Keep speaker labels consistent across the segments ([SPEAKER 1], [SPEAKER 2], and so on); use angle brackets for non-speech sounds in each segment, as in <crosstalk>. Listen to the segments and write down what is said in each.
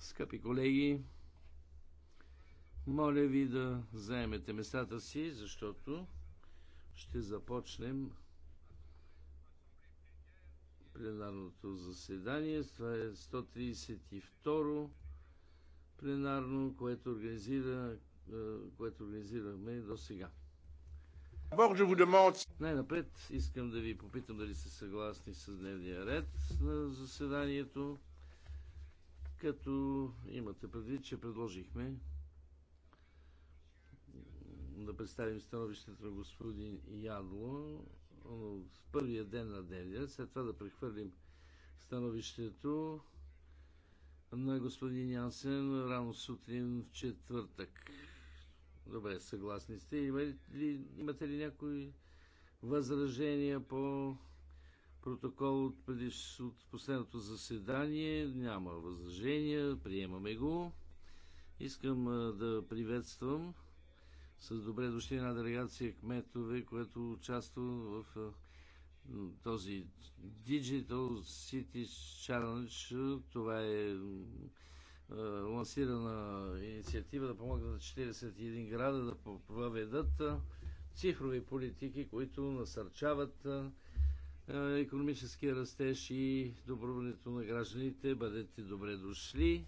[SPEAKER 1] Скъпи колеги, моля ви да заемете местата си, защото ще започнем пленарното заседание. Това е 132 пленарно, което, организира, е, което организирахме до сега. Най-напред искам да ви попитам дали сте съгласни с дневния ред на заседанието, като имате предвид, че предложихме да представим становището на господин Ядло в първия ден на дневния след това да прехвърлим становището на господин Янсен рано сутрин в четвъртък. Добре, съгласни сте. Имате ли, имате ли някои възражения по протокол от, предиш, от последното заседание? Няма възражения, приемаме го. Искам да приветствам с добре дошли една делегация кметове, което участва в този Digital City Challenge. Това е е, лансирана инициатива да помогнат на 41 града да въведат е, цифрови политики, които насърчават е, економическия растеж и добруването на гражданите. Бъдете добре дошли.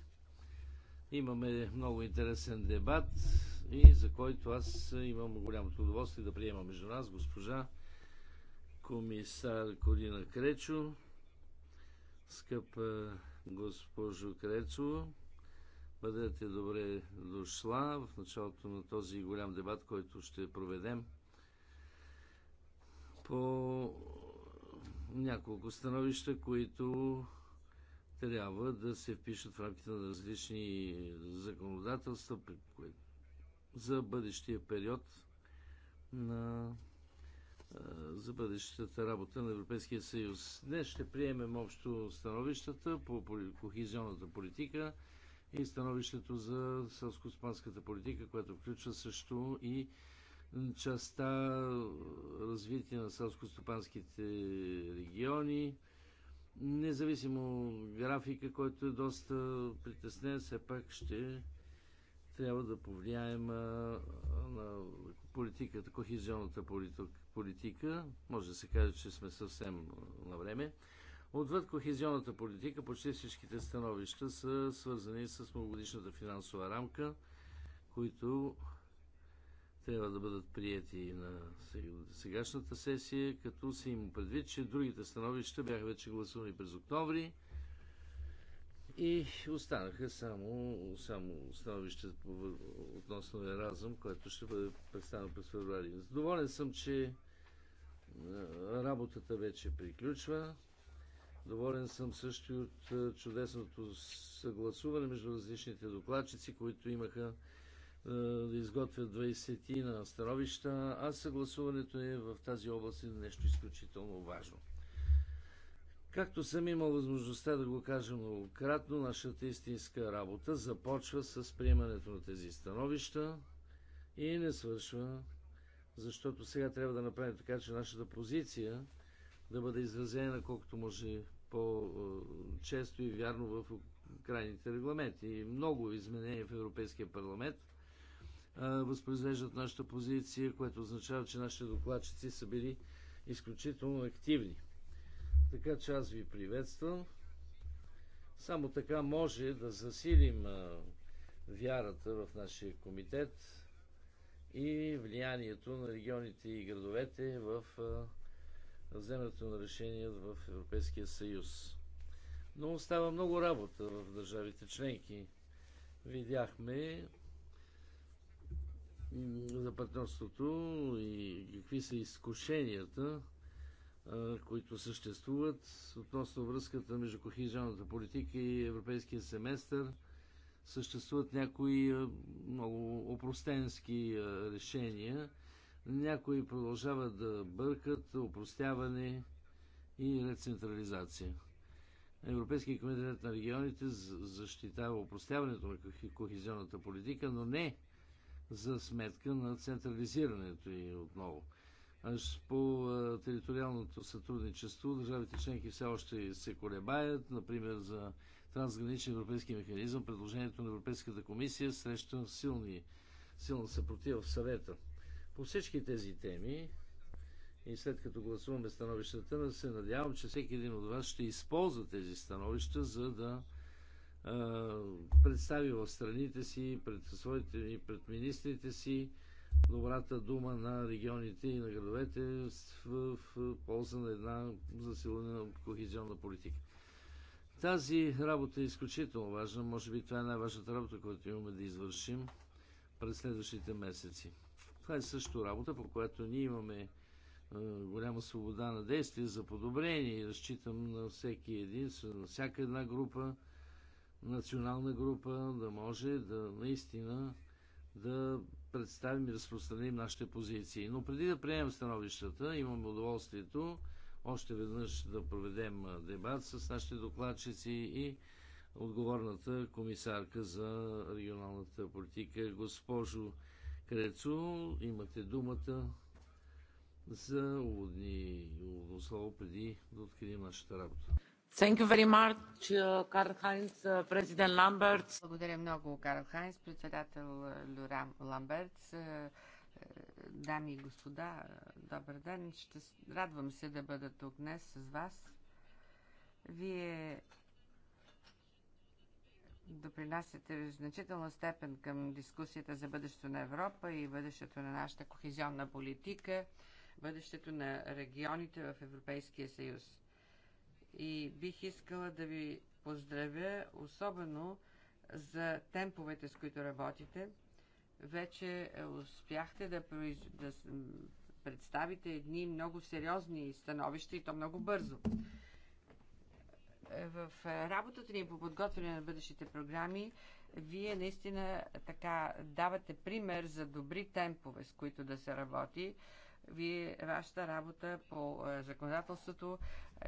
[SPEAKER 1] Имаме много интересен дебат и за който аз имам голямото удоволствие да приема между нас госпожа комисар Корина Кречо, скъпа госпожо Крецо. Бъдете добре дошла в началото на този голям дебат, който ще проведем по няколко становища, които трябва да се впишат в рамките на различни законодателства за бъдещия период на за бъдещата работа на Европейския съюз. Днес ще приемем общо становищата по кохизионната политика – и становището за селско-спанската политика, което включва също и частта развитие на селско-стопанските региони, независимо графика, който е доста притеснен, все пак ще трябва да повлияем на политиката, кохезионната политика. Може да се каже, че сме съвсем на време. Отвъд кохезионната политика, почти всичките становища са свързани с многогодишната финансова рамка, които трябва да бъдат прияти на сегашната сесия, като се им предвид, че другите становища бяха вече гласувани през октомври и останаха само, само становища относно Еразъм, което ще бъде представено през февруари. Доволен съм, че работата вече приключва. Доволен съм също и от е, чудесното съгласуване между различните докладчици, които имаха е, да изготвят 20 на становища, а съгласуването е в тази област е нещо изключително важно. Както съм имал възможността да го кажа многократно, нашата истинска работа започва с приемането на тези становища и не свършва, защото сега трябва да направим така, че нашата позиция да бъде изразена колкото може по-често и вярно в крайните регламенти. Много изменения в Европейския парламент възпроизвеждат нашата позиция, което означава, че нашите докладчици са били изключително активни. Така че аз ви приветствам. Само така може да засилим вярата в нашия комитет и влиянието на регионите и градовете в вземането на решения в Европейския съюз. Но остава много работа в държавите членки. Видяхме за партньорството и какви са изкушенията, които съществуват относно връзката между кохизионната политика и европейския семестър. Съществуват някои много опростенски решения, някои продължават да бъркат опростяване и рецентрализация. Европейския комитет на регионите защитава опростяването на кохезионната политика, но не за сметка на централизирането и отново. Аж по териториалното сътрудничество държавите членки все още се колебаят. Например, за трансграничен европейски механизъм предложението на Европейската комисия среща силни, силна съпротива в съвета – по всички тези теми и след като гласуваме становищата, се надявам, че всеки един от вас ще използва тези становища, за да а, представи в страните си, пред своите и пред министрите си добрата дума на регионите и на градовете в, в, в полза на една засилена кохезионна политика. Тази работа е изключително важна. Може би това е най-важната работа, която имаме да извършим през следващите месеци. Това е също работа, по която ние имаме е, голяма свобода на действие за подобрение и разчитам на всеки един, на всяка една група, национална група, да може да наистина да представим и разпространим нашите позиции. Но преди да приемем становищата, имаме удоволствието още веднъж да проведем дебат с нашите докладчици и отговорната комисарка за регионалната политика, госпожо Крецо, имате думата за уводни уводно слово преди да открием нашата работа.
[SPEAKER 2] Thank you very much, Карл Хайнц, президент Ламберт. Благодаря много, Карл Хайнц, председател э, Люран Ламберт. Э, э, дами и господа, добър ден. Ще радвам се да бъда тук днес с вас. Вие допринасяте в значителна степен към дискусията за бъдещето на Европа и бъдещето на нашата кохезионна политика, бъдещето на регионите в Европейския съюз. И бих искала да ви поздравя особено за темповете, с които работите. Вече успяхте да, произ... да представите едни много сериозни становища и то много бързо. Е, в е, работата ни по подготвяне на бъдещите програми, вие наистина така давате пример за добри темпове, с които да се работи. Вие, вашата работа по е, законодателството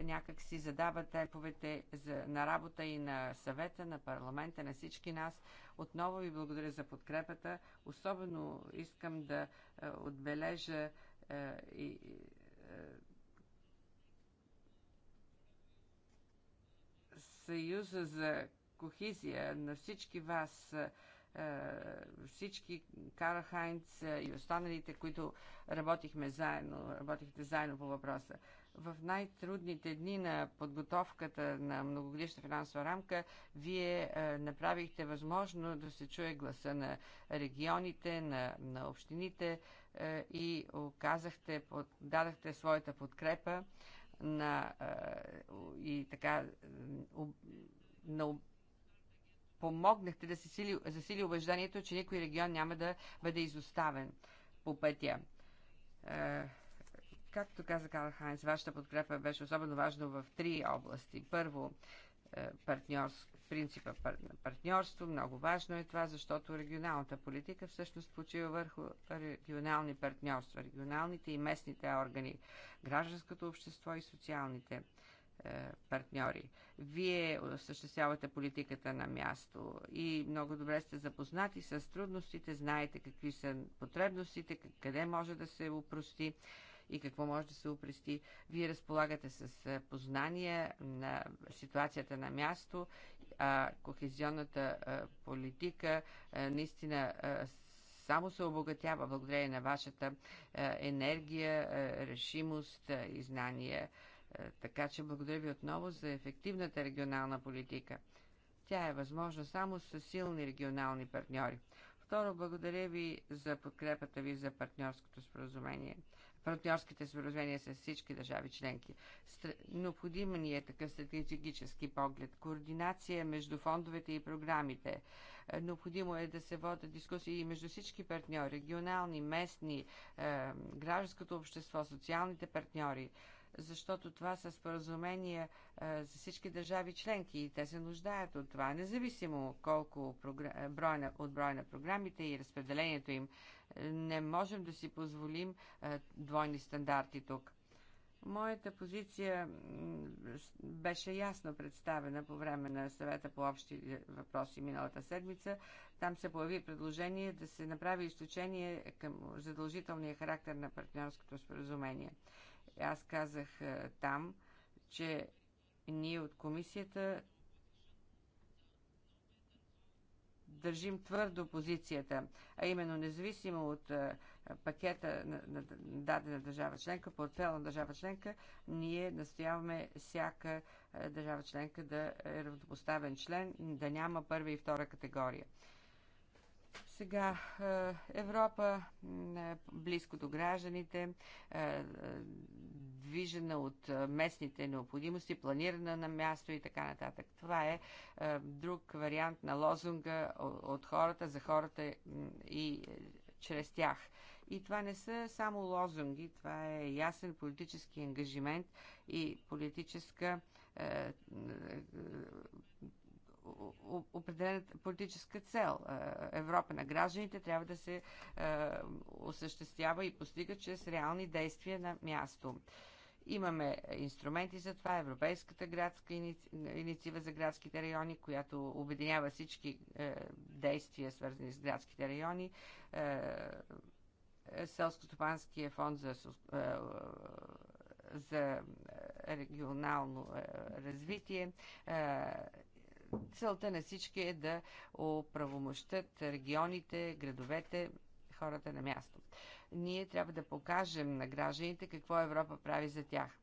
[SPEAKER 2] някак си задава темповете за, на работа и на съвета, на парламента, на всички нас. Отново ви благодаря за подкрепата. Особено искам да отбележа и Съюза за кохизия на всички вас, е, всички Карл Хайнц е, и останалите, които работихме заедно, работихте заедно по въпроса. В най-трудните дни на подготовката на многогодишна финансова рамка, вие е, направихте възможно да се чуе гласа на регионите, на, на общините и оказахте, дадахте своята подкрепа на, е, и така, на помогнахте да се сили, засили убеждението, че никой регион няма да бъде изоставен по пътя. Е, както каза Карл Хайнс, вашата подкрепа беше особено важна в три области. Първо, е, партньорство принципа на партньорство. Много важно е това, защото регионалната политика всъщност почива върху регионални партньорства, регионалните и местните органи, гражданското общество и социалните е, партньори. Вие осъществявате политиката на място и много добре сте запознати с трудностите, знаете какви са потребностите, къде може да се упрости и какво може да се упрести. Вие разполагате с е, познания на ситуацията на място а кохезионната политика наистина само се обогатява благодарение на вашата енергия, решимост и знания. Така че благодаря ви отново за ефективната регионална политика. Тя е възможна само с силни регионални партньори. Второ, благодаря ви за подкрепата ви за партньорското споразумение партньорските споразумения с всички държави членки. Необходим ни е такъв стратегически поглед, координация между фондовете и програмите. Е, необходимо е да се водят дискусии и между всички партньори, регионални, местни, е, гражданското общество, социалните партньори защото това са споразумения е, за всички държави членки и те се нуждаят от това, независимо колко е, от броя на програмите и разпределението им. Е, не можем да си позволим двойни стандарти тук. Моята позиция беше ясно представена по време на съвета по общи въпроси миналата седмица. Там се появи предложение да се направи изключение към задължителния характер на партньорското споразумение. Аз казах там, че ние от комисията държим твърдо позицията, а именно независимо от пакета на, на, на дадена държава членка, портфела на държава членка, ние настояваме всяка държава членка да е равнопоставен член, да няма първа и втора категория. Сега е, Европа е, близко до гражданите, е, движена от местните необходимости, планирана на място и така нататък. Това е друг вариант на лозунга от хората за хората и чрез тях. И това не са само лозунги, това е ясен политически ангажимент и политическа определена политическа цел. Е, Европа на гражданите трябва да се е, осъществява и постига чрез реални действия на място. Имаме инструменти за това. Европейската градска инициатива за градските райони, която обединява всички е, действия, свързани с градските райони. Селско-стопанския фонд за, за регионално развитие. Целта на всички е да оправомощат регионите, градовете, хората на място. Ние трябва да покажем на гражданите какво Европа прави за тях.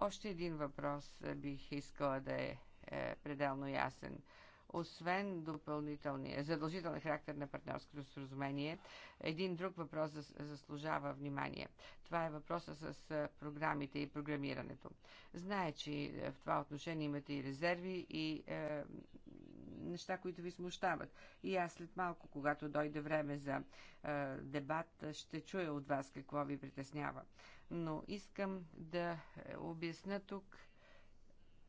[SPEAKER 2] Още един въпрос е, бих искала да е, е пределно ясен освен допълнителния, задължителен характер на партньорското споразумение, един друг въпрос заслужава внимание. Това е въпроса с програмите и програмирането. Знае, че е, в това отношение имате и резерви и е, неща, които ви смущават. И аз след малко, когато дойде време за е, дебат, ще чуя от вас какво ви притеснява. Но искам да е, обясна тук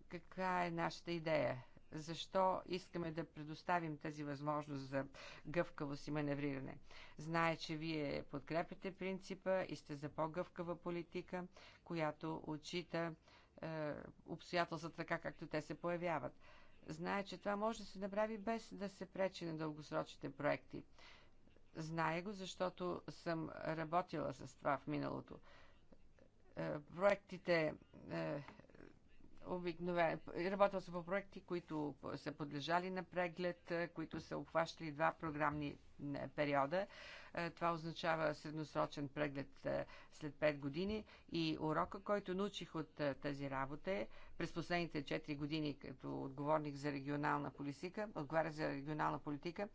[SPEAKER 2] каква е нашата идея защо искаме да предоставим тази възможност за гъвкавост и маневриране. Знае, че вие подкрепите принципа и сте за по-гъвкава политика, която отчита е, обстоятелствата така, както те се появяват. Знае, че това може да се направи без да се пречи на дългосрочните проекти. Знае го, защото съм работила с това в миналото. Е, проектите е, Обикновено. Работил съм по проекти, които са подлежали на преглед, които са обхващали два програмни периода. Това означава средносрочен преглед след 5 години и урока, който научих от тази работа е през последните 4 години като отговорник за регионална политика, отговаря за регионална политика,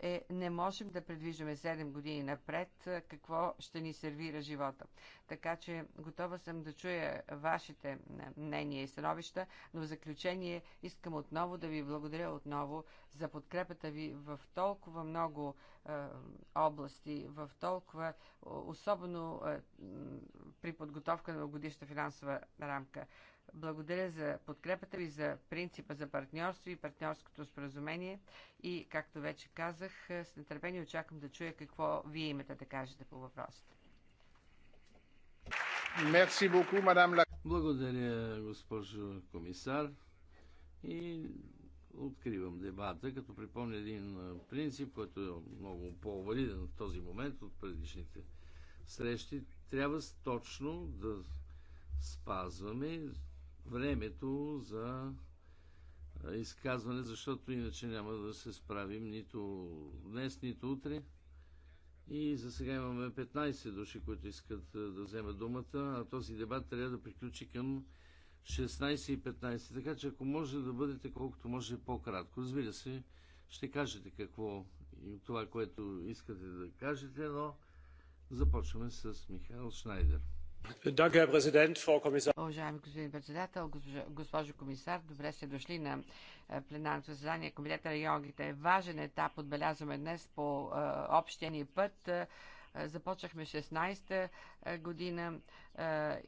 [SPEAKER 2] е не можем да предвиждаме 7 години напред какво ще ни сервира живота. Така че готова съм да чуя вашите мнения и становища, но в заключение искам отново да ви благодаря отново за подкрепата ви в толкова много е, области, в толкова, особено е, при подготовка на годишна финансова рамка. Благодаря за подкрепата ви за принципа за партньорство и партньорското споразумение и, както вече казах, с нетърпение очаквам да чуя какво вие имате да кажете по въпросите.
[SPEAKER 1] Благодаря, госпожо комисар. И откривам дебата, като припомня един принцип, който е много по-валиден в този момент от предишните срещи. Трябва точно да спазваме времето за изказване, защото иначе няма да се справим нито днес, нито утре. И за сега имаме 15 души, които искат да вземат думата, а този дебат трябва да приключи към 16.15. Така че ако може да бъдете колкото може по-кратко, разбира се, ще кажете какво и това, което искате да кажете, но започваме с Михаил Шнайдер.
[SPEAKER 2] Уважаеми господин председател, госпожо комисар, добре сте дошли на е, пленарното заседание. Комитета на йогите е важен етап, отбелязваме днес по е, общия ни път. Е, започнахме 16-та година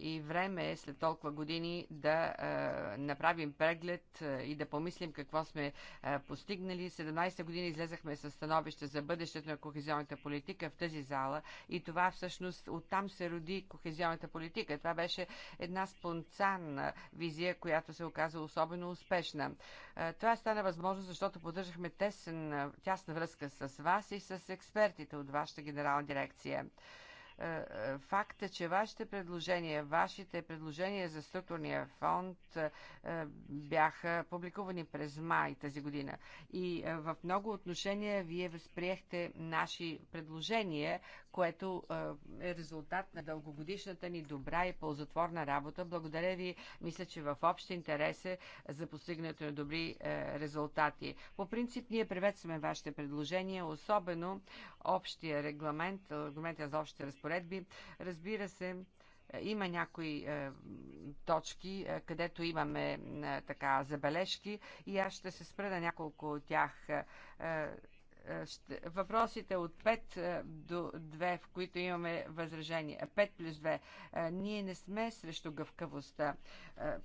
[SPEAKER 2] и време е след толкова години да направим преглед и да помислим какво сме постигнали. 17 години излезахме с становище за бъдещето на кохезионната политика в тази зала и това всъщност оттам се роди кохезионната политика. Това беше една спонтанна визия, която се оказа особено успешна. Това стана възможно, защото поддържахме тесен, тясна връзка с вас и с експертите от вашата генерална дирекция. Е, е, факта, е, че вашите предложения, вашите предложения за структурния фонд бяха публикувани през май тази година. И в много отношения вие възприехте наши предложения, което е резултат на дългогодишната ни добра и ползотворна работа. Благодаря ви. Мисля, че в общ интерес е за постигнато на добри е, резултати. По принцип, ние приветстваме вашите предложения, особено общия регламент, регламента за общите разпоредби. Разбира се, има някои е, точки, е, където имаме е, така забележки и аз ще се спра на няколко от тях. Е, е, ще, въпросите от 5 е, до 2, в които имаме възражение, 5 плюс 2, е, ние не сме срещу гъвкавостта.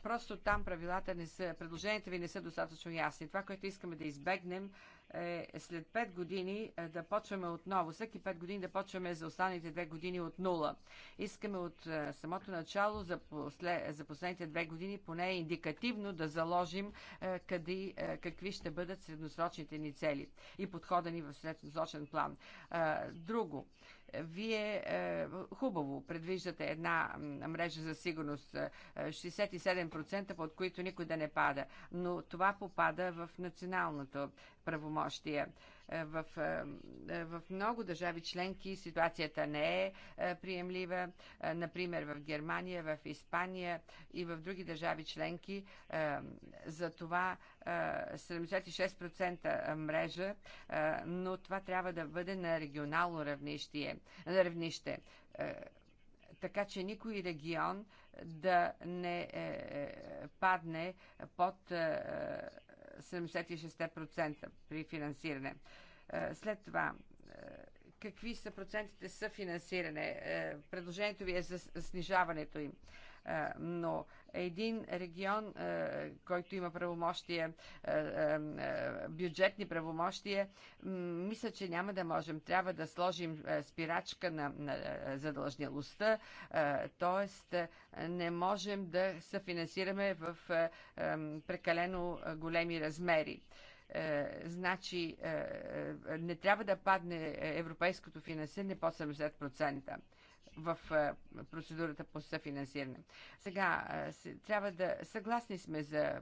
[SPEAKER 2] Просто там правилата не са, предложенията ви не са достатъчно ясни. Това, което искаме да избегнем, е след 5 години е, да почваме отново, всеки 5 години да почваме за останалите 2 години от нула. Искаме от е, самото начало за, послед, за последните 2 години поне индикативно да заложим е, къде, какви ще бъдат средносрочните ни цели и подхода ни в средносрочен план. Друго, вие е, хубаво предвиждате една мрежа за сигурност, 67% под които никой да не пада, но това попада в националното правомощия. Е, в, е, е, в много държави членки ситуацията не е приемлива. Например, в Германия, в Испания и в други държави членки. За това 76% мрежа, но това трябва да бъде на регионално равнище. равнище. Така че никой регион да не падне под 76% при финансиране. Е, след това, е, какви са процентите съфинансиране? Е, предложението ви е за снижаването им. Е, но един регион, е, който има правомощия, е, бюджетни правомощия, мисля, че няма да можем. Трябва да сложим спирачка на, задължнялостта, т.е. не можем да съфинансираме в прекалено големи размери значи не трябва да падне европейското финансиране под 70% в е, процедурата по съфинансиране. Сега, е, трябва да съгласни сме за е,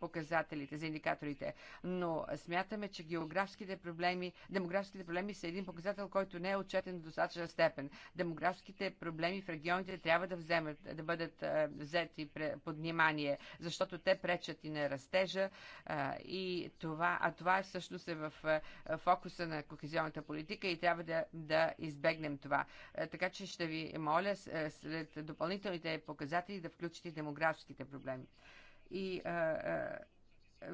[SPEAKER 2] показателите, за индикаторите, но смятаме, че географските проблеми, демографските проблеми са един показател, който не е отчетен в достатъчна степен. Демографските проблеми в регионите трябва да, вземат, да бъдат взети под внимание, защото те пречат и на растежа, и това, а това е всъщност е в фокуса на кохезионната политика и трябва да, да избегнем това. Така че ще ви моля е, след допълнителните показатели да включите демографските проблеми. И е, е,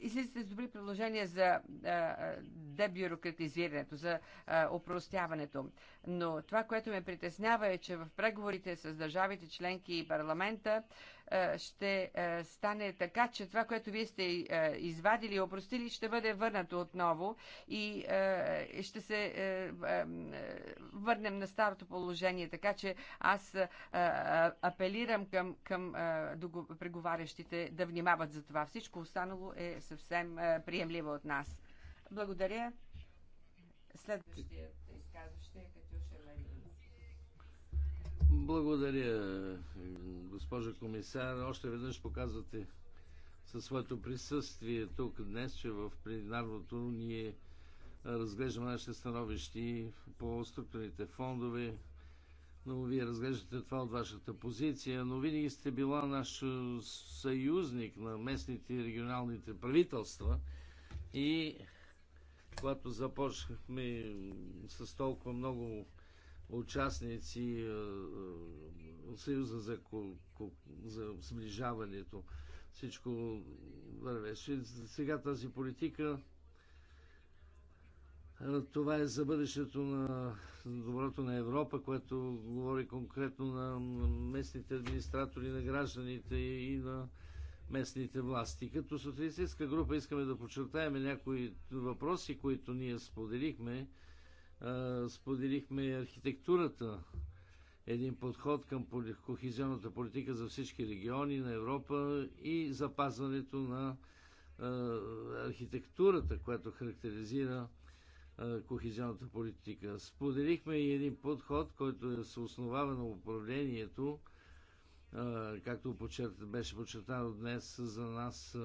[SPEAKER 2] излизате с добри предложения за дебюрократизирането, за опростяването. Но това, което ме притеснява е, че в преговорите с държавите членки и парламента е, ще е, стане така, че това, което вие сте е, извадили и опростили, ще бъде върнато отново и ще се върнем на старото положение. Така че аз апелирам към, към преговарящите да внимават за това. Всичко останало е съвсем приемливо от нас. Благодаря. Следващия.
[SPEAKER 1] Благодаря, госпожа комисар. Още веднъж показвате със своето присъствие тук днес, че в пленарното ние разглеждаме нашите становищи по структурните фондове, но вие разглеждате това от вашата позиция, но винаги сте била наш съюзник на местните и регионалните правителства и когато започнахме с толкова много участници е, е, от Съюза за, за сближаването. Всичко вървеше. Сега тази политика е, това е за бъдещето на доброто на Европа, което говори конкретно на местните администратори, на гражданите и на местните власти. Като социалистическа група искаме да подчертаем някои въпроси, които ние споделихме споделихме и архитектурата, един подход към кохизионната политика за всички региони на Европа и запазването на архитектурата, която характеризира кохизионната политика. Споделихме и един подход, който е се основава на управлението, както беше подчертано днес за нас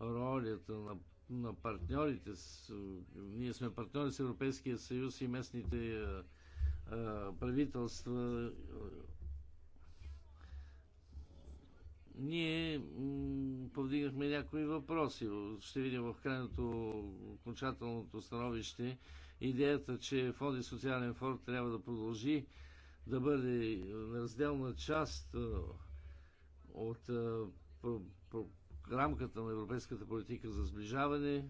[SPEAKER 1] ролята на на партньорите. Ние сме партньори с Европейския съюз и местните правителства. Ние повдигнахме някои въпроси. Ще видим в крайното окончателното становище идеята, че фонди социален форум трябва да продължи да бъде разделна част от рамката на европейската политика за сближаване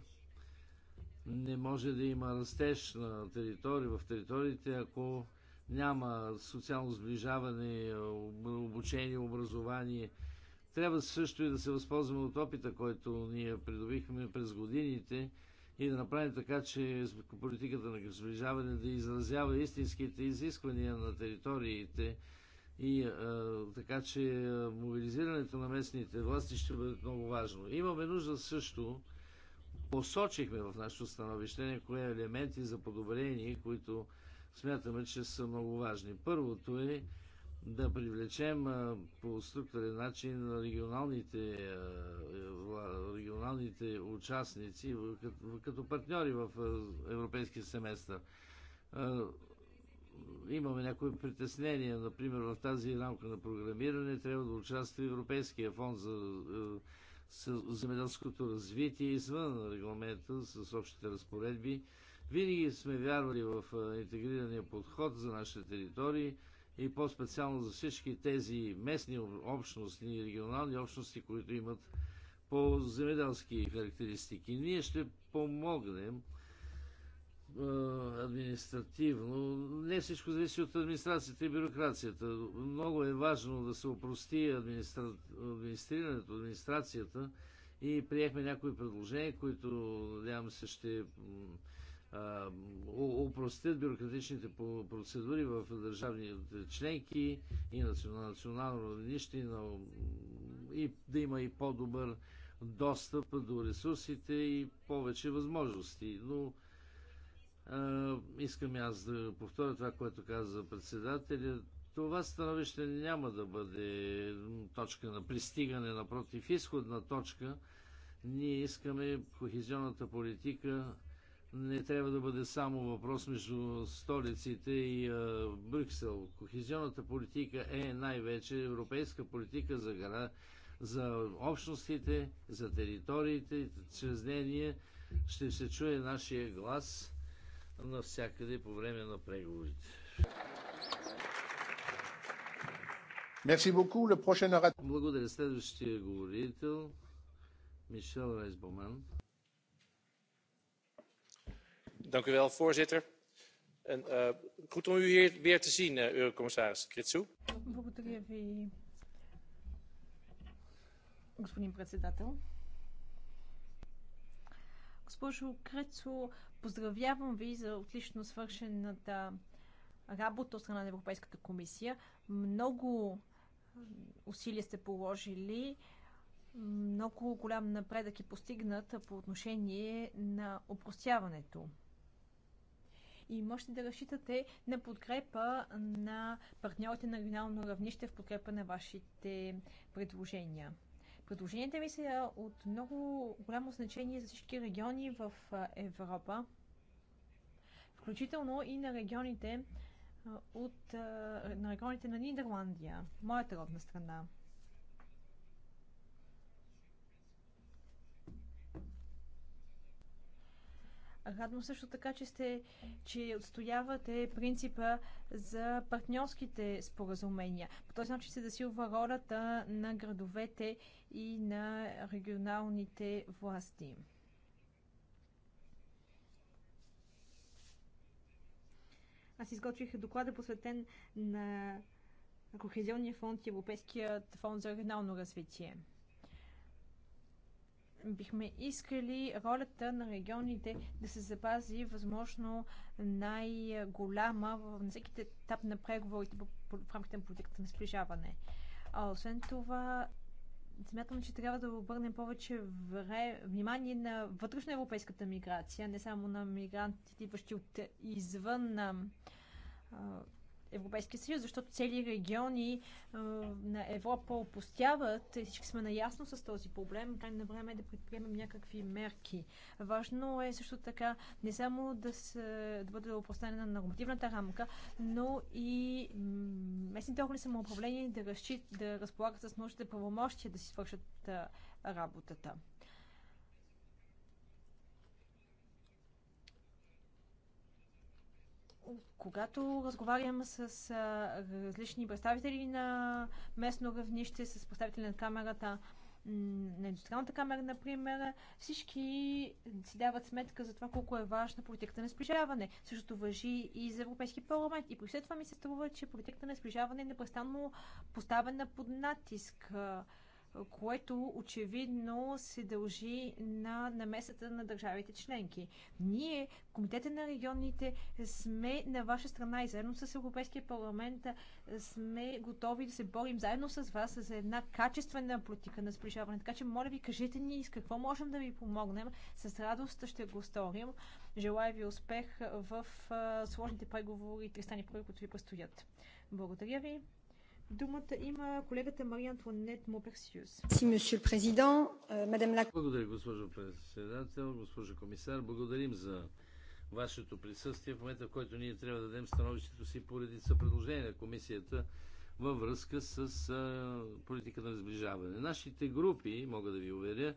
[SPEAKER 1] не може да има растеж на територии, в териториите, ако няма социално сближаване, обучение, образование. Трябва също и да се възползваме от опита, който ние придобихме през годините и да направим така, че политиката на сближаване да изразява истинските изисквания на териториите, и а, така че мобилизирането на местните власти ще бъде много важно. Имаме нужда също, посочихме в нашето становище някои елементи за подобрение, които смятаме, че са много важни. Първото е да привлечем а, по структурен начин регионалните, а, регионалните участници като, като партньори в Европейския семестър имаме някои притеснения. Например, в тази рамка на програмиране трябва да участва Европейския фонд за е, земеделското развитие извън регламента с общите разпоредби. Винаги сме вярвали в е, интегрирания подход за нашите територии и по-специално за всички тези местни общности и регионални общности, които имат по-земеделски характеристики. Ние ще помогнем е, административно. Не всичко зависи от администрацията и бюрокрацията. Много е важно да се опрости администра... администрирането, администрацията и приехме някои предложения, които, надявам се, ще а, упростят бюрократичните процедури в държавните членки и на национално равнище и, на, и да има и по-добър достъп до ресурсите и повече възможности. Но искам аз да повторя това, което каза председателя. Това становище няма да бъде точка на пристигане, напротив, изходна точка. Ние искаме кохезионната политика не трябва да бъде само въпрос между столиците и а, Брюксел. Кохезионната политика е най-вече европейска политика за, гара, за общностите, за териториите. Чрез нея ще се чуе нашия глас навсякъде по време на преговорите. Merci beaucoup. Le prochain Благодаря. Следващия говорител Мишел Райсбоман. Dank u wel, voorzitter. En, uh, goed om u hier weer te zien, uh, Eurocommissaris
[SPEAKER 3] Благодаря ви, господин председател. Госпожо Крецо, Поздравявам ви за отлично свършената работа от страна на Европейската комисия. Много усилия сте положили, много голям напредък е постигнат по отношение на опростяването. И можете да разчитате на подкрепа на партньорите на регионално равнище в подкрепа на вашите предложения. Предложенията ми са от много голямо значение за всички региони в Европа, включително и на регионите от на регионите на Нидерландия, моята родна страна. Радно също така, че, сте, че отстоявате принципа за партньорските споразумения. По този начин се засилва ролята на градовете и на регионалните власти. Аз изготвих доклада посветен на Кохезионния фонд и Европейският фонд за регионално развитие бихме искали ролята на регионите да се запази възможно най-голяма на всеки етап на преговорите в рамките на политиката на сближаване. А освен това, смятам, че трябва да обърнем повече вре... внимание на вътрешноевропейската миграция, не само на мигрантите, идващи от извън на Европейския съюз, защото цели региони а, е, на Европа опустяват и всички сме наясно с този проблем. Край на време е да предприемем някакви мерки. Важно е също така не само да, се, да бъде опростена на нормативната рамка, но и местните органи самоуправление да, разчит, да разполагат с нужните правомощия да си свършат а, работата. когато разговарям с различни представители на местно равнище, с представители на камерата, на индустриалната камера, например, всички си дават сметка за това колко е важна политиката на сближаване. Същото въжи и за Европейски парламент. И при това ми се струва, че политиката на сближаване е непрестанно поставена под натиск което очевидно се дължи на намесата на държавите членки. Ние, Комитета на регионите, сме на ваша страна и заедно с Европейския парламент сме готови да се борим заедно с вас за една качествена политика на сближаване. Така че, моля ви, кажете ни с какво можем да ви помогнем. С радост ще го сторим. Желая ви успех в сложните преговори и тристани преговори, които ви предстоят. Благодаря ви. Думата има колегата Мария Антуанет Моперсиус.
[SPEAKER 4] Euh,
[SPEAKER 1] Благодаря, госпожо председател, госпожо комисар. Благодарим за вашето присъствие в момента, в който ние трябва да дадем становището си по редица предложения на комисията във връзка с а, политиката на сближаване. Нашите групи, мога да ви уверя,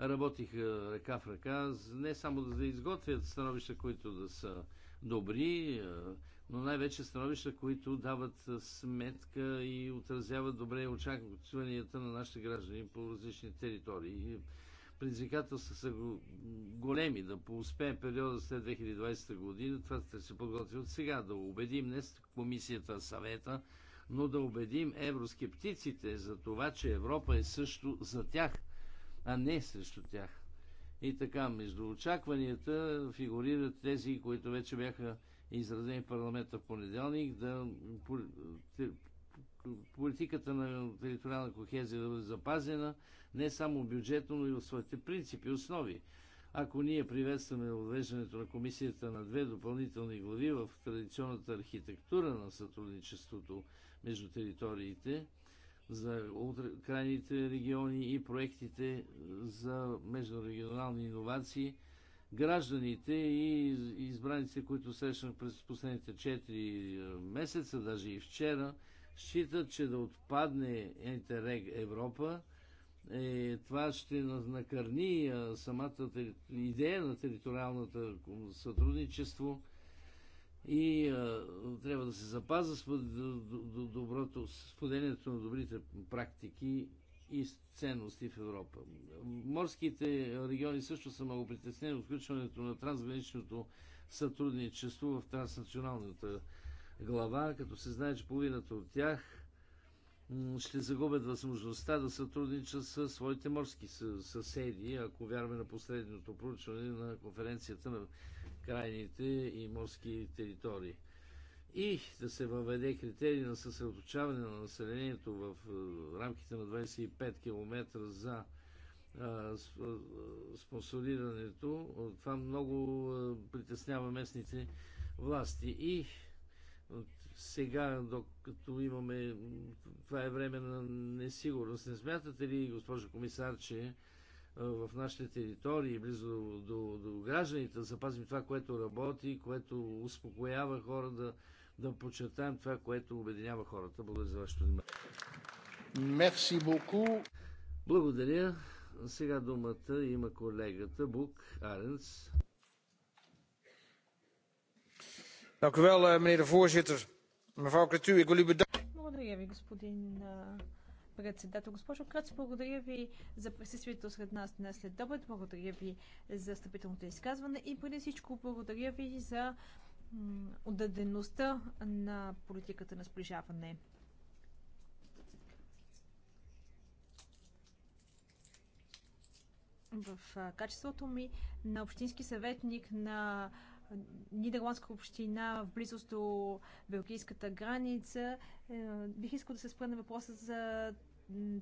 [SPEAKER 1] работиха ръка в ръка, не само да изготвят становища, които да са добри, но най-вече становища, които дават сметка и отразяват добре очакванията на нашите граждани по различни територии. Предизвикателства са големи да поуспеем периода след 2020 година. Това ще се подготви от сега. Да убедим не комисията, съвета, но да убедим евроскептиците за това, че Европа е също за тях, а не срещу тях. И така, между очакванията фигурират тези, които вече бяха изразени в парламента в понеделник, да политиката на териториална кохезия да бъде запазена не само бюджетно, но и в своите принципи, основи. Ако ние приветстваме въвеждането на комисията на две допълнителни глави в традиционната архитектура на сътрудничеството между териториите, за крайните региони и проектите за междурегионални иновации – гражданите и избраниците, които срещнах през последните 4 е, месеца, даже и вчера, считат, че да отпадне Интерег Европа, е, това ще накърни а, е, самата идея на териториалната сътрудничество и а, е, трябва да се запазва спод... доброто, споделянето на добрите практики и ценности в Европа. Морските региони също са много притеснени от включването на трансграничното сътрудничество в транснационалната глава, като се знае, че половината от тях ще загубят възможността да сътрудничат със своите морски съседи, ако вярваме на последното проучване на конференцията на крайните и морски територии и да се въведе критерий на съсредоточаване на населението в е, рамките на 25 км за е, е, спонсорирането, това много притеснява местните власти. И сега, докато имаме, това е време на несигурност, не смятате ли, госпожо комисар, че в нашите територии, близо до, до, до гражданите, да запазим това, което работи, което успокоява хора да да подчертаем това, което обединява хората. Благодаря за вашето внимание. Мерси боку. Благодаря. Сега думата има колегата Бук Аренс. Eh,
[SPEAKER 3] благодаря ви, господин eh, председател. Госпожо Крац, благодаря ви за присъствието сред нас днес след обед. Благодаря ви за стъпителното изказване и преди всичко благодаря ви за отдадеността на политиката на сближаване. В качеството ми на общински съветник на Нидерландска община в близост до белгийската граница, е, бих искал да се спра на въпроса за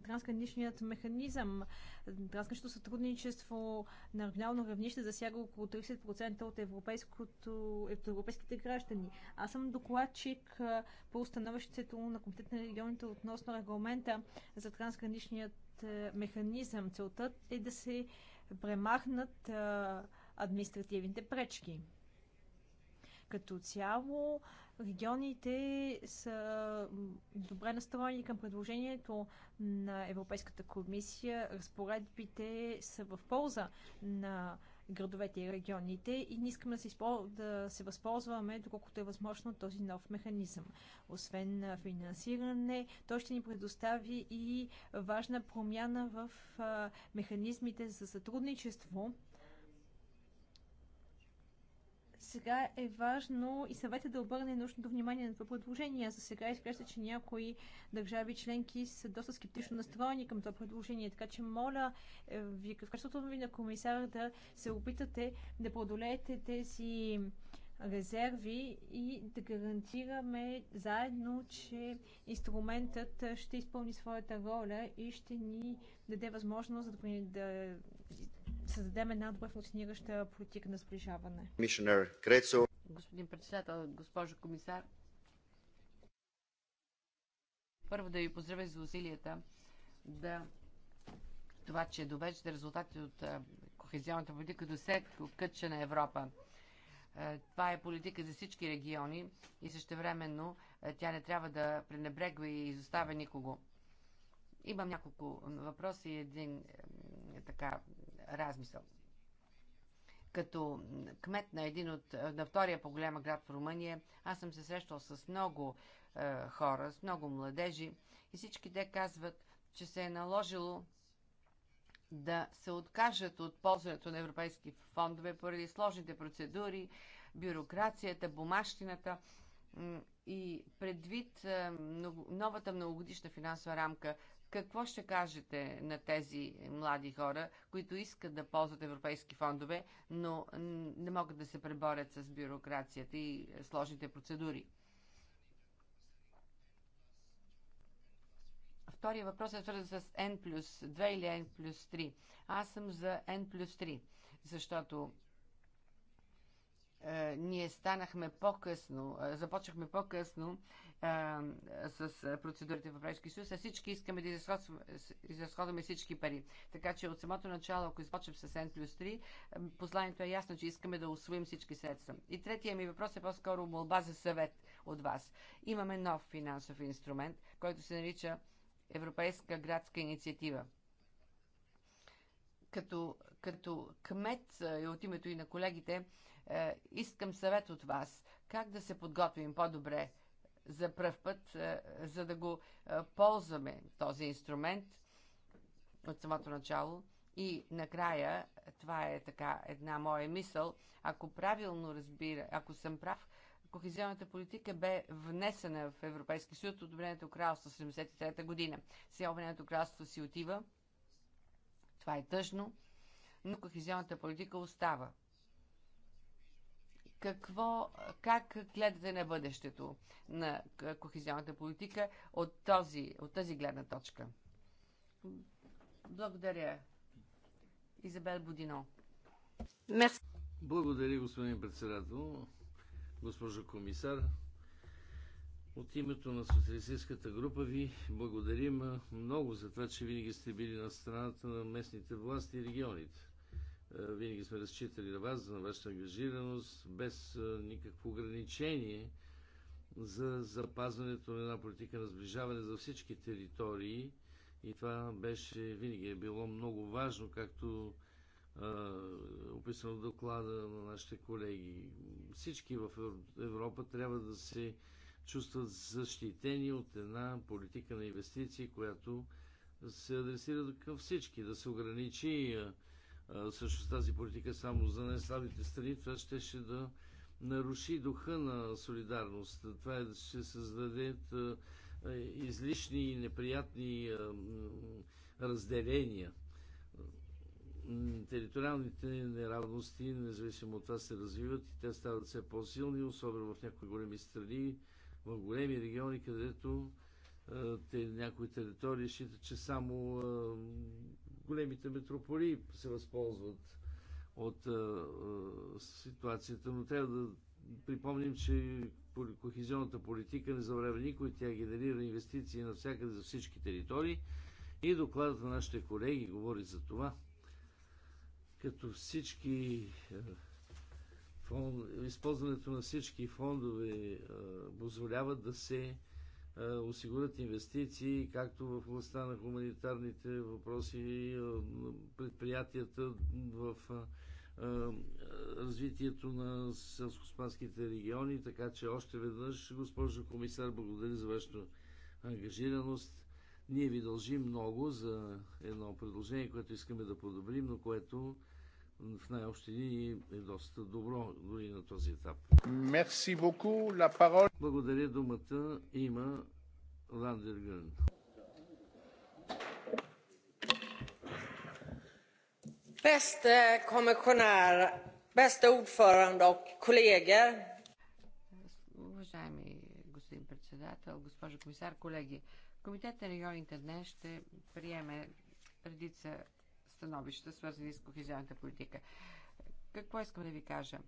[SPEAKER 3] трансграничният механизъм. Трансграничното сътрудничество на регионално равнище засяга около 30% от, от европейските граждани. Аз съм докладчик по установището на Комитет на регионите относно регламента за трансграничният механизъм. Целта е да се премахнат административните пречки. Като цяло Регионите са добре настроени към предложението на Европейската комисия. Разпоредбите са в полза на градовете и регионите и не искаме да се, да се възползваме, доколкото е възможно, този нов механизъм. Освен финансиране, той ще ни предостави и важна промяна в механизмите за сътрудничество сега е важно и съвета да обърне нужното внимание на това предложение. За сега изглежда, че някои държави членки са доста скептично настроени към това предложение. Така че моля е, ви, в качеството ви на комисар, да се опитате да преодолеете тези резерви и да гарантираме заедно, че инструментът ще изпълни своята роля и ще ни даде възможност да, да създадем една добре функционираща политика на сближаване. Господин председател,
[SPEAKER 2] госпожо комисар, първо да ви поздравя за усилията да това, че довеждате резултати от кохезионната политика до сетко кътча на Европа. Това е политика за всички региони и същевременно тя не трябва да пренебрегва и изоставя никого. Имам няколко въпроса и един е, така размисъл. Като кмет на, един от, на втория по голяма град в Румъния, аз съм се срещал с много е, хора, с много младежи и всички те казват, че се е наложило да се откажат от ползването на европейски фондове поради сложните процедури, бюрокрацията, бумащината и предвид е, новата многогодишна финансова рамка какво ще кажете на тези млади хора, които искат да ползват европейски фондове, но не могат да се преборят с бюрокрацията и сложните процедури? Втория въпрос е свързан с N плюс 2 или N плюс 3. Аз съм за N плюс 3, защото е, ние станахме по-късно, е, започнахме по-късно а, с процедурите в Европейския съюз, а всички искаме да изразходваме, изразходваме всички пари. Така че от самото начало, ако започнем с N плюс 3, посланието е ясно, че искаме да освоим всички средства. И третия ми въпрос е по-скоро молба за съвет от вас. Имаме нов финансов инструмент, който се нарича Европейска градска инициатива като, като кмет и от името и на колегите, е, искам съвет от вас как да се подготвим по-добре за пръв път, е, за да го е, ползваме този инструмент от самото начало. И накрая, това е така една моя мисъл, ако правилно разбира, ако съм прав, Кохезионната политика бе внесена в Европейски съюз от Обединеното кралство 73-та година. Сега Обединеното кралство си отива. Това е тъжно, но кохезионната политика остава. Какво, как гледате на бъдещето на кохезионната политика от, този, от тази гледна точка? Благодаря. Изабел Будино.
[SPEAKER 1] Мерси. Благодаря, господин председател, госпожо комисар. От името на социалистическата група ви благодарим много за това, че винаги сте били на страната на местните власти и регионите. Е, винаги сме разчитали на вас, на вашата ангажираност, без е, никакво ограничение за запазването на една политика на сближаване за всички територии. И това беше, винаги е било много важно, както е, описано в доклада на нашите колеги. Всички в Европа трябва да се чувстват защитени от една политика на инвестиции, която се адресира към всички, да се ограничи също тази политика само за най най-слабите страни, това ще, ще да наруши духа на солидарност. Това е, ще създадат излишни и неприятни разделения. Териториалните неравности, независимо от това, се развиват и те стават все по-силни, особено в някои големи страни, в големи региони, където те, някои територии считат, че само големите метрополи се възползват от а, а, ситуацията, но трябва да припомним, че кохезионната политика не забравя никой, тя генерира инвестиции навсякъде за всички територии и докладът на нашите колеги говори за това. Като всички използването на всички фондове позволява да се е, осигурят инвестиции, както в областта на хуманитарните въпроси, е, предприятията в е, развитието на селскоспанските региони, така че още веднъж, госпожо комисар, благодаря за вашата ангажираност. Ние ви дължим много за едно предложение, което искаме да подобрим, но което в най-общи линии е доста добро дори на този етап. Merci beaucoup. La parole... Благодаря думата има Ландер Ландергън.
[SPEAKER 3] Бесте
[SPEAKER 2] kommissionär, бесте ордфоранд
[SPEAKER 3] и колеги.
[SPEAKER 2] Уважаеми господин председател, госпожо комисар, колеги, Комитетът на регионите днес ще приеме редица становища, свързани с кохезионната политика. Какво искам да ви кажа?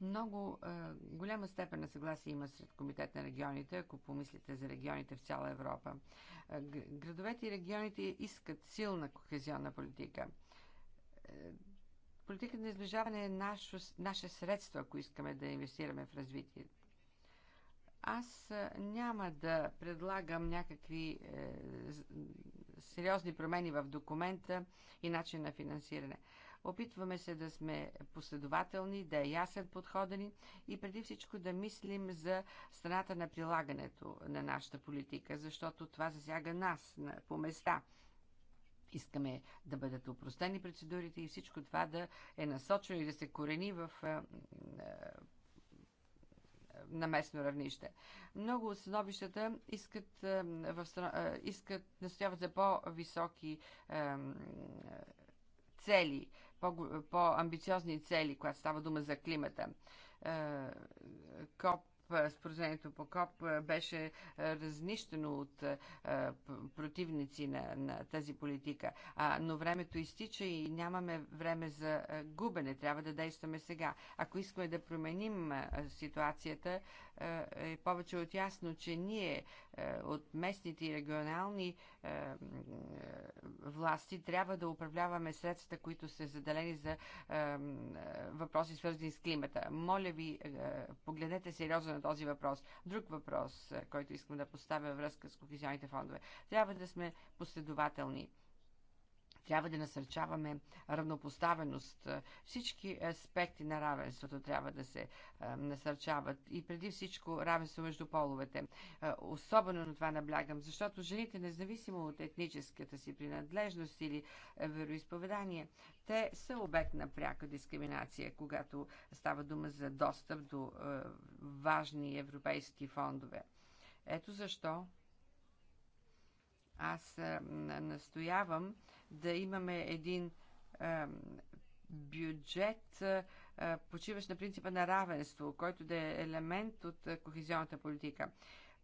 [SPEAKER 2] Много е, голяма степен на съгласие има сред Комитет на регионите, ако помислите за регионите в цяла Европа. градовете и регионите искат силна кохезионна политика. Е, политиката на изближаване е нашо, наше средство, ако искаме да инвестираме в развитие. Аз няма да предлагам някакви е, сериозни промени в документа и начин на финансиране. Опитваме се да сме последователни, да е ясен подхода ни и преди всичко да мислим за страната на прилагането на нашата политика, защото това засяга нас по места. Искаме да бъдат упростени процедурите и всичко това да е насочено и да се корени в на местно равнище. Много от становищата искат, е, в, е, искат настояват за по-високи е, цели, по-амбициозни цели, когато става дума за климата. КОП споразумението по КОП беше е, разнищено от е, противници на, на тази политика. А, но времето изтича и нямаме време за е, губене. Трябва да действаме сега. Ако искаме да променим ситуацията, е, е повече от ясно, че ние е, от местните и регионални е, власти трябва да управляваме средствата, които са заделени за въпроси свързани с климата. Моля ви, погледнете сериозно на този въпрос. Друг въпрос, който искам да поставя връзка с кохезионните фондове. Трябва да сме последователни трябва да насърчаваме равнопоставеност. Всички аспекти на равенството трябва да се насърчават. И преди всичко равенство между половете. Особено на това наблягам, защото жените, независимо от етническата си принадлежност или вероисповедание, те са обект на пряка дискриминация, когато става дума за достъп до важни европейски фондове. Ето защо аз настоявам да имаме един бюджет, е, е, почиващ на принципа на равенство, който да е елемент от е, кохезионната политика.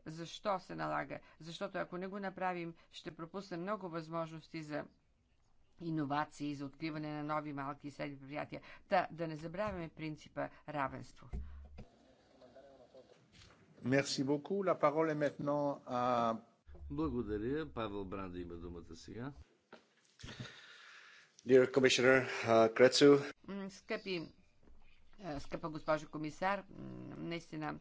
[SPEAKER 2] Защо се налага? Защото ако не го направим, ще пропуснем много възможности за иновации, за откриване на нови малки и средни предприятия. Та да не забравяме принципа равенство.
[SPEAKER 1] Merci beaucoup. La parole est maintenant à... Благодаря. Павел Бранда има думата сега. Dear Commissioner
[SPEAKER 5] Крецу.
[SPEAKER 2] Uh, скъпи, е, скъпа госпожо комисар, наистина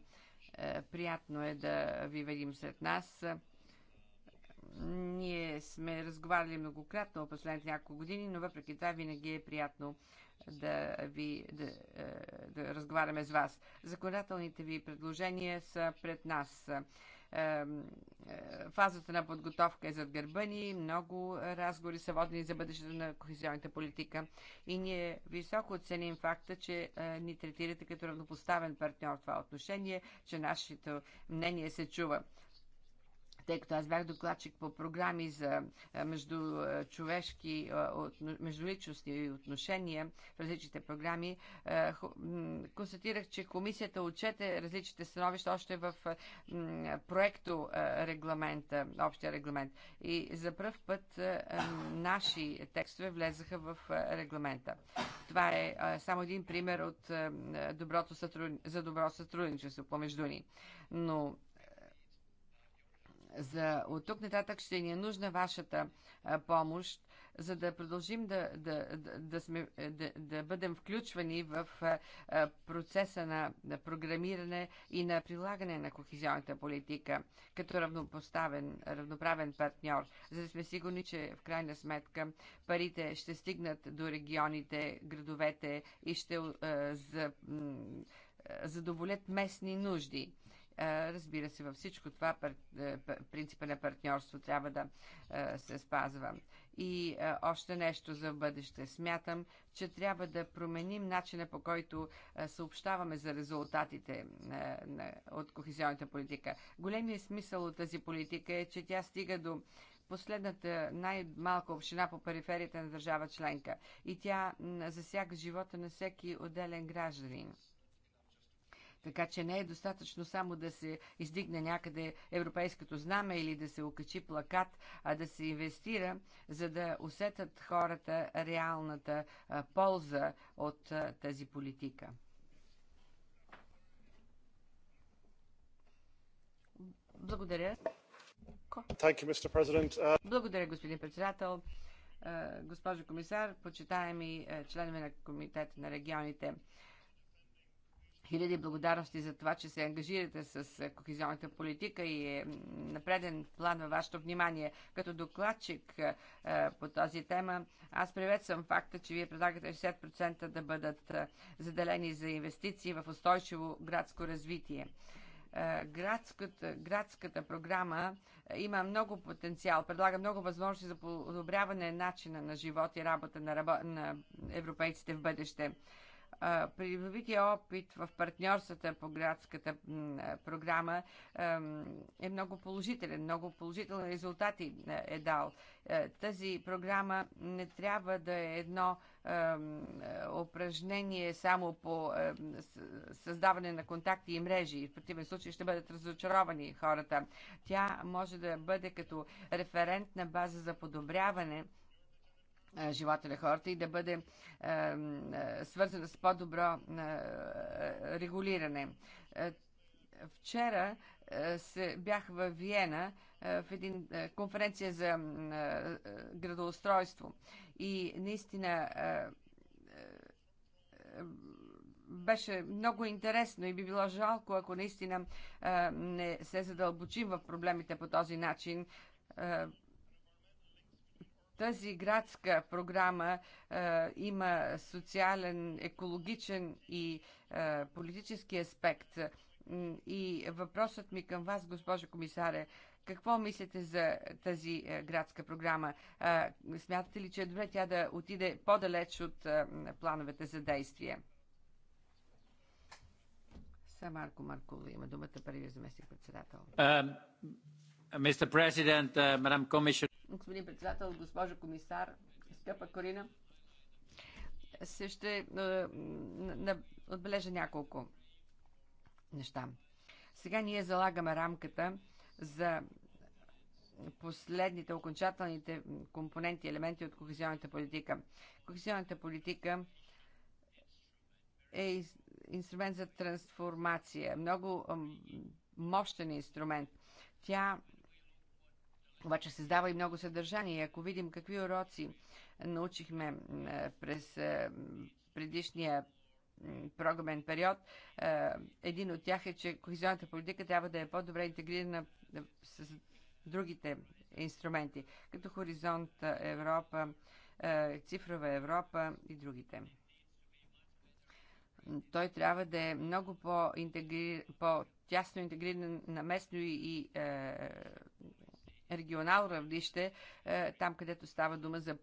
[SPEAKER 2] е, приятно е да ви видим сред нас. Е, ние сме разговаряли многократно в последните няколко години, но въпреки това винаги е приятно да, ви, да, да разговаряме с вас. Законодателните ви предложения са пред нас. Е, фазата на подготовка е зад гърба ни. Много разговори са водени за бъдещето на кохезионната политика. И ние високо оценим факта, че е, ни третирате като равнопоставен партньор в това отношение, че нашето мнение се чува тъй като аз бях докладчик по програми за между човешки, междуличностни отношения в различните програми, констатирах, че комисията отчете различните становища още в проекто регламента, общия регламент. И за първ път наши текстове влезаха в регламента. Това е само един пример от доброто сътруд... за добро сътрудничество помежду ни. Но за, от тук нататък ще ни е нужна вашата а, помощ, за да продължим да, да, да, да, сме, да, да бъдем включвани в а, процеса на, на програмиране и на прилагане на кохизионната политика като равнопоставен, равноправен партньор, за да сме сигурни, че в крайна сметка парите ще стигнат до регионите, градовете и ще а, за, задоволят местни нужди е, разбира се, във всичко това е, принципа на партньорство трябва да е, се спазва. И още нещо за бъдеще. Смятам, че трябва да променим начина по който съобщаваме за резултатите от кохезионната политика. Големият смисъл от тази политика е, че тя стига до последната най-малка община по периферията на държава членка и тя засяга живота на всеки отделен гражданин. Така че не е достатъчно само да се издигне някъде европейското знаме или да се окачи плакат, а да се инвестира, за да усетят хората реалната полза от тази политика. Благодаря.
[SPEAKER 3] You,
[SPEAKER 2] uh, Благодаря, господин председател. Uh, госпожо комисар, почитаеми uh, членове на Комитета на регионите. Хиляди благодарности за това, че се ангажирате с е, кохезионната политика и е напреден план във вашето внимание. Като докладчик е, е, по тази тема, аз приветствам факта, че вие предлагате 60% да бъдат заделени за инвестиции в устойчиво градско развитие градската, градската програма има много потенциал, предлага много възможности за подобряване начина на живот и работа на, на европейците в бъдеще. Придобития опит в партньорствата по градската програма е много положителен, много положителни резултати е дал. Тази програма не трябва да е едно упражнение само по създаване на контакти и мрежи. В противен случай ще бъдат разочаровани хората. Тя може да бъде като референтна база за подобряване живота на хората и да бъде свързана с по-добро регулиране. Вчера се, бях в Виена в един конференция за градоустройство и наистина беше много интересно и би било жалко, ако наистина не се задълбочим в проблемите по този начин тази градска програма е, има социален, екологичен и е, политически аспект. И въпросът ми към вас, госпожо комисаре, какво мислите за тази е, градска програма? Е, смятате ли, че е добре тя да отиде по-далеч от е, плановете за действие? Са Марко Маркова има думата първият заместник председател. Um, господин председател, госпожа комисар, скъпа Корина, се ще е, отбележа няколко неща. Сега ние залагаме рамката за последните, окончателните компоненти, елементи от кохезионната политика. Кохезионната политика е инструмент за трансформация, много мощен инструмент. Тя обаче създава и много съдържание. Ако видим какви уроци научихме през е, предишния програмен период, е, един от тях е, че кохезионната политика трябва да е по-добре интегрирана е, с другите инструменти, като Хоризонт Европа, Цифрова Европа и другите. Той трябва да е много по по-тясно интегриран на местно и, регионално равнище, е, там където става дума за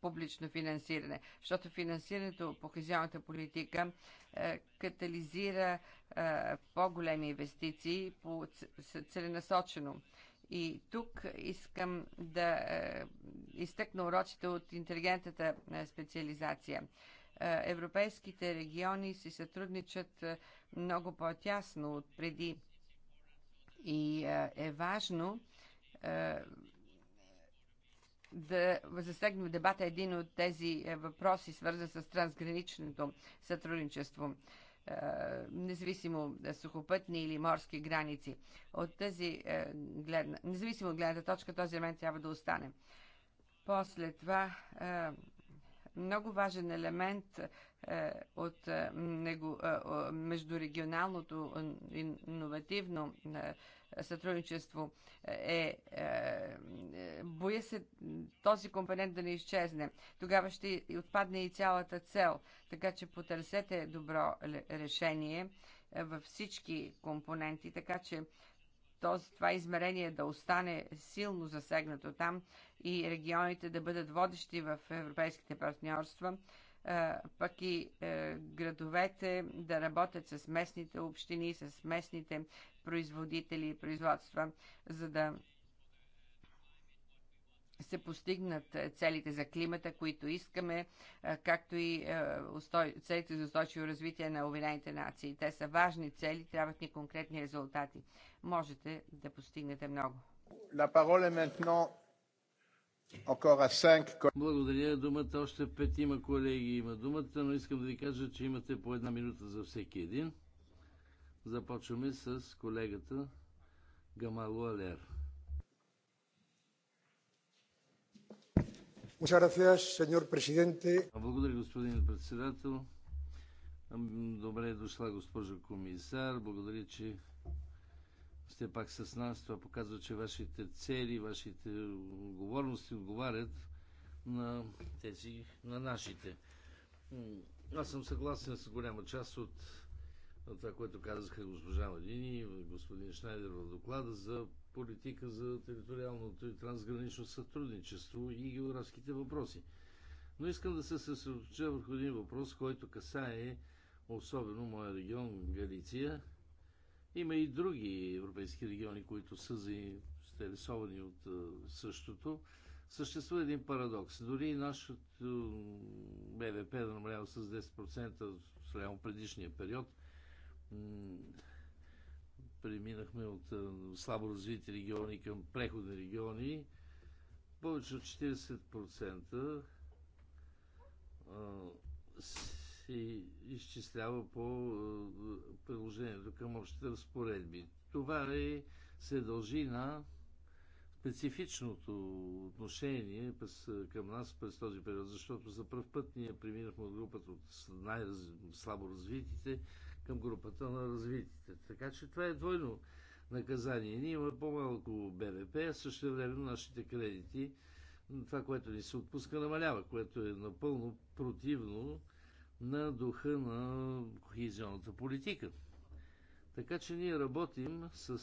[SPEAKER 2] публично финансиране, защото финансирането по казионната политика е, катализира е, по-големи инвестиции по целенасочено. И тук искам да изтъкна урочите от интелигентната специализация. Европейските региони си сътрудничат много по-тясно от преди и е важно е, да засегнем в дебата един от тези е, въпроси, свързан с трансграничното сътрудничество е, независимо сухопътни или морски граници. От тази гледна, независимо от гледната точка, този елемент трябва да остане. После това, много важен елемент от него, междурегионалното иновативно сътрудничество е, е, е боя се този компонент да не изчезне. Тогава ще отпадне и цялата цел. Така че потърсете добро решение е, във всички компоненти, така че този, това измерение да остане силно засегнато там и регионите да бъдат водещи в европейските партньорства пък и е, градовете да работят с местните общини, с местните производители и производства, за да се постигнат е, целите за климата, които искаме, е, както и целите за устойчиво развитие на Обединените нации. Те са важни цели, трябват ни конкретни резултати. Можете да постигнете много.
[SPEAKER 1] La parole est maintenant благодаря. Думата още петима колеги има думата, но искам да ви кажа, че имате по една минута за всеки един. Започваме с колегата Гамало Алер. Благодаря, господин председател. Добре е дошла, госпожо комисар. Благодаря, че сте пак с нас. Това показва, че вашите цели, вашите отговорности отговарят на тези, на нашите. Аз съм съгласен с голяма част от това, което казаха госпожа Малини и господин Шнайдер в доклада за политика за териториалното и трансгранично сътрудничество и географските въпроси. Но искам да се съсредоточа върху един въпрос, който касае особено моя регион Галиция – има и други европейски региони, които са заинтересовани от същото. Съществува един парадокс. Дори и нашето БВП да намалява с 10% спрямо предишния период, преминахме от слабо развити региони към преходни региони, повече от 40% се изчислява по е, приложението към общите разпоредби. Това е, се дължи на специфичното отношение през, към нас през този период, защото за първ път ние преминахме от групата от най-слабо развитите към групата на развитите. Така че това е двойно наказание. Ние имаме по-малко БВП, а също време нашите кредити, това, което ни се отпуска, намалява, което е напълно противно на духа на кохезионната политика. Така че ние работим с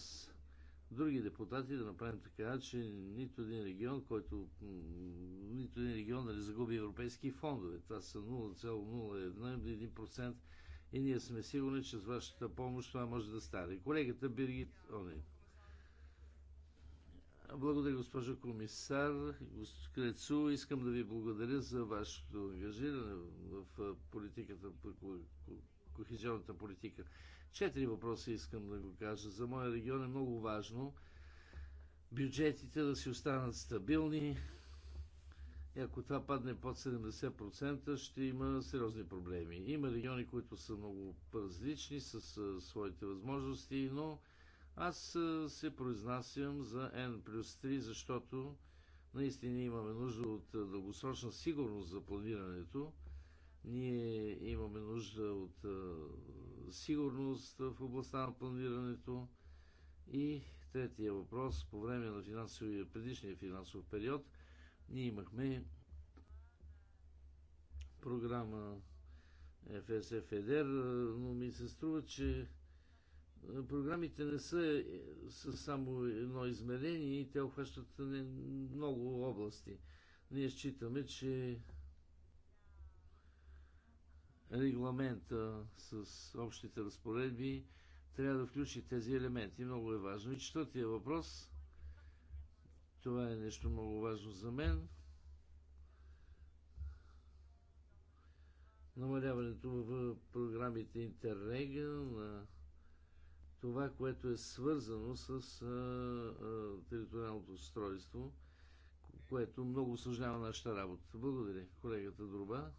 [SPEAKER 1] други депутати да направим така, че нито един регион, който нито един регион да не загуби европейски фондове. Това са 0,01% и ние сме сигурни, че с вашата помощ това може да стане. Колегата Биргит Онин. Благодаря, госпожо комисар. Крецу, искам да ви благодаря за вашето ангажиране в политиката, кохезионната политика. Четири въпроса искам да го кажа. За моя регион е много важно бюджетите да си останат стабилни. И ако това падне под 70%, ще има сериозни проблеми. Има региони, които са много различни с своите възможности, но аз се произнасям за N плюс 3, защото наистина имаме нужда от дългосрочна сигурност за планирането. Ние имаме нужда от сигурност в областта на планирането. И третия въпрос, по време на финансовия, предишния финансов период, ние имахме програма ФСФ но ми се струва, че програмите не са, само едно измерение и те обхващат много области. Ние считаме, че регламента с общите разпоредби трябва да включи тези елементи. Много е важно. И четвъртия въпрос. Това е нещо много важно за мен. Намаляването в програмите Интеррега на това, което е свързано с а, а, териториалното устройство, което много осъжнява нашата работа. Благодаря, колегата Друба.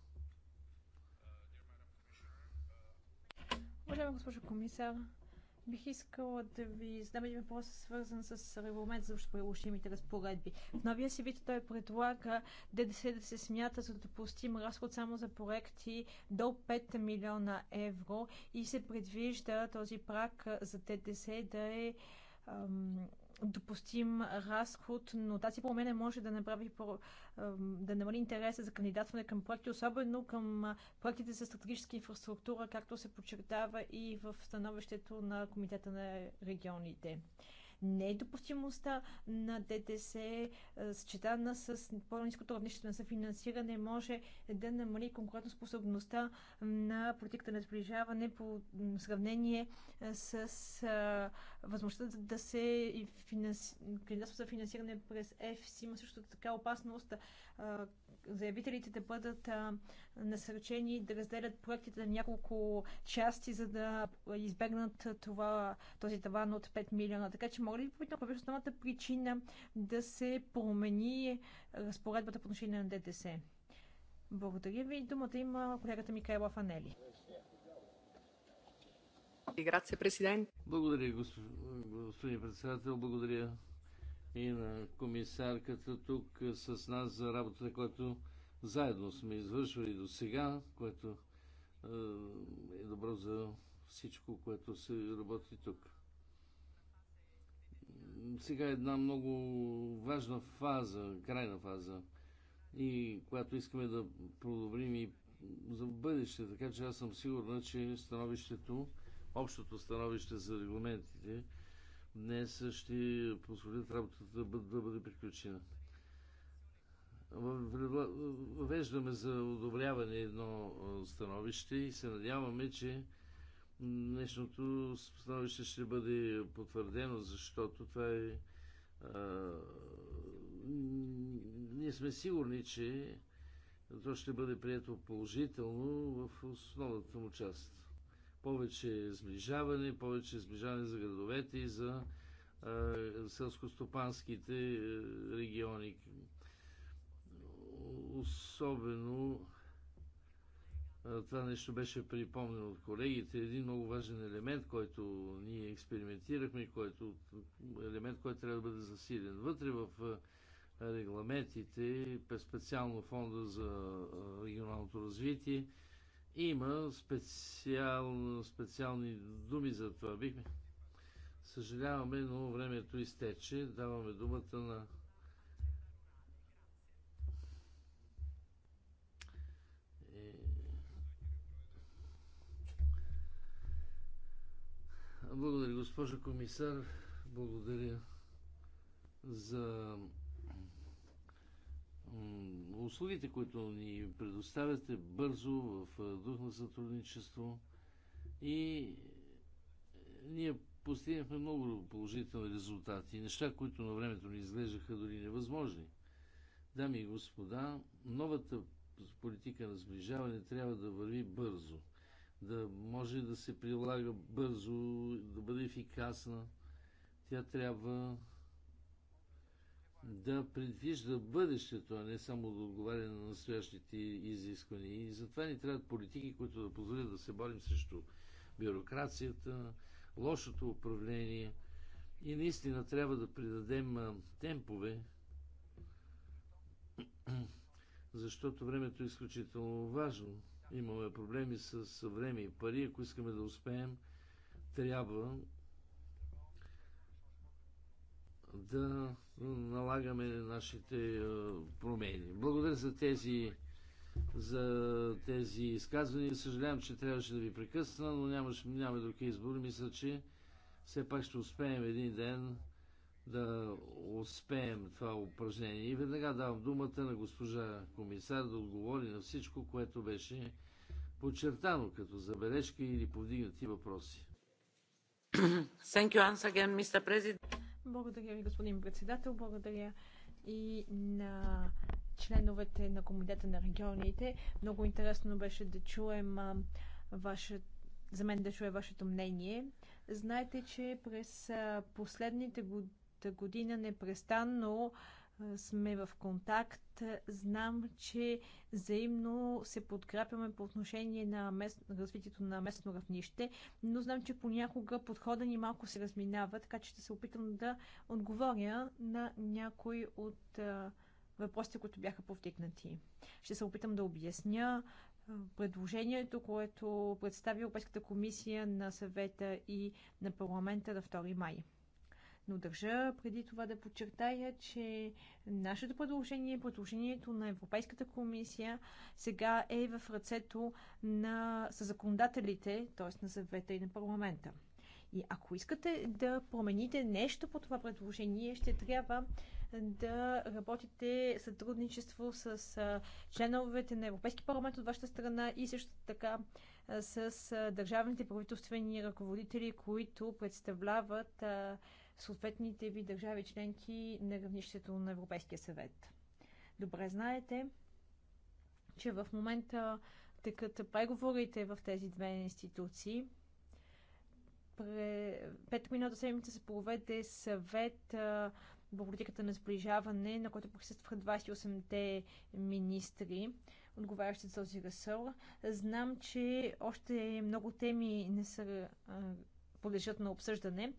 [SPEAKER 3] Уважаема госпожо комисар, Бих искала да ви задам един въпрос, свързан с регламент за приложимите разпоредби. В новия си вид той предлага ДДС да се смята за допустим разход само за проекти до 5 милиона евро и се предвижда този прак за ДДС да е ам, допустим разход, но тази промена може да направи да намали интереса за кандидатстване към проекти, особено към проектите за стратегическа инфраструктура, както се подчертава и в становището на Комитета на регионите недопустимостта е на ДДС, е, съчетана с по-низкото равнище на съфинансиране, може да намали конкурентоспособността на политиката на сближаване по сравнение е, с възможността да се финанси... за финансиране през ЕФС. Има също така опасност заявителите да бъдат насърчени да разделят проектите на няколко части, за да избегнат това, този таван от 5 милиона. Така че мога ли да попитам, каква беше основната причина да се промени разпоредбата по отношение на ДДС? Благодаря ви. Думата има колегата Микаела Фанели.
[SPEAKER 1] Благодаря, господин председател. Благодаря и на комисарката тук е, с нас за работата, която заедно сме извършвали до сега, което е, е добро за всичко, което се работи тук. Сега е една много важна фаза, крайна фаза, и която искаме да подобрим и за бъдеще, така че аз съм сигурна, че становището, общото становище за регламентите, днес ще позволят работата да бъде, да бъде приключена. Въвеждаме за одобряване едно становище и се надяваме, че днешното становище ще бъде потвърдено, защото това е. А, ние сме сигурни, че то ще бъде прието положително в основната му част повече сближаване, повече сближаване за градовете и за селскостопанските е, региони. Особено това нещо беше припомнено от колегите. Един много важен елемент, който ние експериментирахме, който, елемент, който трябва да бъде засилен. Вътре в регламентите, специално фонда за регионалното развитие, има специал, специални думи за това. Бихме. Съжаляваме, но времето изтече. Даваме думата на е, Благодаря, госпожа комисар. Благодаря за услугите, които ни предоставяте бързо в дух на сътрудничество и е, ние постигнахме много положителни резултати, неща, които на времето ни изглеждаха дори невъзможни. Дами и господа, новата политика на сближаване трябва да върви бързо, да може да се прилага бързо, да бъде ефикасна. Тя трябва да предвижда бъдещето, а не само да отговаря на настоящите изисквания. И затова ни трябват политики, които да позволят да се борим срещу бюрокрацията, лошото управление. И наистина трябва да придадем темпове, <clears throat> защото времето е изключително важно. Имаме проблеми с време и пари. Ако искаме да успеем, трябва да налагаме нашите е, промени. Благодаря за тези, за тези изказвания. Съжалявам, че трябваше да ви прекъсна, но нямаш, няма друг избор. Мисля, че все пак ще успеем един ден да успеем това упражнение. И веднага давам думата на госпожа комисар да отговори на всичко, което беше подчертано като забележка или повдигнати въпроси. Thank you once again, Mr. President.
[SPEAKER 3] Благодаря ви, господин председател. Благодаря и на членовете на Комитета на регионите. Много интересно беше да чуем а, ваше, за мен да чуя вашето мнение. Знаете, че през а, последните година непрестанно сме в контакт. Знам, че взаимно се подкрепяме по отношение на мест... развитието на местно равнище, но знам, че понякога подхода ни малко се разминава, така че ще се опитам да отговоря на някои от въпросите, които бяха повдигнати. Ще се опитам да обясня предложението, което представи Европейската комисия на съвета и на парламента на 2 май. Но държа преди това да подчертая, че нашето предложение, предложението на Европейската комисия сега е в ръцето на законодателите, т.е. на съвета и на парламента. И ако искате да промените нещо по това предложение, ще трябва да работите сътрудничество с членовете на Европейски парламент от вашата страна и също така с държавните правителствени ръководители, които представляват съответните ви държави членки на равнището на Европейския съвет. Добре знаете, че в момента текат преговорите в тези две институции. Пет миналата седмица се проведе съвет по политиката на сближаване, на който присъстваха 28-те министри, отговарящи за този ресор. Знам, че още много теми не са подлежат на обсъждане,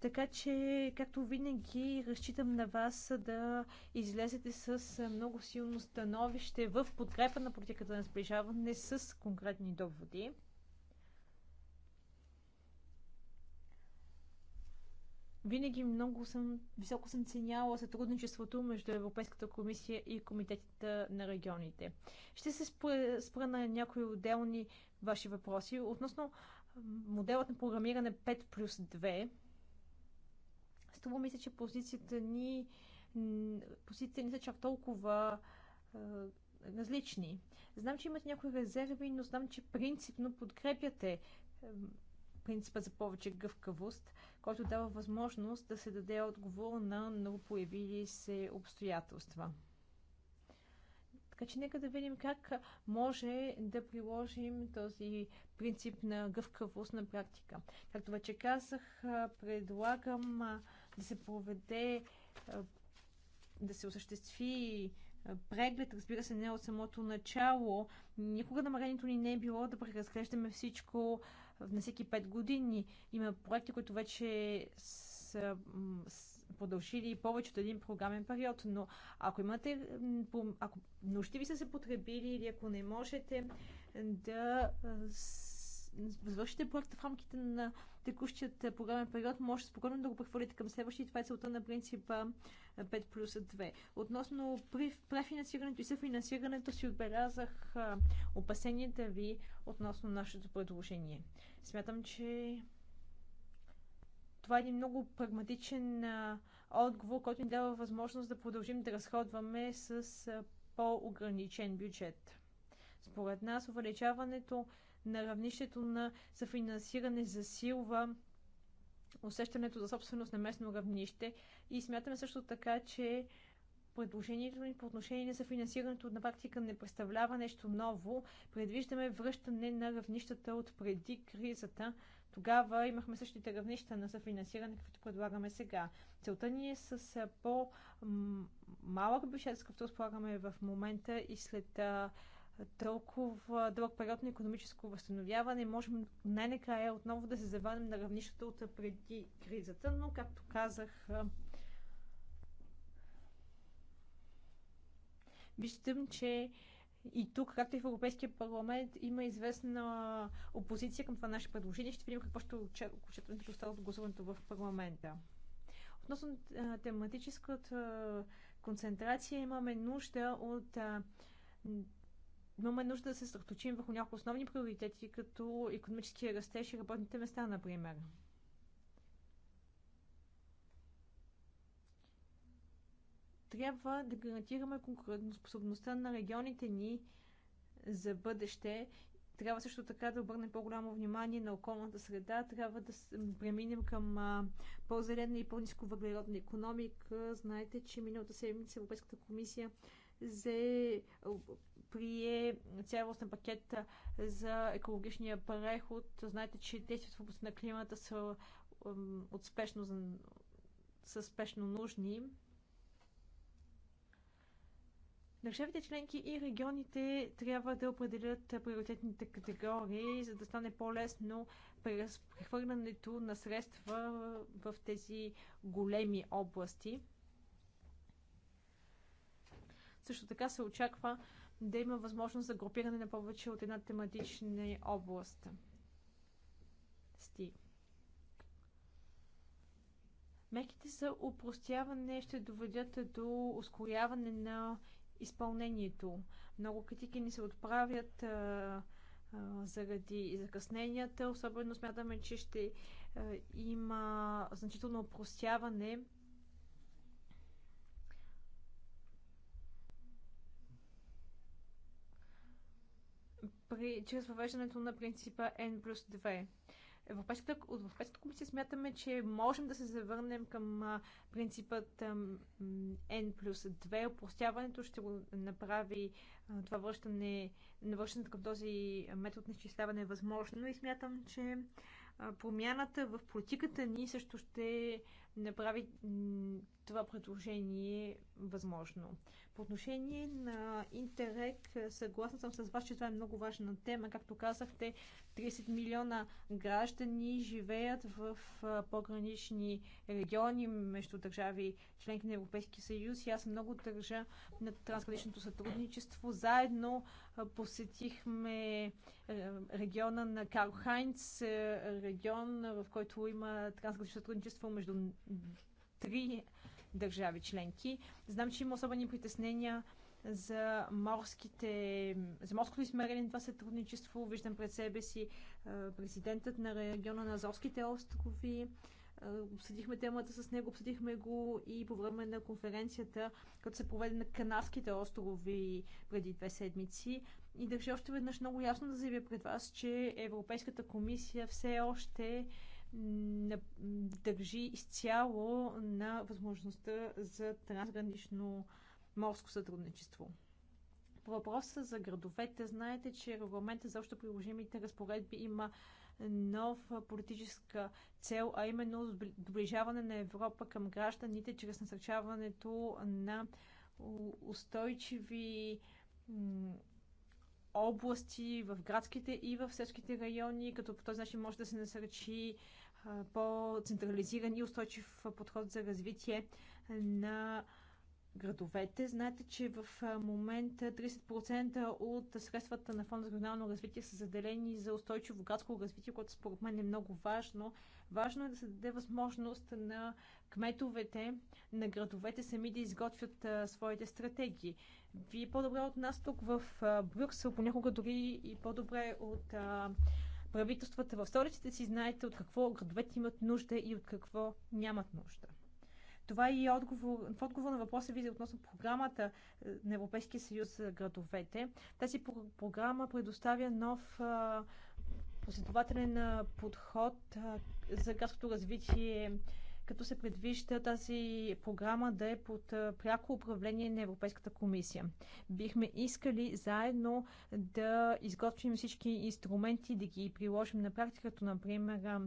[SPEAKER 3] така че, както винаги, разчитам на вас да излезете с много силно становище в подкрепа на политиката на сближаване с конкретни доводи. Винаги много съм, високо съм ценяла сътрудничеството между Европейската комисия и Комитетите на регионите. Ще се спра, спра на някои отделни ваши въпроси относно моделът на програмиране 5 плюс 2 Струва ми се, че позицията ни, позицията ни са чак толкова е, различни. Знам, че имате някои резерви, но знам, че принципно подкрепяте принципа за повече гъвкавост, който дава възможност да се даде отговор на новопоявили се обстоятелства. Така че нека да видим как може да приложим този принцип на гъвкавост на практика. Както вече казах, предлагам да се проведе, да се осъществи преглед, разбира се, не от самото начало. Никога намерението ни не е било да преразглеждаме всичко на всеки 5 години. Има проекти, които вече са продължили повече от един програмен период, но ако имате, ако нужди ви са се потребили или ако не можете да извършите проекта в рамките на текущият е, програмен период, може спокойно да го прехвърлите към следващия. Това е целта на принципа 5 е, плюс 2. Относно префинансирането и съфинансирането си отбелязах е, опасенията ви относно нашето предложение. Смятам, че това е един много прагматичен отговор, който ни дава възможност да продължим да разходваме с по-ограничен бюджет. Според нас увеличаването на равнището на съфинансиране засилва усещането за собственост на местно равнище и смятаме също така, че предложението ни по отношение на съфинансирането на практика не представлява нещо ново. Предвиждаме връщане на равнищата от преди кризата. Тогава имахме същите равнища на съфинансиране, каквито предлагаме сега. Целта ни е с по-малък бюджет, с който разполагаме в момента и след толкова дълъг период на економическо възстановяване, можем най-накрая отново да се завърнем на равнищата от преди кризата, но както казах, виждам, че и тук, както и в Европейския парламент, има известна опозиция към това наше предложение. Ще видим какво ще окончателно остава от гласуването в парламента. Относно тематическата концентрация имаме нужда от имаме нужда да се съсредоточим върху някои основни приоритети, като економическия растеж и работните места, например. Трябва да гарантираме конкурентоспособността на регионите ни за бъдеще. Трябва също така да обърнем по-голямо внимание на околната среда. Трябва да преминем към по-зелена и по-низко въглеродна економика. Знаете, че миналата седмица Европейската комисия взе, прие цялостен пакет за екологичния преход. Знаете, че действията в областта на климата са от спешно, са спешно нужни. Държавите членки и регионите трябва да определят приоритетните категории, за да стане по-лесно прехвърлянето на средства в тези големи области. Също така се очаква да има възможност за групиране на повече от една тематична област. Сти. Мерките за упростяване ще доведат до ускоряване на изпълнението. Много критики ни се отправят а, а, заради закъсненията. Особено смятаме, че ще а, има значително упростяване при, чрез въвеждането на принципа N плюс 2. Европейската, от Европейската комисия смятаме, че можем да се завърнем към принципът N плюс 2. Опростяването ще го направи това връщане, навършенето към този метод на изчисляване е възможно но и смятам, че промяната в политиката ни също ще направи това предложение е възможно. По отношение на Интерек, съгласна съм с вас, че това е много важна тема. Както казахте, 30 милиона граждани живеят в погранични региони между държави членки на Европейския съюз и аз много държа на трансграничното сътрудничество. Заедно посетихме региона на Карл Хайнц, регион, в който има трансгранично сътрудничество между три държави членки. Знам, че има особени притеснения за, морските, за морското измерение на това сътрудничество. Виждам пред себе си президентът на региона на Азорските острови. Обсъдихме темата с него, обсъдихме го и по време на конференцията, като се проведе на Канадските острови преди две седмици. И държа още веднъж много ясно да заявя пред вас, че Европейската комисия все още държи изцяло на възможността за трансгранично морско сътрудничество. По въпроса за градовете, знаете, че регламентът за още приложимите разпоредби има нов политическа цел, а именно доближаване на Европа към гражданите чрез насърчаването на устойчиви области, в градските и в селските райони, като по този начин може да се насърчи по-централизиран и устойчив подход за развитие на градовете. Знаете, че в момента 30% от средствата на Фонда за регионално развитие са заделени за устойчиво градско развитие, което според мен е много важно. Важно е да се даде възможност на кметовете на градовете сами да изготвят а, своите стратегии. Вие по-добре от нас тук в Брюксел, понякога дори и по-добре от а, правителствата в столиците си знаете от какво градовете имат нужда и от какво нямат нужда. Това е и отговор, в отговор на въпроса ви относно програмата е, на Европейския съюз за градовете. Тази програма предоставя нов последователен подход за градското развитие като се предвижда тази програма да е под пряко управление на Европейската комисия. Бихме искали заедно да изготвим всички инструменти, да ги приложим на практика, като например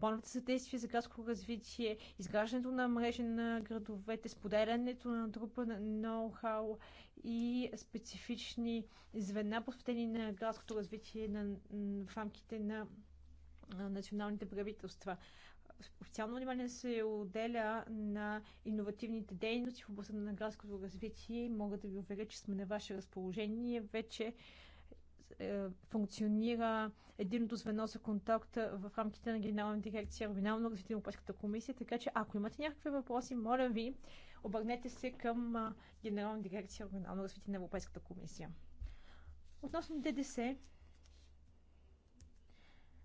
[SPEAKER 3] плановете за действие за градско развитие, изграждането на мрежи на градовете, споделянето на трупа на ноу-хау и специфични звена, посветени на градското развитие на, в рамките на националните правителства. Специално внимание се отделя на иновативните дейности в областта на градското развитие. Мога да ви уверя, че сме на ваше разположение. Вече е, функционира единното звено за контакт в рамките на Генерална дирекция Регионално развитие на Европейската комисия. Така че, ако имате някакви въпроси, моля ви, обърнете се към Генерална дирекция Регионално развитие на Европейската комисия. Относно ДДС,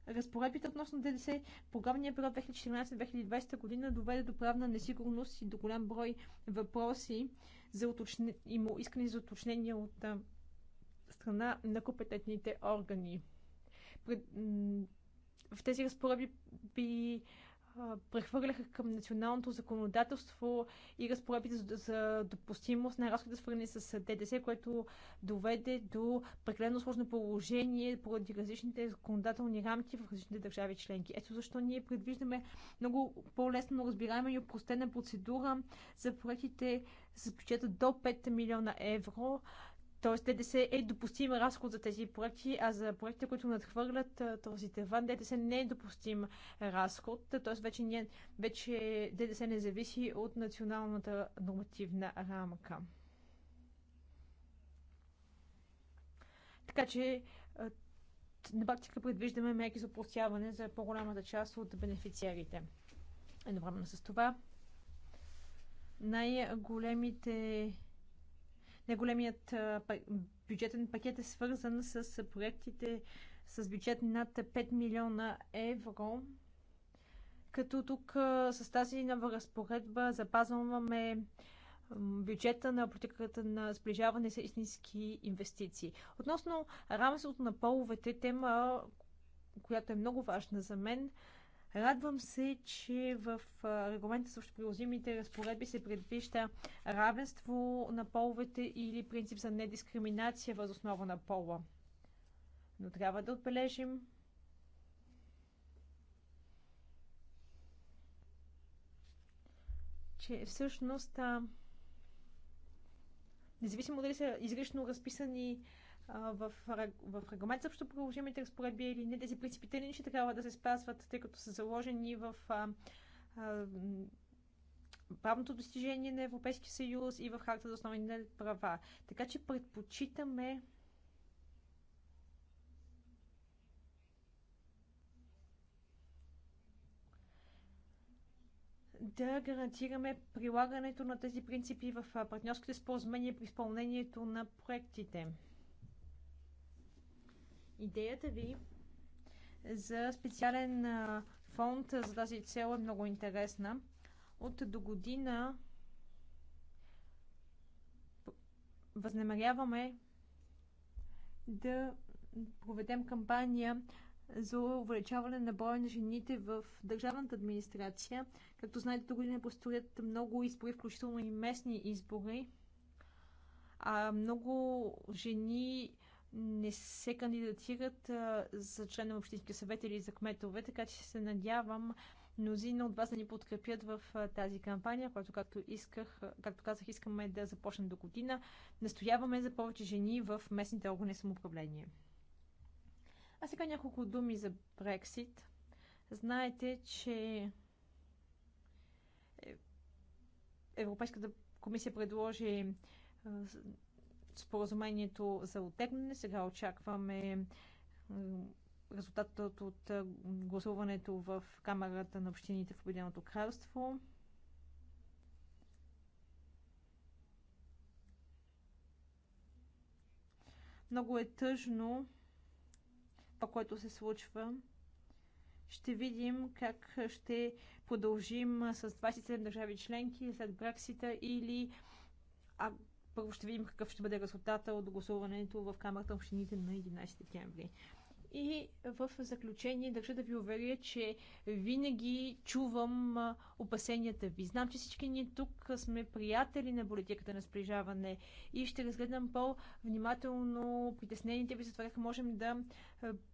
[SPEAKER 3] Разпоредбите относно ДДС по главния период 2014-2020 година доведе до правна несигурност и до голям брой въпроси за уточне... Има искани за уточнения от страна на компетентните органи. Пред... В тези разпоредби прехвърляха към националното законодателство и разпоредбите за допустимост на разходите, свързани с ДДС, което доведе до прекалено сложно положение поради различните законодателни рамки в различните държави членки. Ето защо ние предвиждаме много по-лесно разбираема и упростена процедура за проектите с бюджета до 5 милиона евро, т.е. ДДС е допустим разход за тези проекти, а за проекти, които надхвърлят този таван, ДДС не е допустим разход, т.е. вече, не, вече ДДС не зависи от националната нормативна рамка. Така че на практика предвиждаме мерки за упростяване за по-голямата част от бенефициарите. Едновременно с това най-големите Неголемият бюджетен пакет е свързан с проектите с бюджет над 5 милиона евро. Като тук с тази нова разпоредба запазваме бюджета на политиката на сближаване с истински инвестиции. Относно рамството на половете, тема, която е много важна за мен, Радвам се, че в регламента също приложимите разпоредби се предвижда равенство на половете или принцип за недискриминация въз основа на пола. Но трябва да отбележим, че всъщност, независимо дали са изрично разписани в, в регламент за общо приложимите разпоредби или не, тези принципите не ще трябва да се спазват, тъй като са заложени в а, а, правното достижение на Европейския съюз и в харта за основните права. Така че предпочитаме да гарантираме прилагането на тези принципи в партньорските споразумения при изпълнението на проектите. Идеята ви за специален фонд за тази цел е много интересна. От до година възнамеряваме да проведем кампания за увеличаване на броя на жените в държавната администрация. Както знаете, до година построят много избори, включително и местни избори. А много жени не се кандидатират за член на Общинския съвет или за кметове, така че се надявам мнозина от вас да ни подкрепят в тази кампания, която, както, исках, както казах, искаме да започнем до година. Настояваме за повече жени в местните органи самоуправление. А сега няколко думи за Брексит. Знаете, че е, Европейската комисия предложи споразумението за отегляне. Сега очакваме резултатът от гласуването в Камерата на общините в Обединеното кралство. Много е тъжно това, което се случва. Ще видим как ще продължим с 27 държави членки след Брексита или първо ще видим какъв ще бъде резултата от гласуването в Камерата на общините на 11 декември. И в заключение държа да ви уверя, че винаги чувам опасенията ви. Знам, че всички ние тук сме приятели на политиката на сближаване и ще разгледам по-внимателно притеснените ви за това как можем да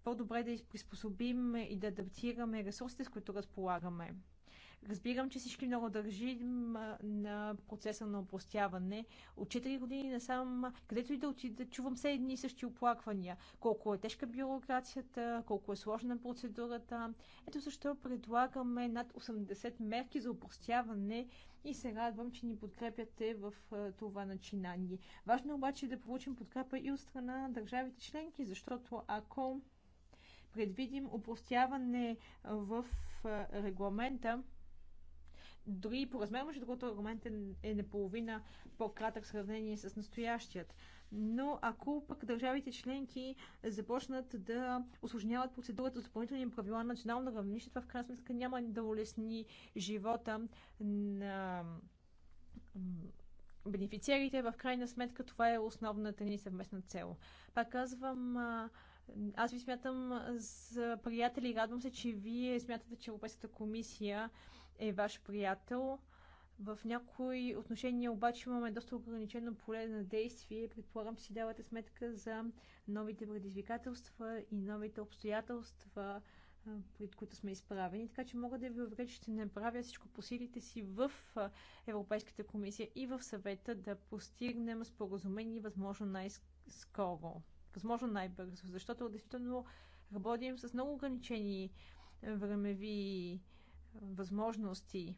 [SPEAKER 3] по-добре да приспособим и да адаптираме ресурсите, с които разполагаме. Разбирам, че всички много държим на процеса на опростяване. От 4 години насам, където и да отида, чувам все едни и същи оплаквания. Колко е тежка бюрокрацията, колко е сложна процедурата. Ето защо предлагаме над 80 мерки за опростяване и се радвам, че ни подкрепяте в това начинание. Важно е обаче да получим подкрепа и от страна на държавите членки, защото ако предвидим упростяване в регламента, дори по размер, между другото, аргумент е, е наполовина по-кратък в сравнение с настоящият. Но ако пък държавите членки започнат да осложняват процедурата с допълнителни правила на национално равнище, това в крайна сметка няма да улесни живота на бенефициарите. В крайна сметка това е основната ни съвместна цел. Пак казвам, аз ви смятам за приятели. Радвам се, че вие смятате, че Европейската комисия е ваш приятел. В някои отношения обаче имаме доста ограничено поле на действие. Предполагам, си давате сметка за новите предизвикателства и новите обстоятелства, пред които сме изправени. Така че мога да ви уверя, че ще направя всичко по силите си в Европейската комисия и в съвета да постигнем споразумение възможно най-скоро, възможно най-бързо, защото действително работим с много ограничени времеви възможности.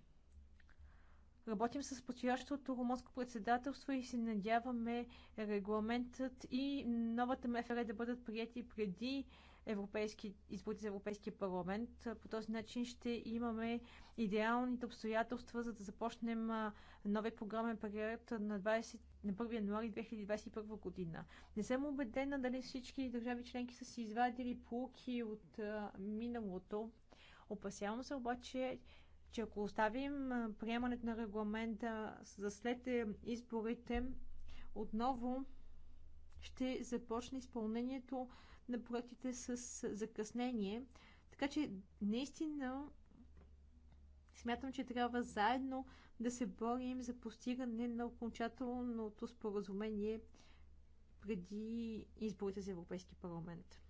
[SPEAKER 3] Работим с постоящото румънско председателство и се надяваме регламентът и новата МФР да бъдат прияти преди европейски, избори за Европейския парламент. По този начин ще имаме идеалните обстоятелства, за да започнем нови програмен период на, 20, на 1 януари 2021 година. Не съм убедена дали всички държави членки са си извадили полуки от миналото Опасявам се обаче, че ако оставим приемането на регламента за след е, изборите, отново ще започне изпълнението на проектите с закъснение. Така че наистина смятам, че трябва заедно да се борим за постигане на окончателното споразумение преди изборите за Европейски парламент.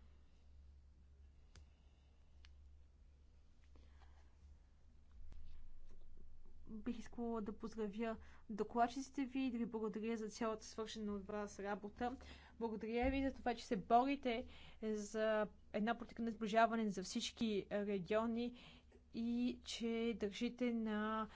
[SPEAKER 3] бих искала да поздравя докладчиците ви и да ви благодаря за цялата свършена от вас работа. Благодаря ви за това, че се борите за една политика на сближаване за всички региони и че държите на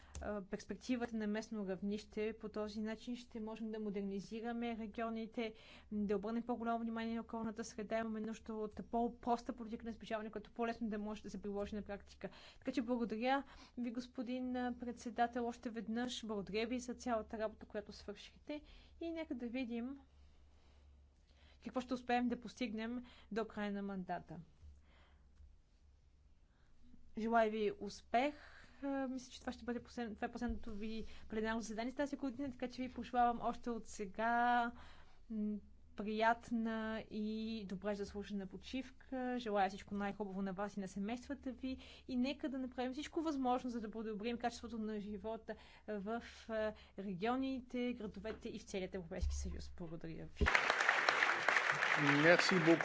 [SPEAKER 3] перспективата на местно равнище. По този начин ще можем да модернизираме регионите, да обърнем по-голямо внимание на околната среда. Имаме нужда от по-проста политика на сближаване, която е по-лесно да може да се приложи на практика. Така че благодаря ви, господин председател, още веднъж. Благодаря ви за цялата работа, която свършихте. И нека да видим какво ще успеем да постигнем до края на мандата. Желая ви успех. Е, мисля, че това ще бъде послед... това е последното ви пленарно заседание тази година, така че ви пожелавам още от сега приятна и добре заслужена почивка. Желая всичко най-хубаво на вас и на семействата ви. И нека да направим всичко възможно, за да подобрим качеството на живота в е, регионите, градовете и в целият Европейски съюз. Благодаря ви.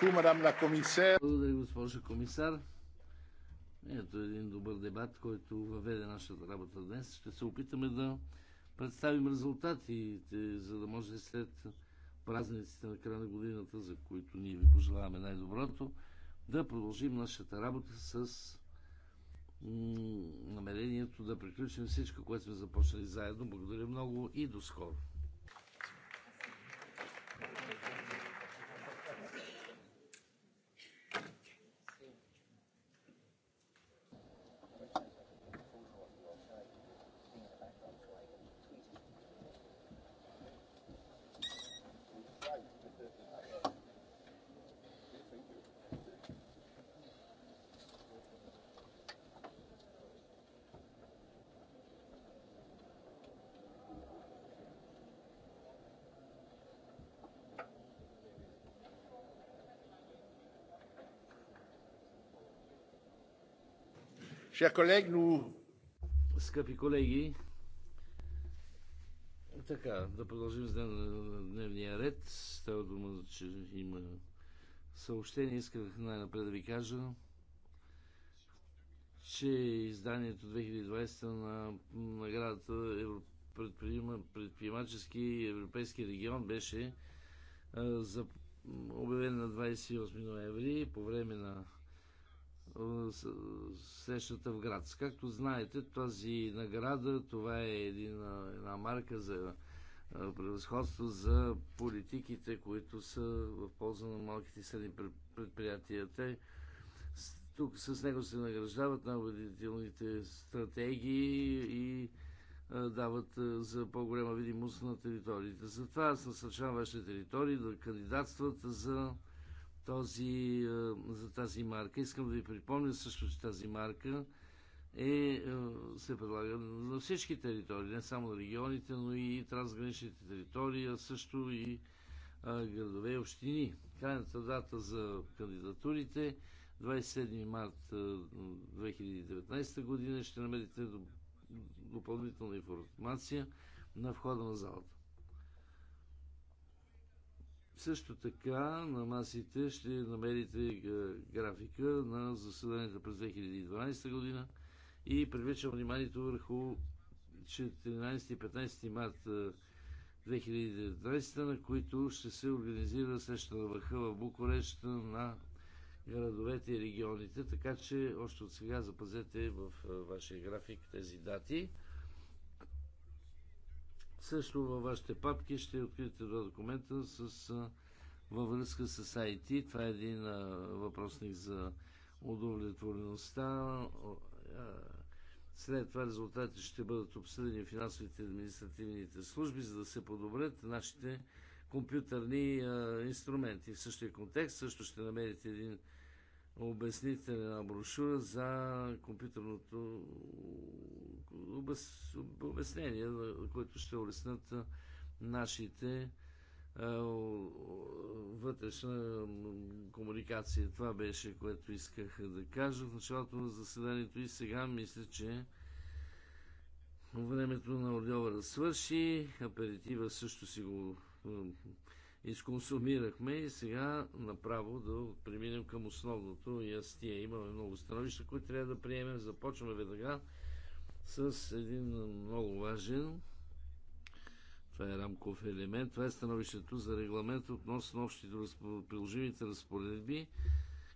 [SPEAKER 1] Благодаря, госпожо комисар. Ето един добър дебат, който въведе нашата работа днес. Ще се опитаме да представим резултатите, за да може след празниците на края на годината, за които ние ви пожелаваме най-доброто, да продължим нашата работа с намерението да приключим всичко, което сме започнали заедно. Благодаря много и до скоро! Скъпи колеги, така, да продължим с дневния ред. Става дума, че има съобщение. Исках най-напред да ви кажа, че изданието 2020 на наградата предприемачески европейски регион беше за обявен на 28 ноември по време на срещата в град. Както знаете, тази награда, това е една, една марка за превъзходство за политиките, които са в полза на малките и средни предприятия. Те тук с него се награждават най-убедителните стратегии и дават за по-голяма видимост на териториите. Затова аз насърчавам вашите територии да кандидатстват за този, за тази марка. Искам да ви припомня също, че тази марка е, е, се предлага на всички територии, не само на регионите, но и трансграничните територии, а също и а, градове и общини. Крайната дата за кандидатурите 27 март 2019 година ще намерите допълнителна информация на входа на залата. Също така на масите ще намерите е, графика на заседанията през 2012 година и привличам вниманието върху 14 и 15 март 2019, е, на които ще се организира среща на върха в Букурещ на градовете и регионите, така че още от сега запазете в е, вашия график тези дати. Също във вашите папки ще откриете два документа с, във връзка с IT. Това е един въпросник за удовлетвореността. След това резултатите ще бъдат обсъдени в финансовите и административните служби, за да се подобрят нашите компютърни а, инструменти. В същия контекст също ще намерите един обяснителна брошура за компютърното обяснение, което ще улеснат нашите вътрешна комуникация. Това беше, което исках да кажа в началото на заседанието и сега мисля, че времето на да свърши, аперитива също си го изконсумирахме и сега направо да преминем към основното ястие. Имаме много становища, които трябва да приемем. Започваме веднага с един много важен това е рамков елемент. Това е становището за регламент относно общите приложимите разпоредби.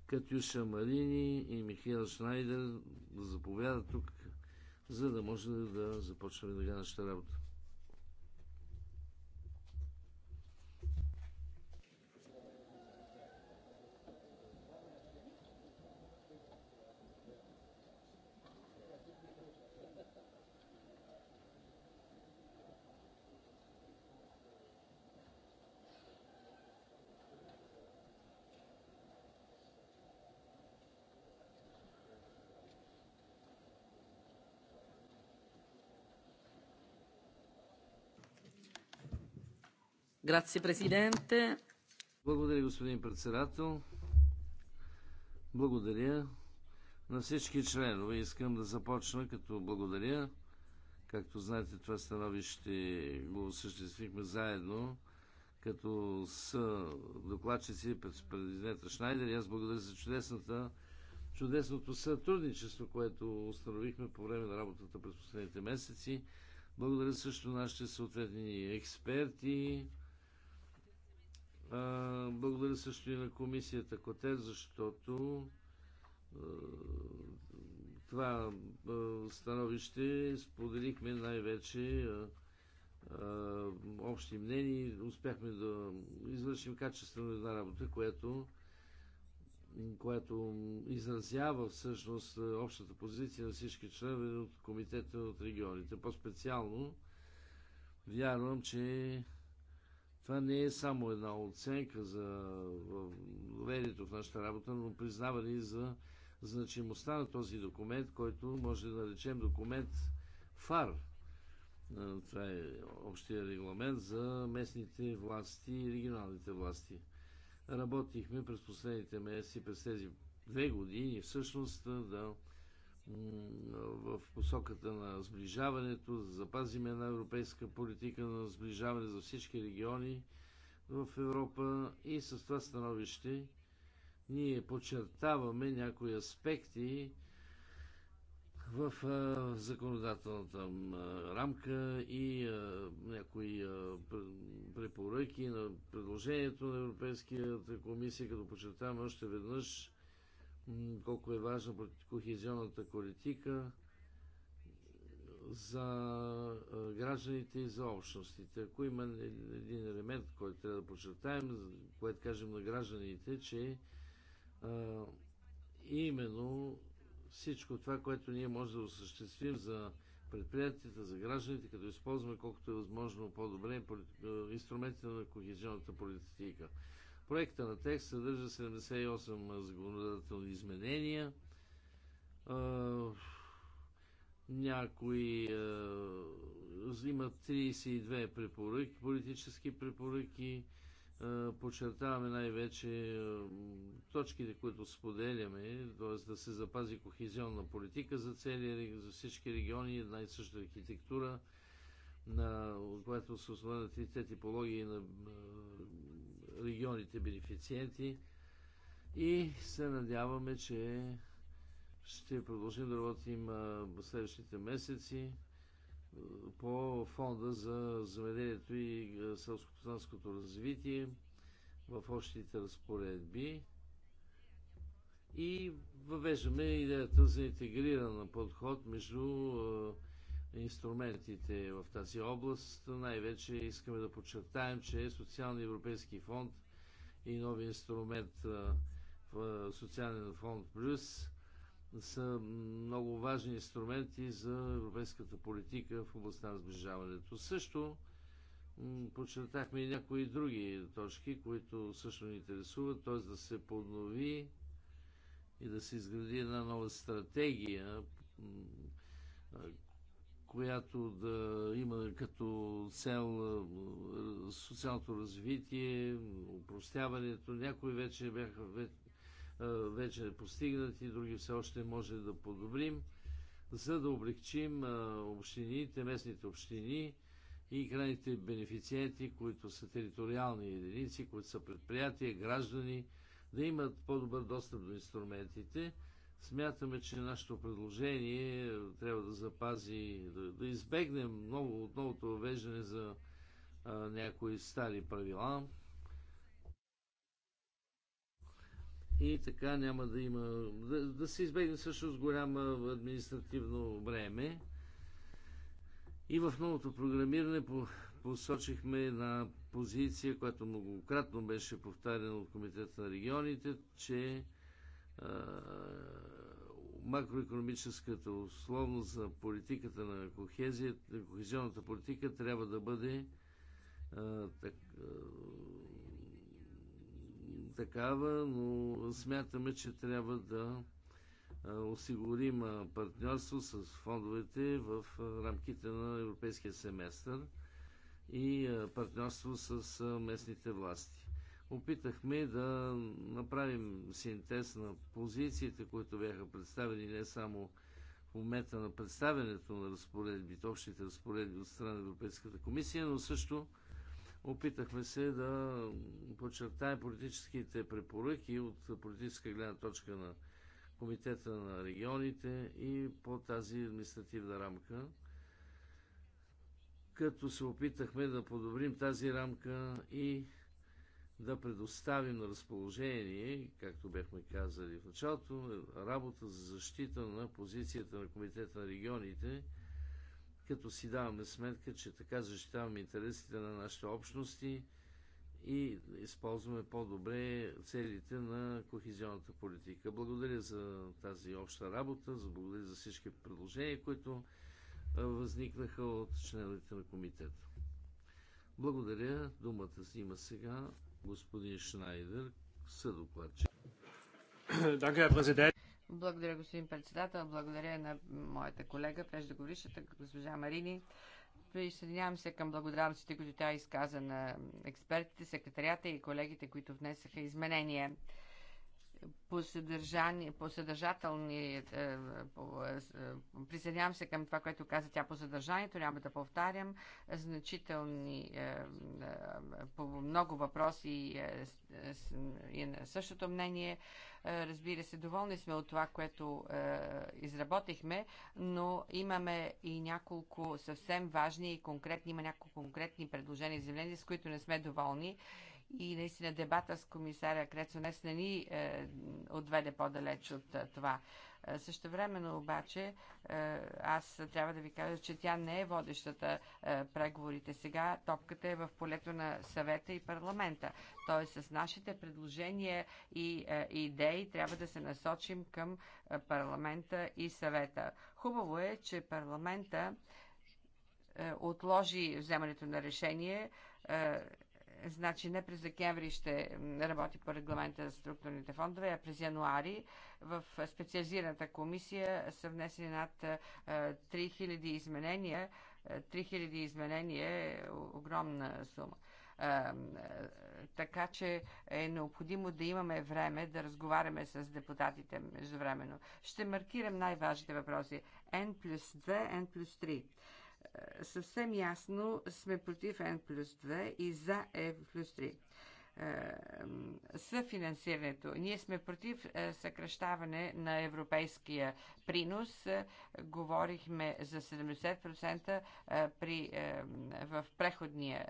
[SPEAKER 1] Катюша Марини и Михаил Шнайдер да заповядат тук, за да може да започнем веднага нашата работа.
[SPEAKER 6] президенте.
[SPEAKER 1] Благодаря, господин председател. Благодаря на всички членове. Искам да започна като благодаря. Както знаете, това становище го осъществихме заедно като с докладчици президента Шнайдер. И аз благодаря за чудесната, чудесното сътрудничество, което установихме по време на работата през последните месеци. Благодаря също нашите съответни експерти, благодаря също и на комисията Коте, защото това становище споделихме най-вече общи мнения. Успяхме да извършим качествено една работа, която, която изразява всъщност общата позиция на всички членове от Комитета от регионите. По-специално вярвам, че това не е само една оценка за доверието в нашата работа, но признаване и за значимостта на този документ, който може да наречем документ ФАР. Това е общия регламент за местните власти и регионалните власти. Работихме през последните месеци, през тези две години, всъщност да в посоката на сближаването, да запазим една европейска политика на сближаване за всички региони в Европа и с това становище ние подчертаваме някои аспекти в законодателната рамка и някои препоръки на предложението на Европейската комисия, като подчертаваме още веднъж колко е важна кохезионната политика за гражданите и за общностите. Ако има един елемент, който трябва да подчертаем, което кажем на гражданите, че а, именно всичко това, което ние може да осъществим за предприятията, за гражданите, като използваме колкото е възможно по-добре инструментите на кохезионната политика. Проекта на текст съдържа 78 законодателни изменения. Някои имат 32 препоръки, политически препоръки. Подчертаваме най-вече точките, които споделяме, т.е. да се запази кохезионна политика за, цели, за всички региони, една и съща архитектура, на, която се основа на трите типологии на регионите бенефициенти и се надяваме, че ще продължим да работим следващите месеци по фонда за замеделието и селското развитие в общите разпоредби и въвеждаме идеята за интегриран подход между инструментите в тази област. Най-вече искаме да подчертаем, че Социалния европейски фонд и нови инструмент в Социален фонд Плюс са много важни инструменти за европейската политика в областта на сближаването. Също подчертахме и някои други точки, които също ни интересуват, т.е. да се поднови и да се изгради една нова стратегия, която да има като цел социалното развитие, упростяването. Някои вече бяха вече постигнати, други все още може да подобрим, за да облегчим общините, местните общини и крайните бенефициенти, които са териториални единици, които са предприятия, граждани, да имат по-добър достъп до инструментите – Смятаме, че нашето предложение трябва да запази, да, да избегнем ново, отновото въвеждане за а, някои стари правила. И така няма да има... Да, да се избегне също с голямо административно време. И в новото програмиране по, посочихме на позиция, която многократно беше повтарена от Комитета на регионите, че макроекономическата условност за политиката на кохезия, кохезионната политика трябва да бъде а, так, а, такава, но смятаме, че трябва да осигурим партньорство с фондовете в рамките на европейския семестър и партньорство с местните власти опитахме да направим синтез на позициите, които бяха представени не само в момента на представянето на разпоредбите, общите разпоредби от страна на Европейската комисия, но също опитахме се да подчертаем политическите препоръки от политическа гледна точка на Комитета на регионите и по тази административна рамка като се опитахме да подобрим тази рамка и да предоставим на разположение, както бехме казали в началото, работа за защита на позицията на Комитета на регионите, като си даваме сметка, че така защитаваме интересите на нашите общности и използваме по-добре целите на кохезионната политика. Благодаря за тази обща работа, за благодаря за всички предложения, които възникнаха от членовете на комитета. Благодаря. Думата си има сега господин Шнайдер, съдокладчик.
[SPEAKER 2] Благодаря, господин председател. Благодаря на моята колега, преждеговорившата госпожа Марини. Присъединявам се към благодарностите, които тя изказа на експертите, секретарията и колегите, които внесаха изменения по, съдържание, по съдържателни... Е, е, по, е, присъединявам се към това, което каза тя по съдържанието, няма да повтарям. Значителни по много въпроси и, и на същото мнение. Разбира се, доволни сме от това, което изработихме, но имаме и няколко съвсем важни и конкретни, има няколко конкретни предложения и изявления, с които не сме доволни и наистина дебата с комисаря Крецо днес не ни е, отведе по-далеч от е, това. Е, също времено обаче е, аз трябва да ви кажа, че тя не е водещата е, преговорите сега. Топката е в полето на съвета и парламента. Тоест с нашите предложения и идеи трябва да се насочим към парламента и съвета. Хубаво е, че парламента отложи вземането на решение Значи не през декември ще работи по регламента за структурните фондове, а през януари в специализираната комисия са внесени над 3000 изменения. 3000 изменения е огромна сума така че е необходимо да имаме време да разговаряме с депутатите междувременно. Ще маркирам най-важните въпроси. N плюс 2, N плюс 3 съвсем ясно сме против N плюс 2 и за N е плюс 3 е, съфинансирането. Ние сме против е, съкръщаване на европейския принос. Говорихме за 70% при, в преходния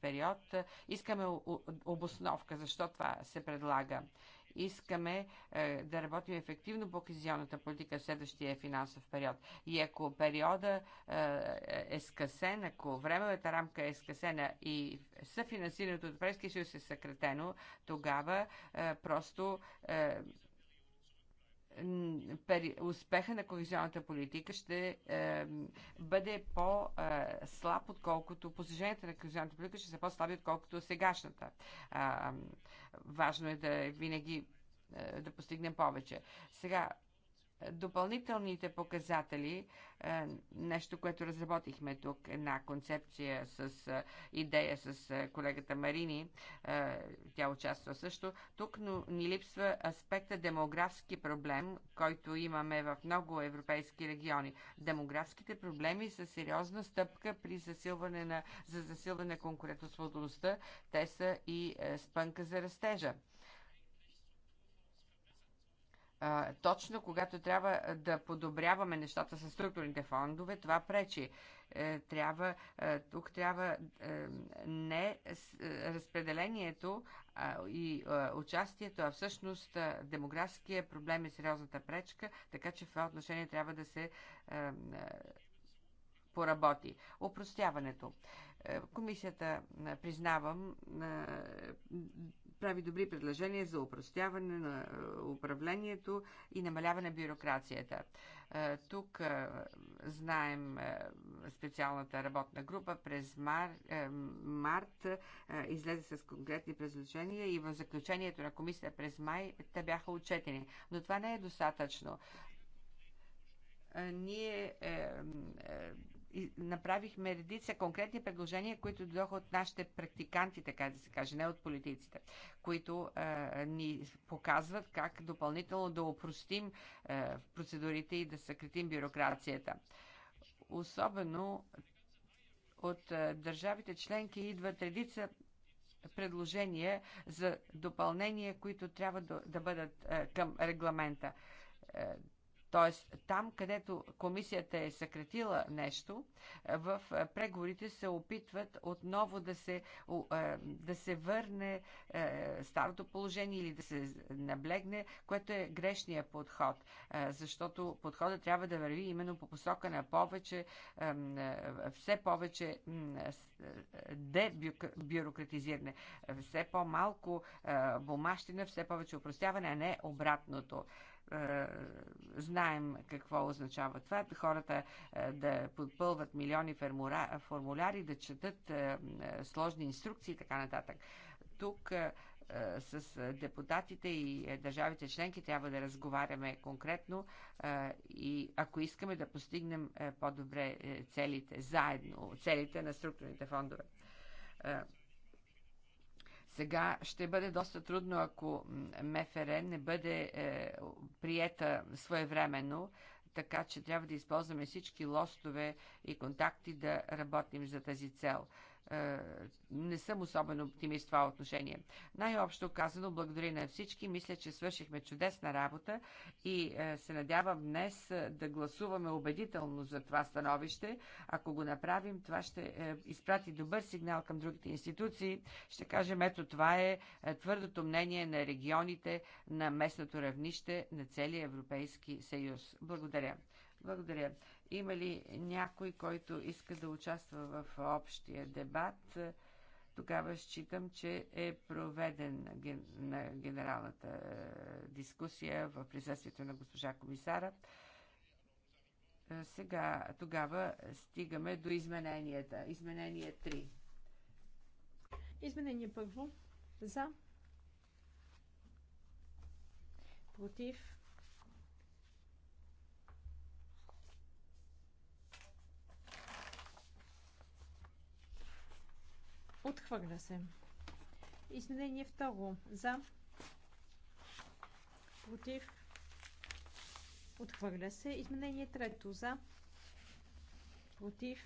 [SPEAKER 2] период. Искаме обосновка, защо това се предлага искаме е, да работим ефективно по кризионната политика в следващия финансов период. И ако периода е, е скъсен, ако времевата рамка е скъсена и съфинансирането от Европейския съюз е съкратено, тогава е, просто е, успеха на кохезионната политика ще е, бъде по-слаб, отколкото постиженията на кохезионната политика ще са по-слаби, отколкото сегашната. Е, важно е да е винаги е, да постигнем повече. Сега, допълнителните показатели, е, нещо, което разработихме тук, една концепция с е, идея с е, колегата Марини, тя участва също. Тук но ни липсва аспекта демографски проблем, който имаме в много европейски региони. Демографските проблеми са сериозна стъпка при засилване на, за засилване на конкурентоспособността. Те са и спънка за растежа а, точно когато трябва да подобряваме нещата с структурните фондове, това пречи. Е, трябва, е, тук трябва е, не с, е, разпределението а, и е, участието, а всъщност е, демографския проблем е сериозната пречка, така че в това отношение трябва да се е, е, поработи. Опростяването. Е, комисията, е, признавам, е, прави добри предложения за упростяване на е, управлението и намаляване на бюрокрацията. Е, тук е, знаем специалната работна група през мар, март излезе с конкретни предложения и в заключението на комисията през май те бяха отчетени. Но това не е достатъчно ние е, е, направихме редица конкретни предложения, които дойдоха от нашите практиканти, така да се каже, не от политиците, които а, ни показват как допълнително да опростим а, процедурите и да съкратим бюрокрацията. Особено от а, държавите членки идват редица предложения за допълнения, които трябва да, да бъдат а, към регламента Тоест, там, където комисията е съкратила нещо, е, в е, преговорите се опитват отново да се, е, да се върне старото положение или да се наблегне, което е грешния подход, защото подходът трябва да върви именно по посока на повече, все повече дебюрократизиране, все по-малко бумащина, все повече упростяване, а не обратното. Е, знаем какво означава това. Хората е, да подпълват милиони формуляри, да четат е, сложни инструкции и така нататък. Тук с депутатите и държавите членки трябва да разговаряме конкретно и ако искаме да постигнем по-добре целите заедно, целите на структурните фондове. Сега ще бъде доста трудно, ако МФР не бъде е, приета своевременно, така че трябва да използваме всички лостове и контакти да работим за тази цел. Е, не съм особено оптимист в това отношение. Най-общо казано, благодаря на всички. Мисля, че свършихме чудесна работа и е, се надявам днес е, да гласуваме убедително за това становище. Ако го направим, това ще изпрати добър сигнал към другите институции. Ще кажем, ето това е твърдото мнение на регионите на местното равнище на целия Европейски съюз. Благодаря. Благодаря. Има ли някой, който иска да участва в общия дебат? Тогава считам, че е проведен на генералната е, дискусия в присъствието на госпожа комисара. Е, сега, тогава стигаме до измененията. Изменение 3.
[SPEAKER 3] Изменение първо. За. Против. Отхвърля се. Изменение второ. За. Против. Отхвърля се. Изменение трето. За. Против.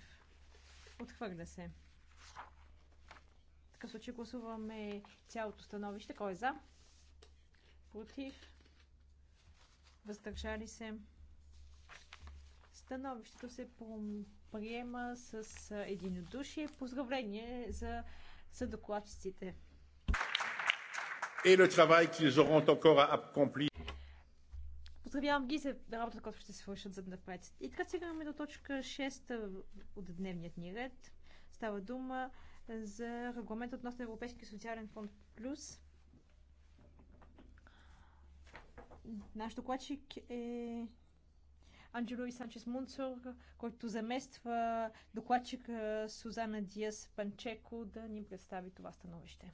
[SPEAKER 3] Отхвърля се. В такъв случай гласуваме цялото становище. Кой е за? Против. Въздържали се. Становището се промени приема с единодушие. Поздравление за, съдокладчиците. Поздравявам ги за работата, която ще се свършат за напред. И така стигаме до точка 6 от дневният ни ред. Става дума за регламент относно Европейския социален фонд Плюс. Наш докладчик е Анджело и Санчес Мунцор, който замества докладчика Сузана Диас Панчеко да ни представи това становище.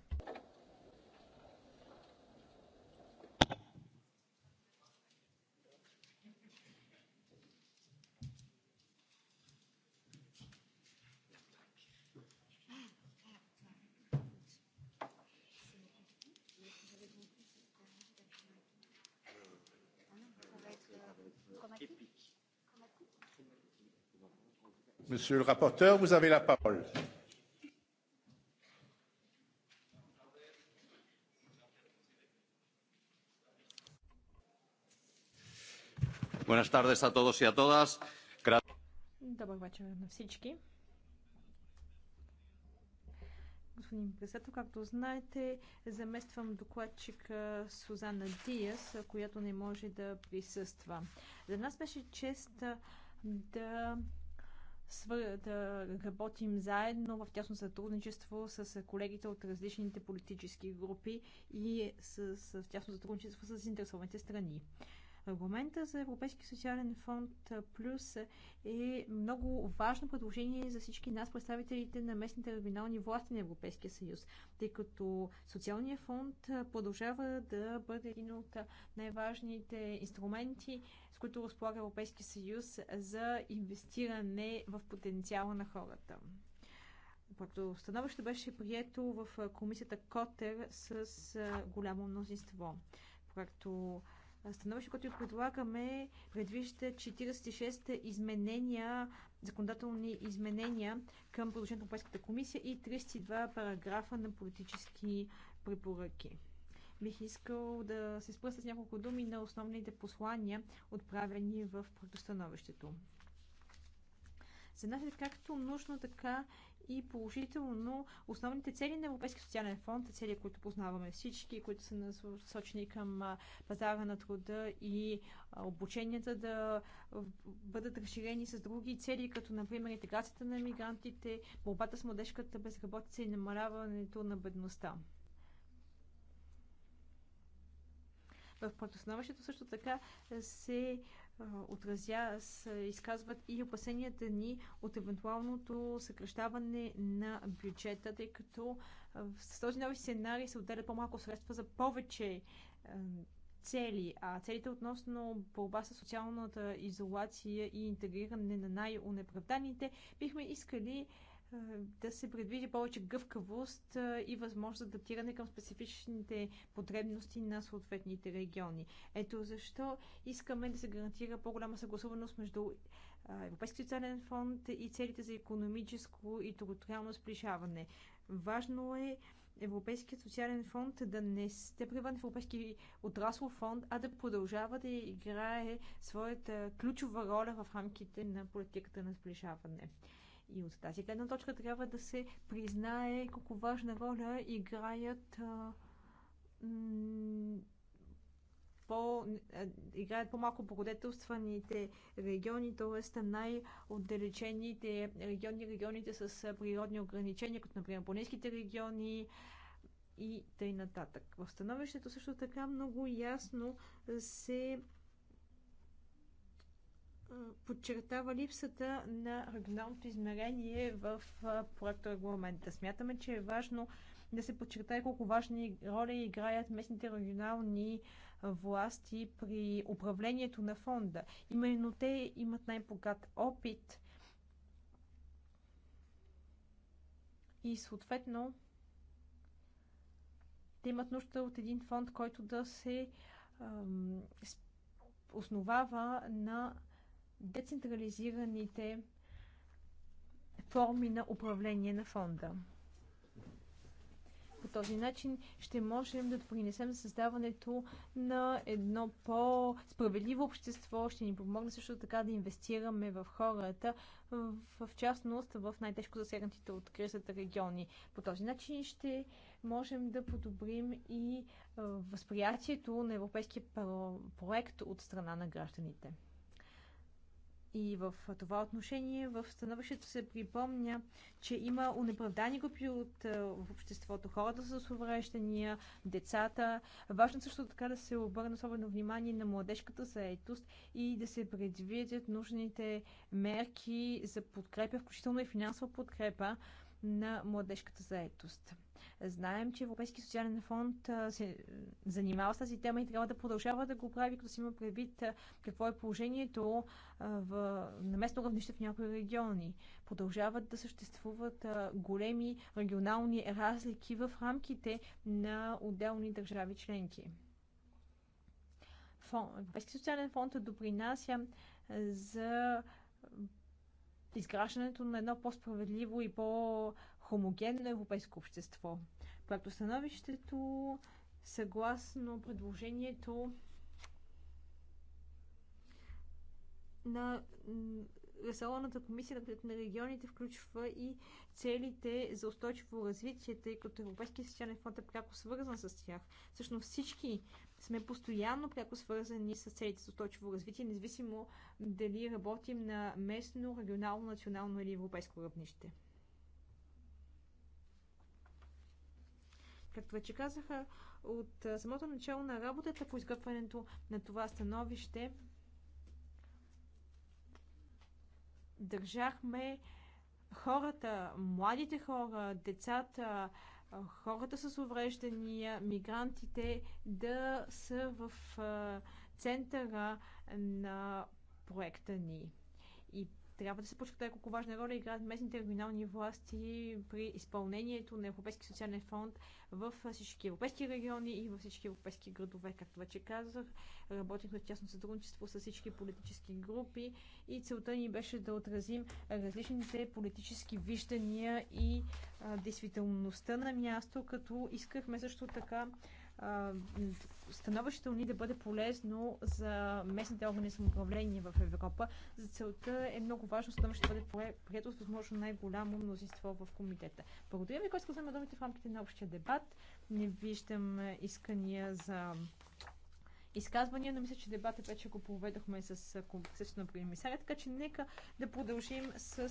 [SPEAKER 7] Monsieur le rapporteur, vous avez la parole. Buenas tardes a todos y a todas.
[SPEAKER 3] Добър вечер на всички. Господин председател, както знаете, замествам докладчика Сузана Диас, която не може да присъства. За нас беше чест да да работим заедно в тясно сътрудничество с колегите от различните политически групи и с, с тясно сътрудничество с заинтересованите страни. Регламента за Европейски социален фонд Плюс е много важно предложение за всички нас, представителите на местните регионални власти на Европейския съюз, тъй като социалният фонд продължава да бъде един от най-важните инструменти, с които разполага Европейския съюз за инвестиране в потенциала на хората. Първото становище беше прието в комисията Котер с голямо мнозинство. Проекто становище, което предлагаме, предвижда 46 изменения, законодателни изменения към предложението на Европейската комисия и 32 параграфа на политически препоръки. Бих искал да се спра с няколко думи на основните послания, отправени в проектостановището. За нас е както нужно, така и положително основните цели на Европейския социален фонд, цели, които познаваме всички, които са насочени към пазара на труда и обученията да бъдат разширени с други цели, като например интеграцията на мигрантите, борбата с младежката безработица и намаляването на бедността. В проектостановището също така се отразя, се изказват и опасенията ни от евентуалното съкръщаване на бюджета, тъй като с този нови сценарий се отделят по-малко средства за повече цели, а целите относно борба с социалната изолация и интегриране на най-унеправданите, бихме искали да се предвиди повече гъвкавост и възможност за адаптиране към специфичните потребности на съответните региони. Ето защо искаме да се гарантира по-голяма съгласуваност между Европейския социален фонд и целите за економическо и териториално сближаване. Важно е Европейският социален фонд да не сте превърне в Европейски отраслов фонд, а да продължава да играе своята ключова роля в рамките на политиката на сближаване. И от тази гледна точка трябва да се признае колко важна роля играят а, по, играят по-малко благодетелстваните региони, т.е. най-отдалечените региони, регионите с природни ограничения, като например планинските региони и т.н. нататък. В становището също така много ясно се подчертава липсата на регионалното измерение в проекта регламента. Смятаме, че е важно да се подчертае колко важни роли играят местните регионални власти при управлението на фонда. Именно те имат най-богат опит и съответно те имат нужда от един фонд, който да се основава на децентрализираните форми на управление на фонда. По този начин ще можем да принесем за създаването на едно по-справедливо общество. Ще ни помогне също така да инвестираме в хората, в частност в най-тежко засегнатите от кризата региони. По този начин ще можем да подобрим и възприятието на европейския проект от страна на гражданите. И в това отношение в становището се припомня, че има унеправдани групи от е, в обществото, хората с увреждания, децата. Важно също така да се обърне особено внимание на младежката заетост и да се предвидят нужните мерки за подкрепа, включително и финансова подкрепа на младежката заетост. Знаем, че Европейски социален фонд се е, занимава с тази тема и трябва да продължава да го прави, като се има предвид какво е положението в, на местно равнище в някои региони. Продължават да съществуват големи регионални разлики в рамките на отделни държави членки. Фон, Европейски социален фонд допринася за изграждането на едно по-справедливо и по- хомогенно европейско общество. Проекто становището, съгласно предложението на Ресалонната комисия на регионите включва и целите за устойчиво развитие, тъй като Европейския социален фонд е пряко свързан с тях. Всъщност всички сме постоянно пряко свързани с целите за устойчиво развитие, независимо дали работим на местно, регионално, национално или европейско равнище. Както вече казаха, от самото начало на работата по изготвянето на това становище държахме хората, младите хора, децата, хората с увреждания, мигрантите да са в центъра на проекта ни. Трябва да се подчертае колко важна роля играят местните регионални власти при изпълнението на Европейски социален фонд в всички европейски региони и във всички европейски градове. Както вече казах, работихме в тясно сътрудничество с всички политически групи и целта ни беше да отразим различните политически виждания и а, действителността на място, като искахме също така становището ни да бъде полезно за местните органи самоуправление в Европа. За целта е много важно становището да бъде прието с възможно най-голямо мнозинство в комитета. Благодаря ви, който взема думите в рамките на общия дебат. Не виждам искания за изказвания, но мисля, че дебата вече го поведохме с, комплексно на така че нека да продължим с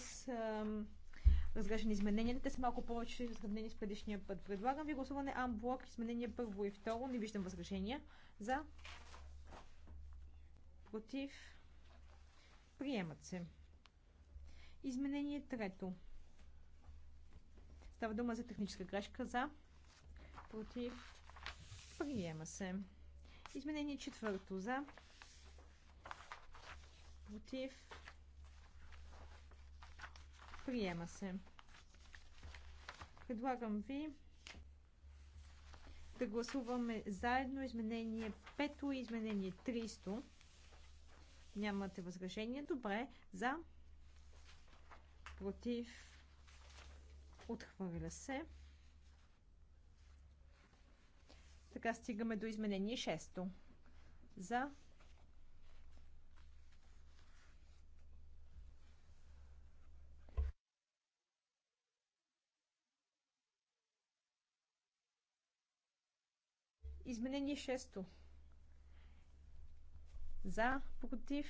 [SPEAKER 3] разглеждани измененията. Те са малко повече в сравнение с предишния път. Предлагам ви гласуване Амблок, изменение първо и второ. Не виждам възражения. За. Против. Приемат се. Изменение трето. Става дума за техническа грешка. За. Против. Приема се. Изменение четвърто. За. Против. Приема се. Предлагам ви да гласуваме заедно изменение 5 и изменение 300. Нямате възражение. Добре. За. Против. Отхвърля се. Така стигаме до изменение 6. За. Изменение 6. За, против,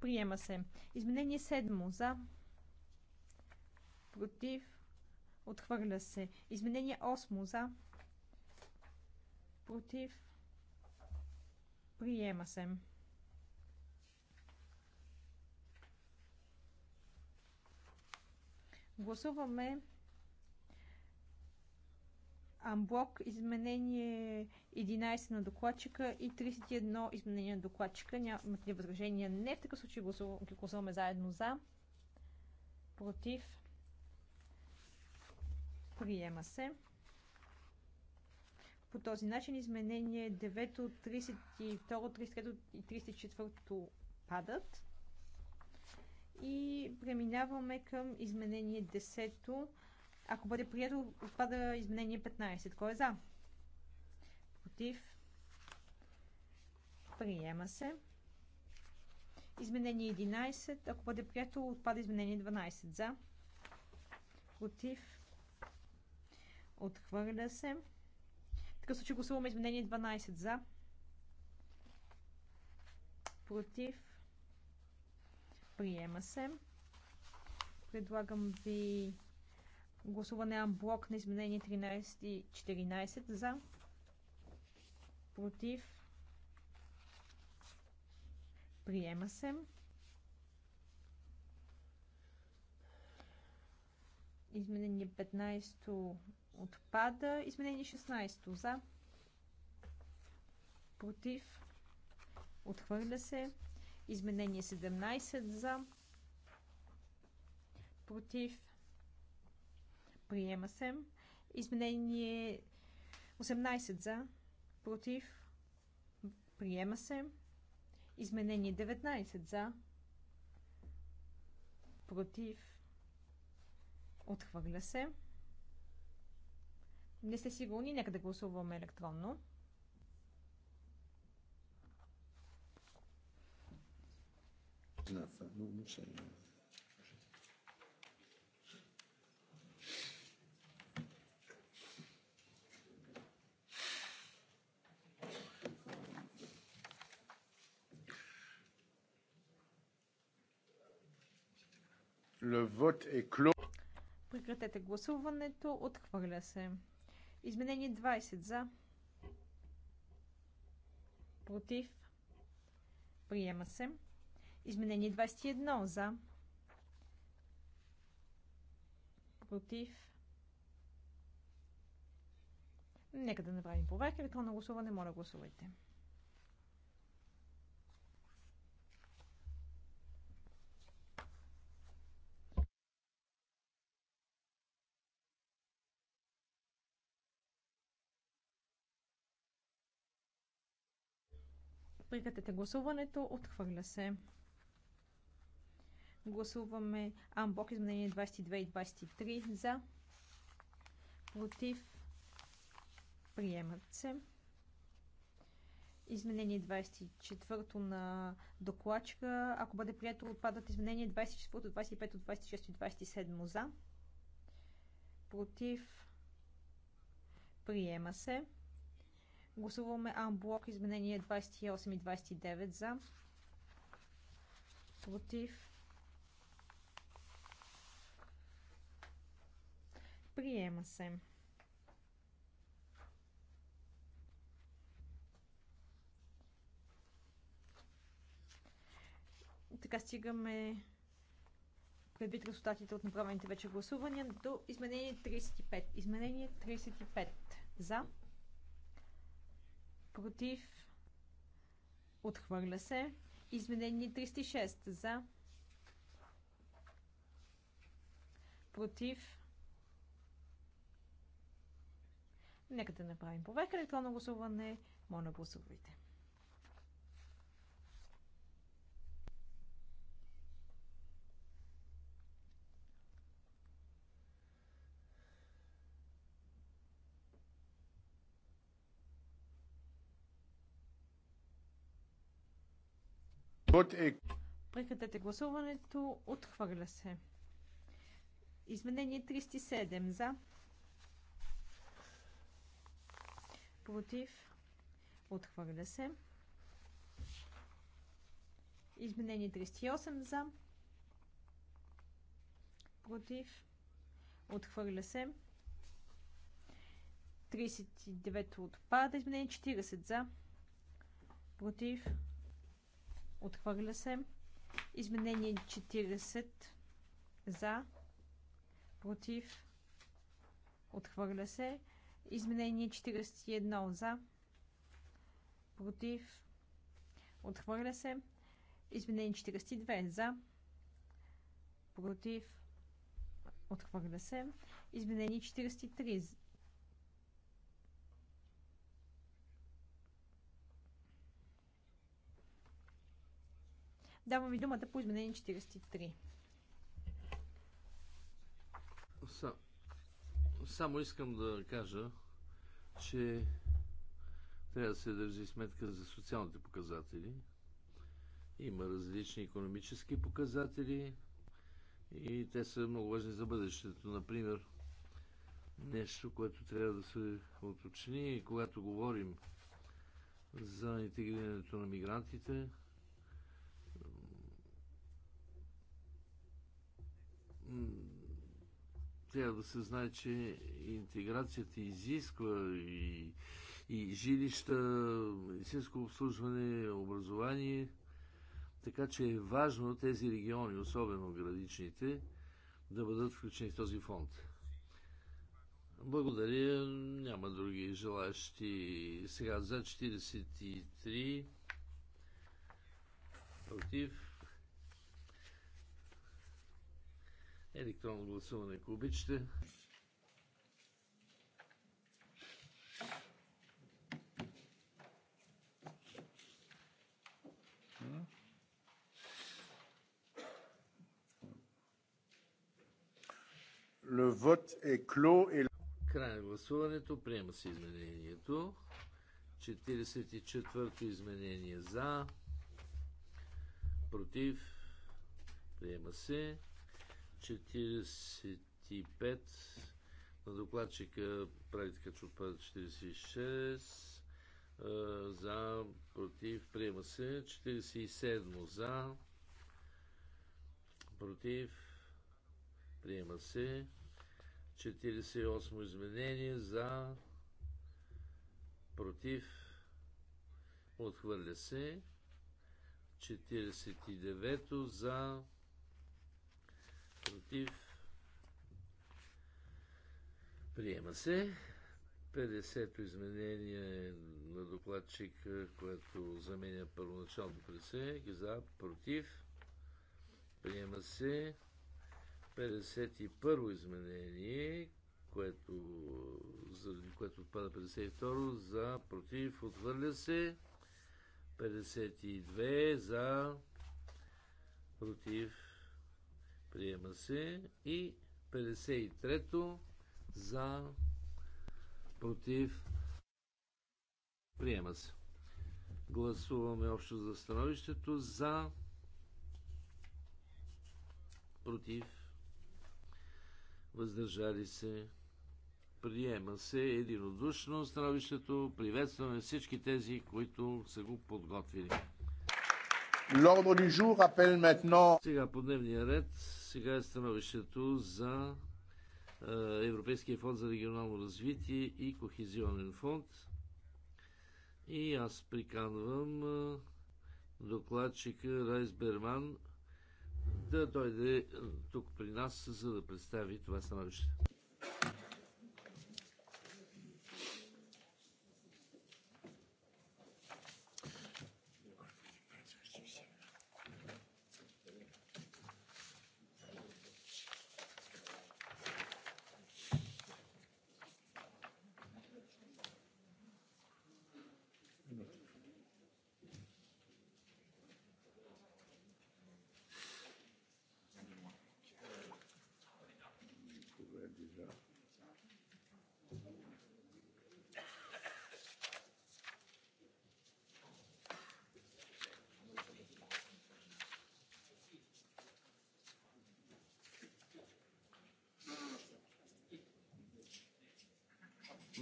[SPEAKER 3] приема се. Изменение 7. За, против, отхвърля се. Изменение 8. За, против, приема се. Гласуваме Амблок изменение 11 на докладчика и 31 изменение на докладчика. Нямат ли възражения? Не. В такъв случай гласуваме заедно за. Против. Приема се. По този начин изменение 9, 32, 33 и 34 падат. И преминаваме към изменение 10 ако бъде прието, отпада изменение 15. Кой е за? Против. Приема се. Изменение 11. Ако бъде прието, отпада изменение 12. За. Против. Отхвърля се. В такъв случай гласуваме изменение 12. За. Против. Приема се. Предлагам ви гласуване блок на изменение 13 и 14 за против приема се изменение 15 отпада изменение 16 за против отхвърля се изменение 17 за против Приема се. Изменение 18 за. Против. Приема се. Изменение 19 за. Против. Отхвърля се. Не сте сигурни, нека да гласуваме електронно.
[SPEAKER 5] No, no, no,
[SPEAKER 7] Le vote est clos.
[SPEAKER 3] Прекратете гласуването. Отхвърля се. Изменение 20 за. Против. Приема се. Изменение 21 за. Против. Нека да направим проверка. Електронно гласуване. Моля, гласувайте. Прекратете гласуването. Отхвърля се. Гласуваме Амбок изменение 22 и 23 за. Против. Приемат се. Изменение 24 на докладчика. Ако бъде прието, отпадат изменение 24, 25, 26 и 27 за. Против. Приема се. Гласуваме Анблок, изменение 28 и 29 за. Против. Приема се. Така стигаме предвид резултатите от направените вече гласувания до изменение 35. Изменение 35. За против, отхвърля се. Изменение 306 за, против. Нека да направим проверка електронно гласуване. Моля, гласувайте. Прекратете гласуването. Отхвърля се. Изменение 37 за. Против. Отхвърля се. Изменение 38 за. Против. Отхвърля се. 39 отпада. Изменение 40 за. Против. Отхвърля се. Изменение 40 за. Против. Отхвърля се. Изменение 41 за. Против. Отхвърля се. Изменение 42 за. Против. Отхвърля се. Изменение 43 Давам ви думата по изменение 43.
[SPEAKER 1] Са, само искам да кажа, че трябва да се държи сметка за социалните показатели. Има различни економически показатели и те са много важни за бъдещето. Например, нещо, което трябва да се уточни, когато говорим за интегрирането на мигрантите, трябва да се знае, че интеграцията изисква и, и жилища, медицинско обслужване, образование. Така че е важно тези региони, особено градичните, да бъдат включени в този фонд. Благодаря. Няма други желаящи. Сега за 43. Против. Електронно гласуване, ако обичате. Le vote est clos et... Край на гласуването. Приема се изменението. 44-то изменение за. Против. Приема се. 45 на докладчика прави така, че отпада 46 за, против, приема се 47 за против, приема се 48 изменение за против, отхвърля се 49 за против, приема се. 50-то изменение на докладчик, което заменя първоначално 50, за, против, приема се. 51-во изменение, което, заради което отпада 52, за, против, отвърля се. 52 за, против, Приема се. И 53-то за против. Приема се. Гласуваме общо за становището за против. Въздържали се. Приема се единодушно становището. Приветстваме всички тези, които са го подготвили. Сега по дневния ред сега е становището за е, Европейския фонд за регионално развитие и Кохезионен фонд. И аз приканвам е, докладчика Райс Берман да дойде е, тук при нас, за да представи това становище.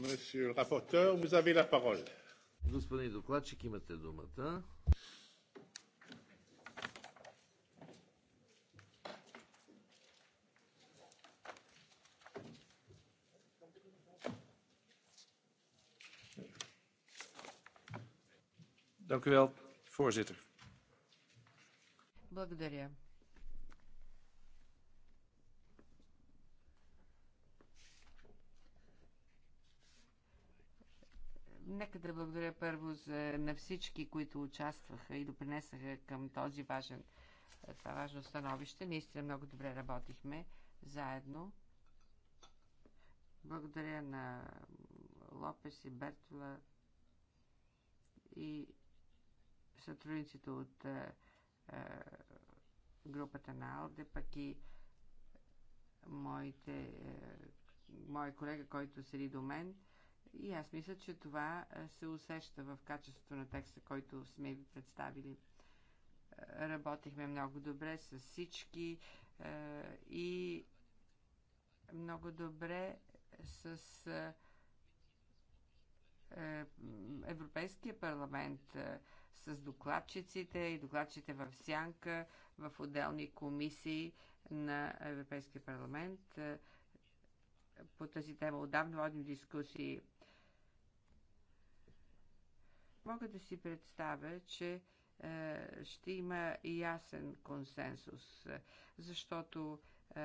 [SPEAKER 1] Monsieur le rapporteur, vous avez la parole. Господин докладчик, имате думата. Dank u wel, voorzitter.
[SPEAKER 2] Благодаря. Нека да благодаря първо за, на всички, които участваха и допринесаха към този важен, това важно становище. Наистина много добре работихме заедно. Благодаря на Лопес и Бертола и сътрудниците от а, е, е, групата на Алде, пък и моите, а, е, мой колега, който седи до мен – и аз мисля, че това е, се усеща в качеството на текста, който сме ви представили. Е, работихме много добре с всички е, и много добре с Европейския парламент, с докладчиците и докладчите в Сянка, в отделни комисии на Европейския парламент. По тази тема отдавна водим дискусии Мога да си представя, че е, ще има ясен консенсус, защото е,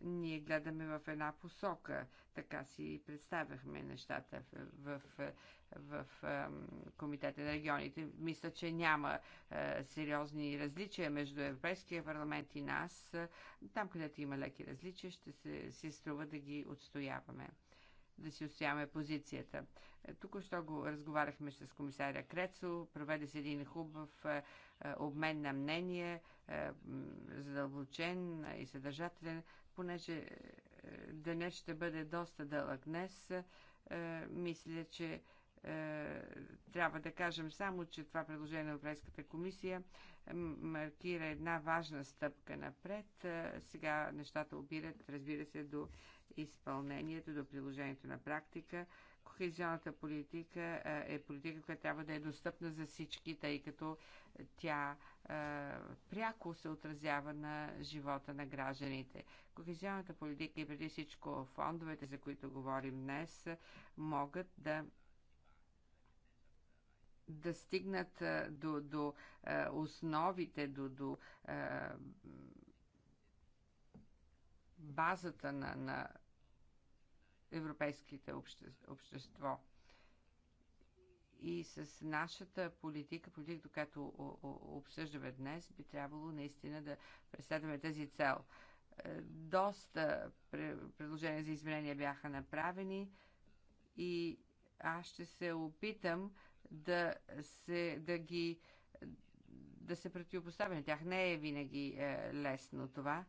[SPEAKER 2] ние гледаме в една посока. Така си представяхме нещата в, в, в, в е, Комитета на регионите. Мисля, че няма е, сериозни различия между Европейския парламент и нас. Там, където има леки различия, ще се, се струва да ги отстояваме да си отстояваме позицията. Е, тук що го разговаряхме с комисаря Крецо, проведе се един хубав е, е, обмен на мнение, задълбочен и съдържателен, понеже денят ще бъде доста дълъг днес. Мисля, че трябва да кажем само, че това предложение на Европейската комисия маркира една важна стъпка напред. Сега нещата обират, разбира се, до изпълнението до приложението на практика. Кохезионната политика е политика, която трябва да е достъпна за всички, тъй като тя е, пряко се отразява на живота на гражданите. Кохезионната политика и преди всичко фондовете, за които говорим днес, могат да да стигнат до, до е, основите, до, до е, базата на, на европейските обще, общество. И с нашата политика, политика, която обсъждаме днес, би трябвало наистина да преследваме тази цел. Е, доста предложения за изменения бяха направени и аз ще се опитам да, се, да ги да се противопоставя на тях. Не е винаги е, лесно това.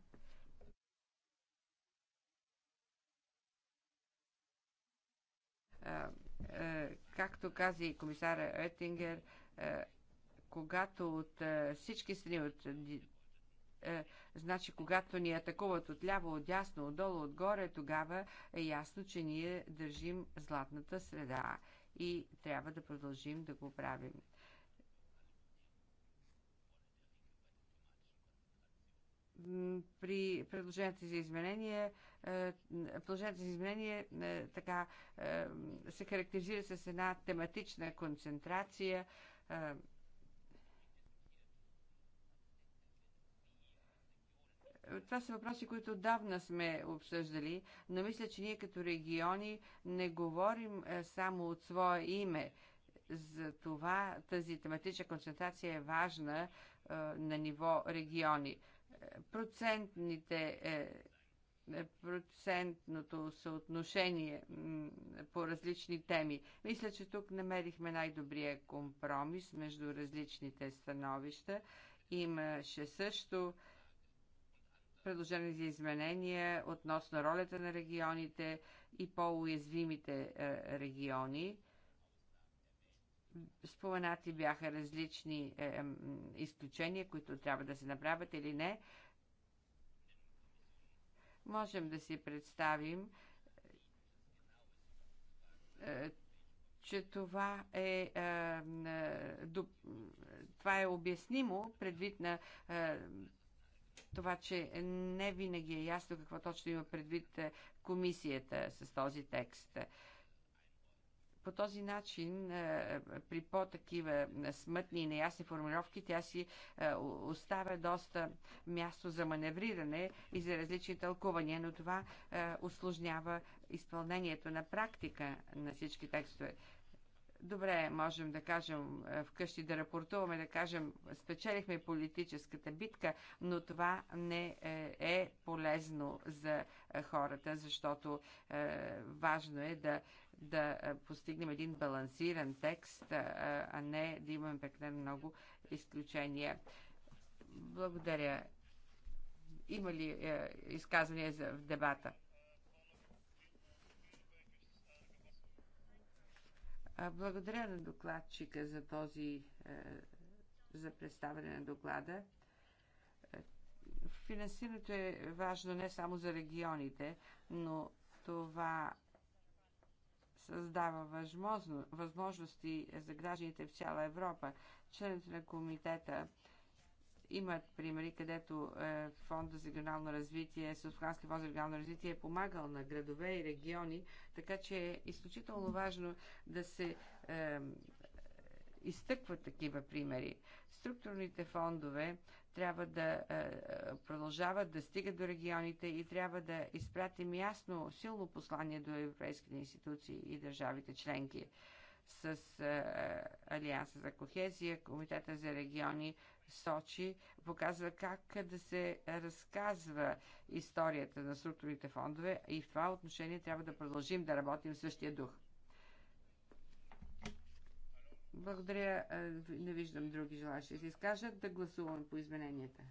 [SPEAKER 2] Както каза и комисара Етингер, когато от всички страни, от, значи когато ни атакуват от ляво, от дясно, отдолу, отгоре, тогава е ясно, че ние държим златната среда и трябва да продължим да го правим. при предложенията за изменение, е, предложенията за изменение е, така е, се характеризира с една тематична концентрация. Това са въпроси, които отдавна сме обсъждали, но мисля, че ние като региони не говорим само от свое име. За това тази тематична концентрация е важна на ниво региони процентните е, е, процентното съотношение по различни теми. Мисля, че тук намерихме най-добрия компромис между различните становища. Имаше също предложение за изменения относно ролята на регионите и по-уязвимите е, региони. Споменати бяха различни е, е, изключения, които трябва да се направят или не. Можем да си представим, е, че това е, е, е до, това е обяснимо предвид на е, това, че не винаги е ясно какво точно има предвид е, комисията с този текст. Е, по този начин, е, при по-такива е, смътни и неясни формулировки, тя си е, оставя доста място за маневриране и за различни тълкувания, но това осложнява изпълнението на практика на всички текстове добре, можем да кажем вкъщи да рапортуваме, да кажем спечелихме политическата битка, но това не е полезно за е, хората, защото е, важно е да, да е, постигнем един балансиран текст, а не да имаме прекалено много изключения. Благодаря. Има ли е, изказвания за, в дебата? Благодаря на докладчика за този, за представяне на доклада. Финансирането е важно не само за регионите, но това създава възможно, възможности за гражданите в цяла Европа. Члените на комитета имат примери, където е, Фонда за регионално развитие, Селскохански фонд за регионално развитие е помагал на градове и региони, така че е изключително важно да се е, изтъкват такива примери. Структурните фондове трябва да е, е, продължават да стигат до регионите и трябва да изпратим ясно, силно послание до европейските институции и държавите членки. С е, Алианса за кохезия, Комитета за региони сочи, показва как да се разказва историята на структурните фондове и в това отношение трябва да продължим да работим в същия дух. Благодаря. Е, не виждам други желащи да се изкажат. Да гласуваме по измененията.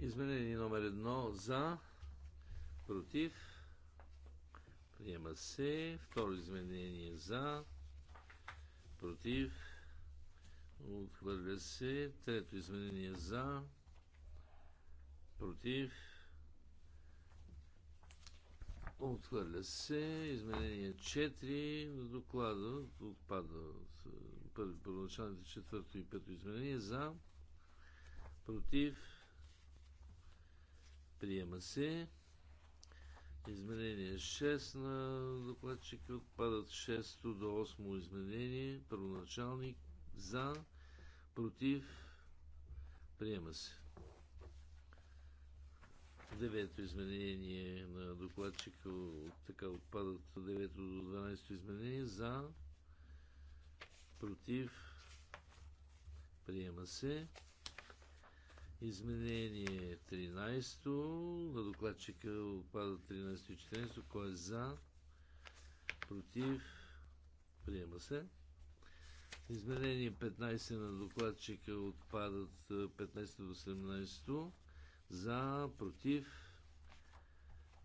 [SPEAKER 1] Изменение номер едно за, против, приема се. Второ изменение за, против, отхвърля се. Трето изменение за, против, Отхвърля се. Изменение 4. Доклада отпада от първоначалните четвърто и пето изменение. За. Против. Приема се. Изменение 6 на докладчика отпадат 6 до 8 изменение. Първоначалник за, против, приема се. Девето изменение на докладчика така отпадат девето до 12 изменение за против приема се изменение 13 на докладчика отпадат 13 и 14 кой е за против приема се изменение 15 на докладчика отпадат 15 до 18 за, против,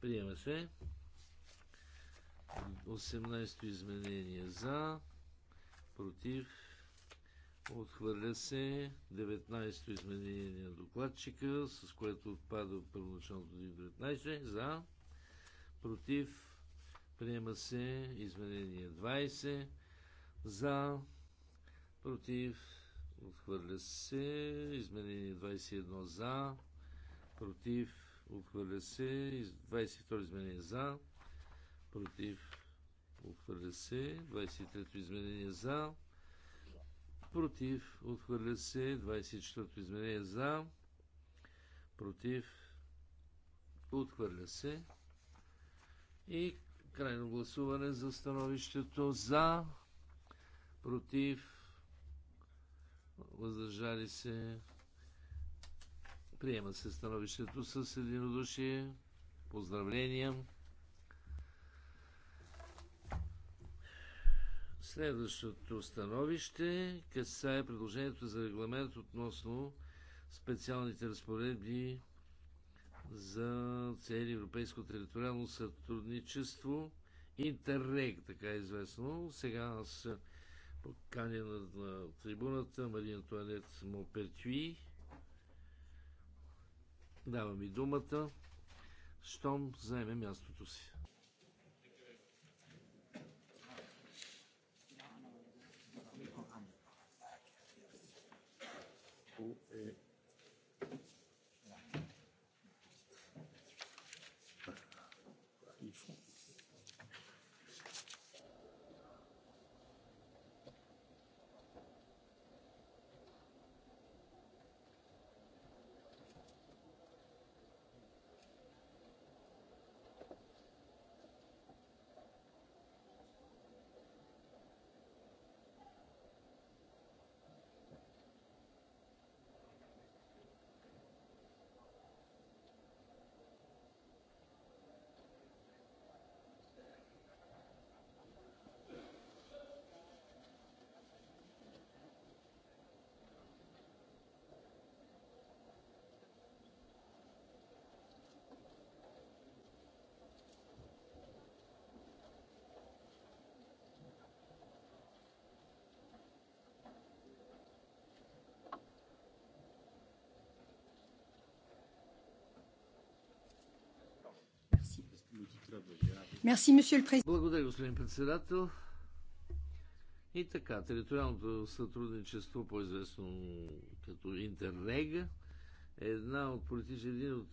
[SPEAKER 1] приема се. 18-то изменение за, против, отхвърля се. 19-то изменение на докладчика, с което отпада първоначалното 19 за, против, приема се. Изменение 20 за, против, отхвърля се. Изменение 21 за, против, отхвърля се. 22 изменение за, против, отхвърля се. 23 изменение за, против, отхвърля се. 24 изменение за, против, отхвърля се. И крайно гласуване за становището за, против, въздържали се. Приема се становището с единодушие. Поздравления! Следващото становище касае предложението за регламент относно специалните разпоредби за цели европейско териториално сътрудничество Интеррег, така е известно. Сега аз поканя на, на трибуната Мария Антуанет Мопертюи, Давам ви думата, щом заеме мястото си. Who, Благодаря, господин председател. И така, териториалното сътрудничество, по-известно като Интеррег, е една от политическите, един от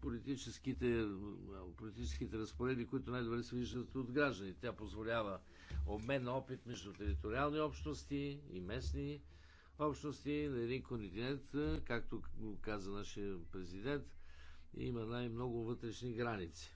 [SPEAKER 1] политическите, политическите разпореди, които най-добре се виждат от граждани. Тя позволява обмен на опит между териториални общности и местни общности на един континент, както каза нашия президент, има най-много вътрешни граници.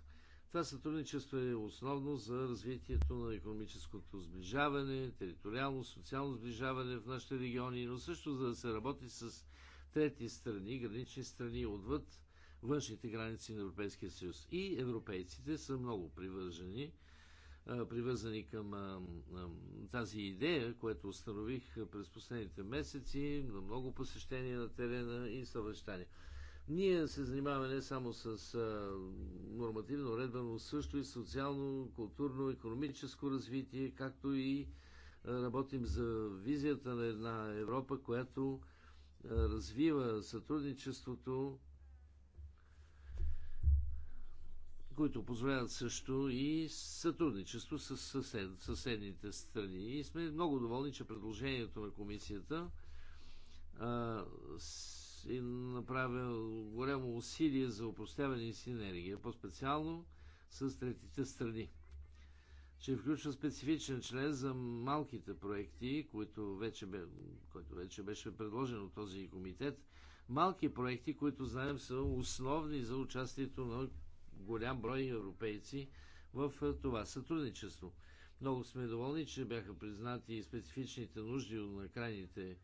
[SPEAKER 1] Това сътрудничество е основно за развитието на економическото сближаване, териториално, социално сближаване в нашите региони, но също за да се работи с трети страни, гранични страни отвъд външните граници на Европейския съюз. И европейците са много привържени, привързани към тази идея, която установих през последните месеци на много посещения на терена и съвещания. Ние се занимаваме не само с а, нормативно уредба, но също и социално, културно, економическо развитие, както и а, работим за визията на една Европа, която а, развива сътрудничеството, които позволяват също и сътрудничество с съсед, съседните страни. И сме много доволни, че предложението на комисията а, и направил голямо усилие за опростяване и синергия, по-специално с третите страни че включва специфичен член за малките проекти, които вече бе, който вече беше предложен от този комитет. Малки проекти, които знаем са основни за участието на голям брой европейци в е, това сътрудничество. Много сме доволни, че бяха признати специфичните нужди на крайните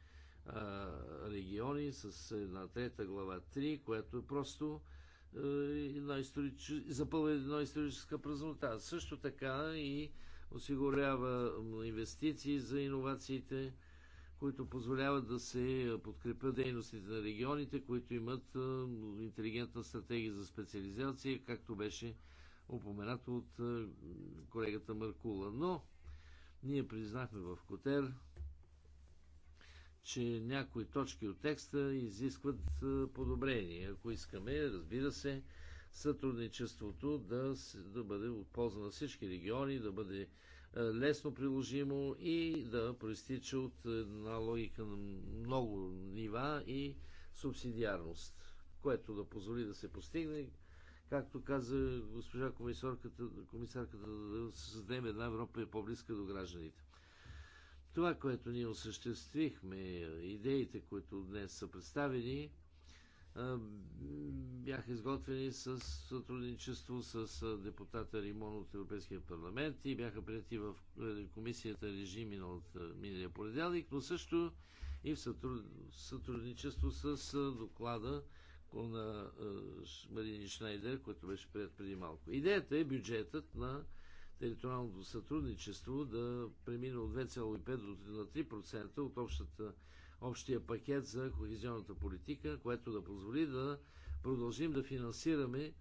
[SPEAKER 1] региони с една трета глава 3, която е просто е, историч... запълва една историческа празнота. Също така и осигурява инвестиции за иновациите, които позволяват да се подкрепят дейностите на регионите, които имат е, интелигентна стратегия за специализация, както беше упоменато от е, колегата Маркула. Но ние признахме в Котер, че някои точки от текста изискват подобрение. Ако искаме, разбира се, сътрудничеството да, да бъде от полза на всички региони, да бъде лесно приложимо и да проистича от една логика на много нива и субсидиарност, което да позволи да се постигне, както каза госпожа комисарката, комисарката да създадем една Европа е по-близка до гражданите. Това, което ние осъществихме, идеите, които днес са представени, бяха изготвени с сътрудничество с депутата Римон от Европейския парламент и бяха прияти в е, комисията режими от е, миналия понеделник, но също и в сътрудничество с доклада на е, Марини Шнайдер, който беше прият преди малко. Идеята е бюджетът на териториалното сътрудничество да премине от 2,5 до 3% от общата, общия пакет за кохезионната политика, което да позволи да продължим да финансираме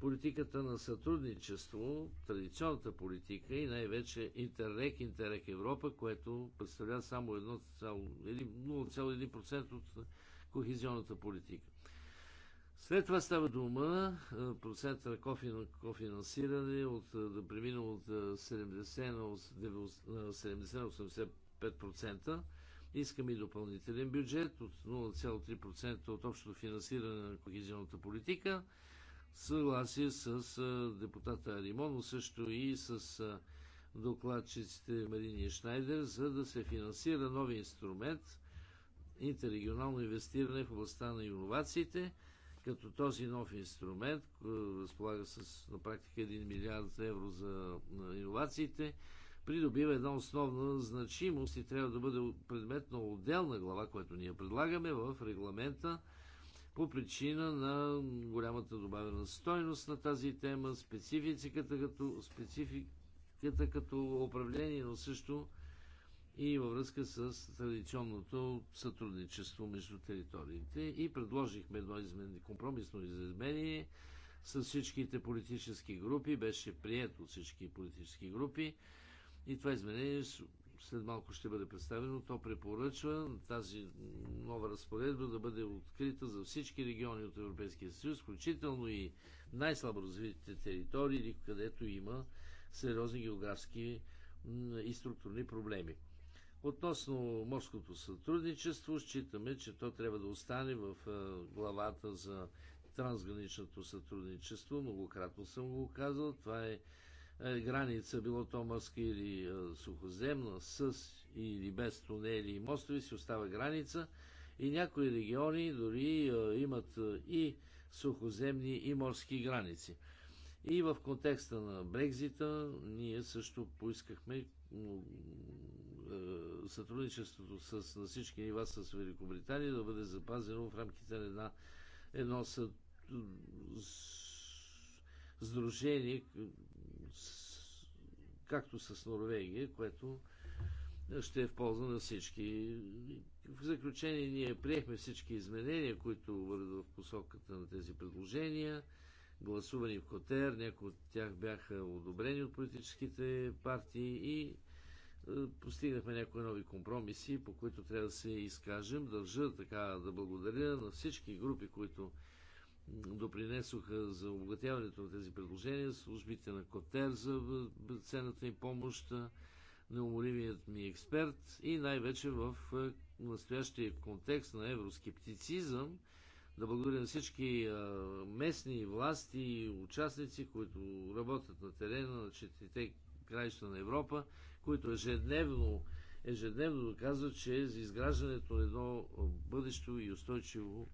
[SPEAKER 1] политиката на сътрудничество, традиционната политика и най-вече Интеррек, Интеррек Европа, което представлява само 0,1% от кохезионната политика. След това става дума процент на кофинансиране от, да премина от 70 на 85%. Искаме и допълнителен бюджет от 0,3% от общото финансиране на кохезионната политика. Съгласие с депутата Аримон, но също и с докладчиците Мариния Шнайдер, за да се финансира нови инструмент – интеррегионално инвестиране в областта на иновациите – като този нов инструмент разполага с на практика 1 милиард евро за иновациите, придобива една основна значимост и трябва да бъде предмет на отделна глава, която ние предлагаме в регламента по причина на голямата добавена стойност на тази тема, спецификата като, спецификата като управление, но също и във връзка с традиционното сътрудничество между териториите. И предложихме едно измен... компромисно изменение с всичките политически групи, беше прието от всички политически групи и това изменение след малко ще бъде представено. То препоръчва тази нова разпоредба да бъде открита за всички региони от Европейския съюз, включително и най-слабо развитите територии, където има сериозни географски и структурни проблеми. Относно морското сътрудничество, считаме, че то трябва да остане в главата за трансграничното сътрудничество. Многократно съм го казал. Това е, е граница, било то морска или сухоземна, с или без тунели и мостове, си остава граница. И някои региони дори имат и сухоземни и морски граници. И в контекста на Брекзита ние също поискахме сътрудничеството с, на всички нива с Великобритания да бъде запазено в рамките на една, едно сдружение, както с Норвегия, което ще е в полза на всички. В заключение ние приехме всички изменения, които върват в посоката на тези предложения, гласувани в Котер, някои от тях бяха одобрени от политическите партии и е, постигнахме някои нови компромиси, по които трябва да се изкажем. Държа така да благодаря на всички групи, които допринесоха за обогатяването на тези предложения, службите на Котер за ценната и помощ, неуморимият ми експерт и най-вече в е, настоящия контекст на евроскептицизъм, да благодаря на всички местни власти и участници, които работят на терена на четирите краища на Европа, които ежедневно, ежедневно доказват, че за изграждането на едно бъдещо и устойчиво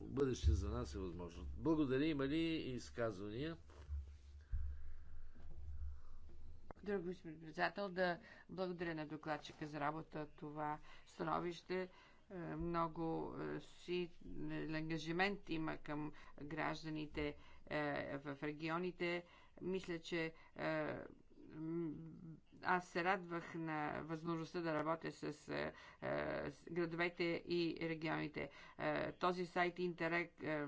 [SPEAKER 1] бъдеще за нас е възможно. Благодаря. Има ли изказвания? Благодаря,
[SPEAKER 2] господин председател, да благодаря на докладчика за работа. Това становище е, много е, си е, ангажимент има към гражданите в регионите. Мисля, че аз се радвах на възможността да работя с е, е градовете и регионите. Е, този сайт Интерек е, е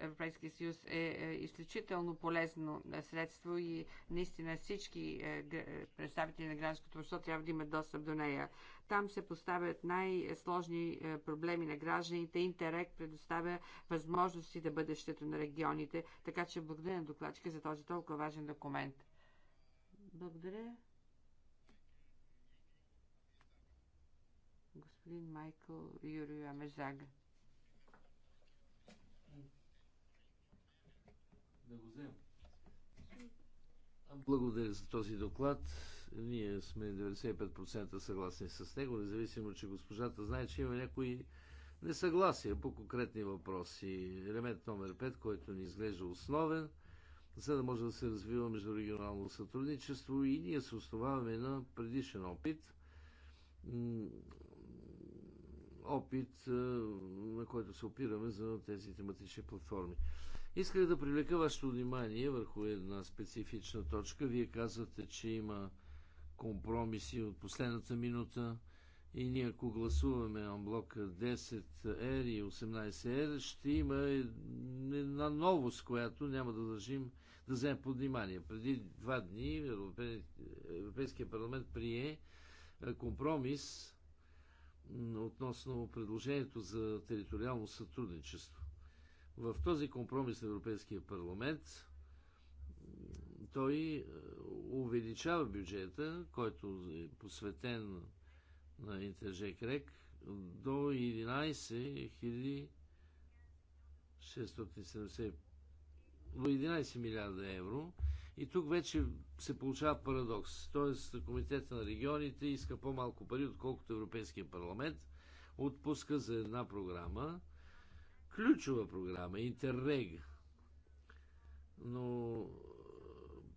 [SPEAKER 2] Европейския съюз е, е изключително полезно средство и наистина всички представители на гражданското общество трябва да имат достъп до нея. Там се поставят най-сложни проблеми на гражданите. Интерек предоставя възможности да бъдещето на регионите, така че благодаря на докладчика за този толкова важен документ. Благодаря. Господин Майкъл Юрий Амезага.
[SPEAKER 1] Да го взема. Благодаря за този доклад. Ние сме 95% съгласни с него, независимо, че госпожата знае, че има някои несъгласия по конкретни въпроси. Елемент номер 5, който ни изглежда основен – за да може да се развива междурегионално сътрудничество и ние се основаваме на предишен опит, опит, е, на който се опираме за тези тематични платформи. Исках да привлека вашето внимание върху една специфична точка. Вие казвате, че има компромиси от последната минута и ние ако гласуваме блок 10R и 18R, ще има една новост, която няма да държим да вземе под внимание. Преди два дни Европейския парламент прие е, компромис относно предложението за териториално сътрудничество. В този компромис на Европейския парламент той е, увеличава бюджета, който е посветен на Интержек Рек до 11 675 до 11 милиарда евро. И тук вече се получава парадокс. Тоест, Комитета на регионите иска по-малко пари, отколкото Европейския парламент отпуска за една програма, ключова програма, Интеррег. Но е,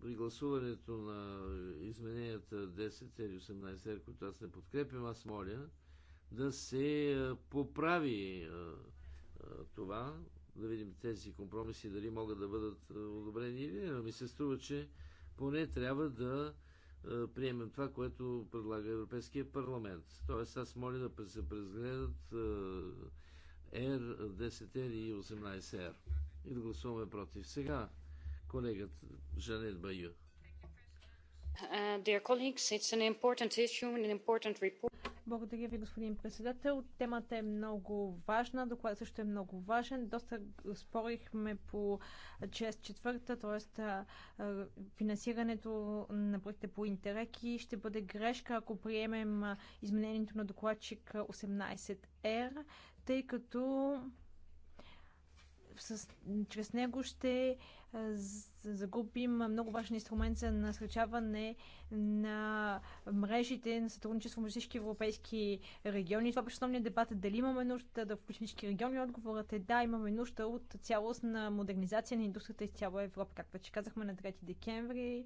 [SPEAKER 1] при гласуването на измененията 10 или 18, които аз не подкрепям, аз моля да се е, поправи е, това, да видим тези компромиси дали могат да бъдат е, одобрени или не, но ми се струва, че поне трябва да е, приемем това, което предлага Европейския парламент. Тоест аз моля да се презгледат е, R, 10R и 18R и да гласуваме против. Сега колегът Жанет Баю.
[SPEAKER 3] Uh, dear colleagues, it's an important issue and an important report. Благодаря ви, господин председател. Темата е много важна, докладът също е много важен. Доста спорихме по чест четвърта, т.е. финансирането на проекта по интереки ще бъде грешка, ако приемем изменението на докладчик 18R, тъй като с, чрез него ще загубим много важен инструмент за насръчаване на мрежите на сътрудничество между всички европейски региони. Това беше основният дебат е дали имаме нужда да включим всички региони. Отговорът е да, имаме нужда от цялостна модернизация на индустрията из цяла Европа. Както вече казахме на 3 декември,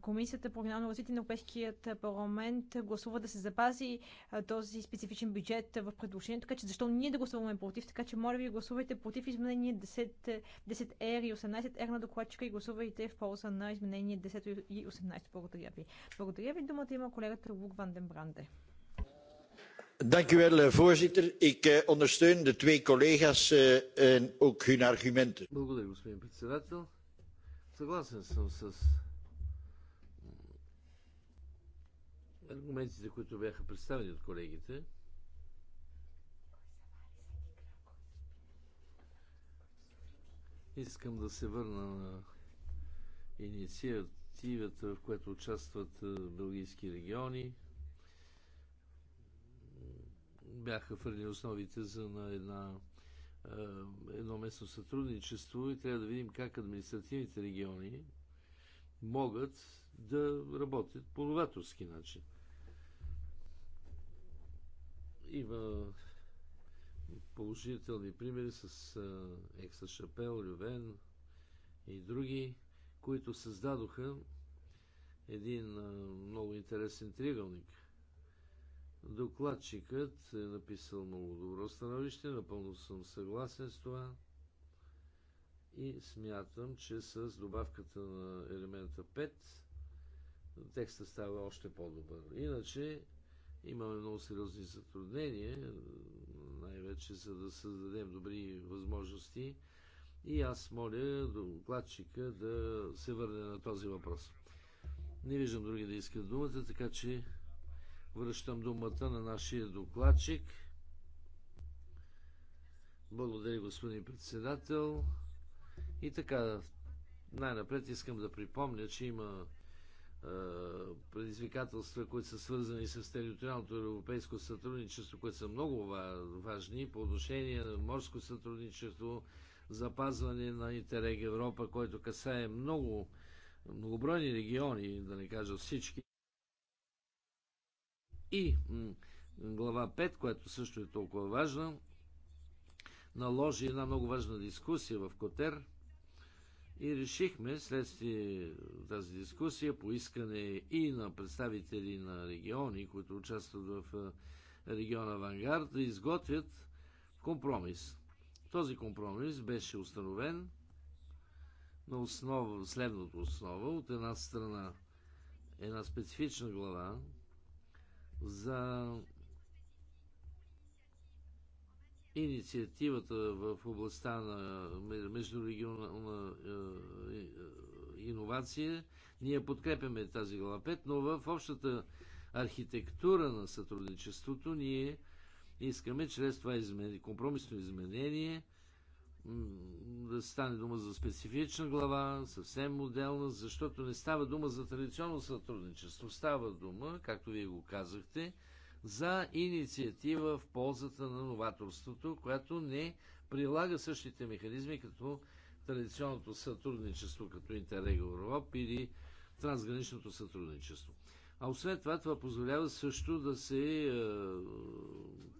[SPEAKER 3] Комисията по регионално развитие на Европейският парламент гласува да се запази този специфичен бюджет в предложението, така че защо ние да гласуваме против, така че моля ви гласувайте против изменение 10, 10R и 18R на докладчика и гласувайте в полза на изменение 10 и 18. Благодаря ви. Благодаря ви. Думата има колегата Лук Ванден Бранде.
[SPEAKER 5] Dank u wel, eh, voorzitter. Ik eh, ondersteun de twee collega's eh, en ook hun argumenten.
[SPEAKER 1] Благодаря, господин председател. Съгласен съм с аргументите, е, които бяха представени от колегите, искам да се върна на инициативата, в която участват е, бългийски региони. Бяха хвърлени основите за на една, е, едно местно сътрудничество и трябва да видим как административните региони могат да работят по новаторски начин. Има положителни примери с Екса Шапел, Лювен и други, които създадоха един много интересен триъгълник. Докладчикът е написал много добро становище, напълно съм съгласен с това и смятам, че с добавката на елемента 5 текста става още по-добър. Иначе Имаме много сериозни затруднения, най-вече за да създадем добри възможности. И аз моля докладчика да се върне на този въпрос. Не виждам други да искат думата, така че връщам думата на нашия докладчик. Благодаря, господин председател. И така, най-напред искам да припомня, че има предизвикателства, които са свързани с териториалното европейско сътрудничество, които са много важни по отношение на морско сътрудничество, запазване на Интерег Европа, който касае много многобройни региони, да не кажа всички. И глава 5, която също е толкова важна, наложи една много важна дискусия в Котер – и решихме, следствие тази дискусия, по искане и на представители на региони, които участват в региона Авангард, да изготвят компромис. Този компромис беше установен на основа, следната основа. От една страна една специфична глава за инициативата в областта на междурегионална е, е, иновация. Ние подкрепяме тази глава 5, но в общата архитектура на сътрудничеството ние искаме чрез това изменение, компромисно изменение да стане дума за специфична глава, съвсем моделна, защото не става дума за традиционно сътрудничество. Става дума, както вие го казахте, за инициатива в ползата на новаторството, която не прилага същите механизми като традиционното сътрудничество, като Интерег или трансграничното сътрудничество. А освен това, това позволява също да се е,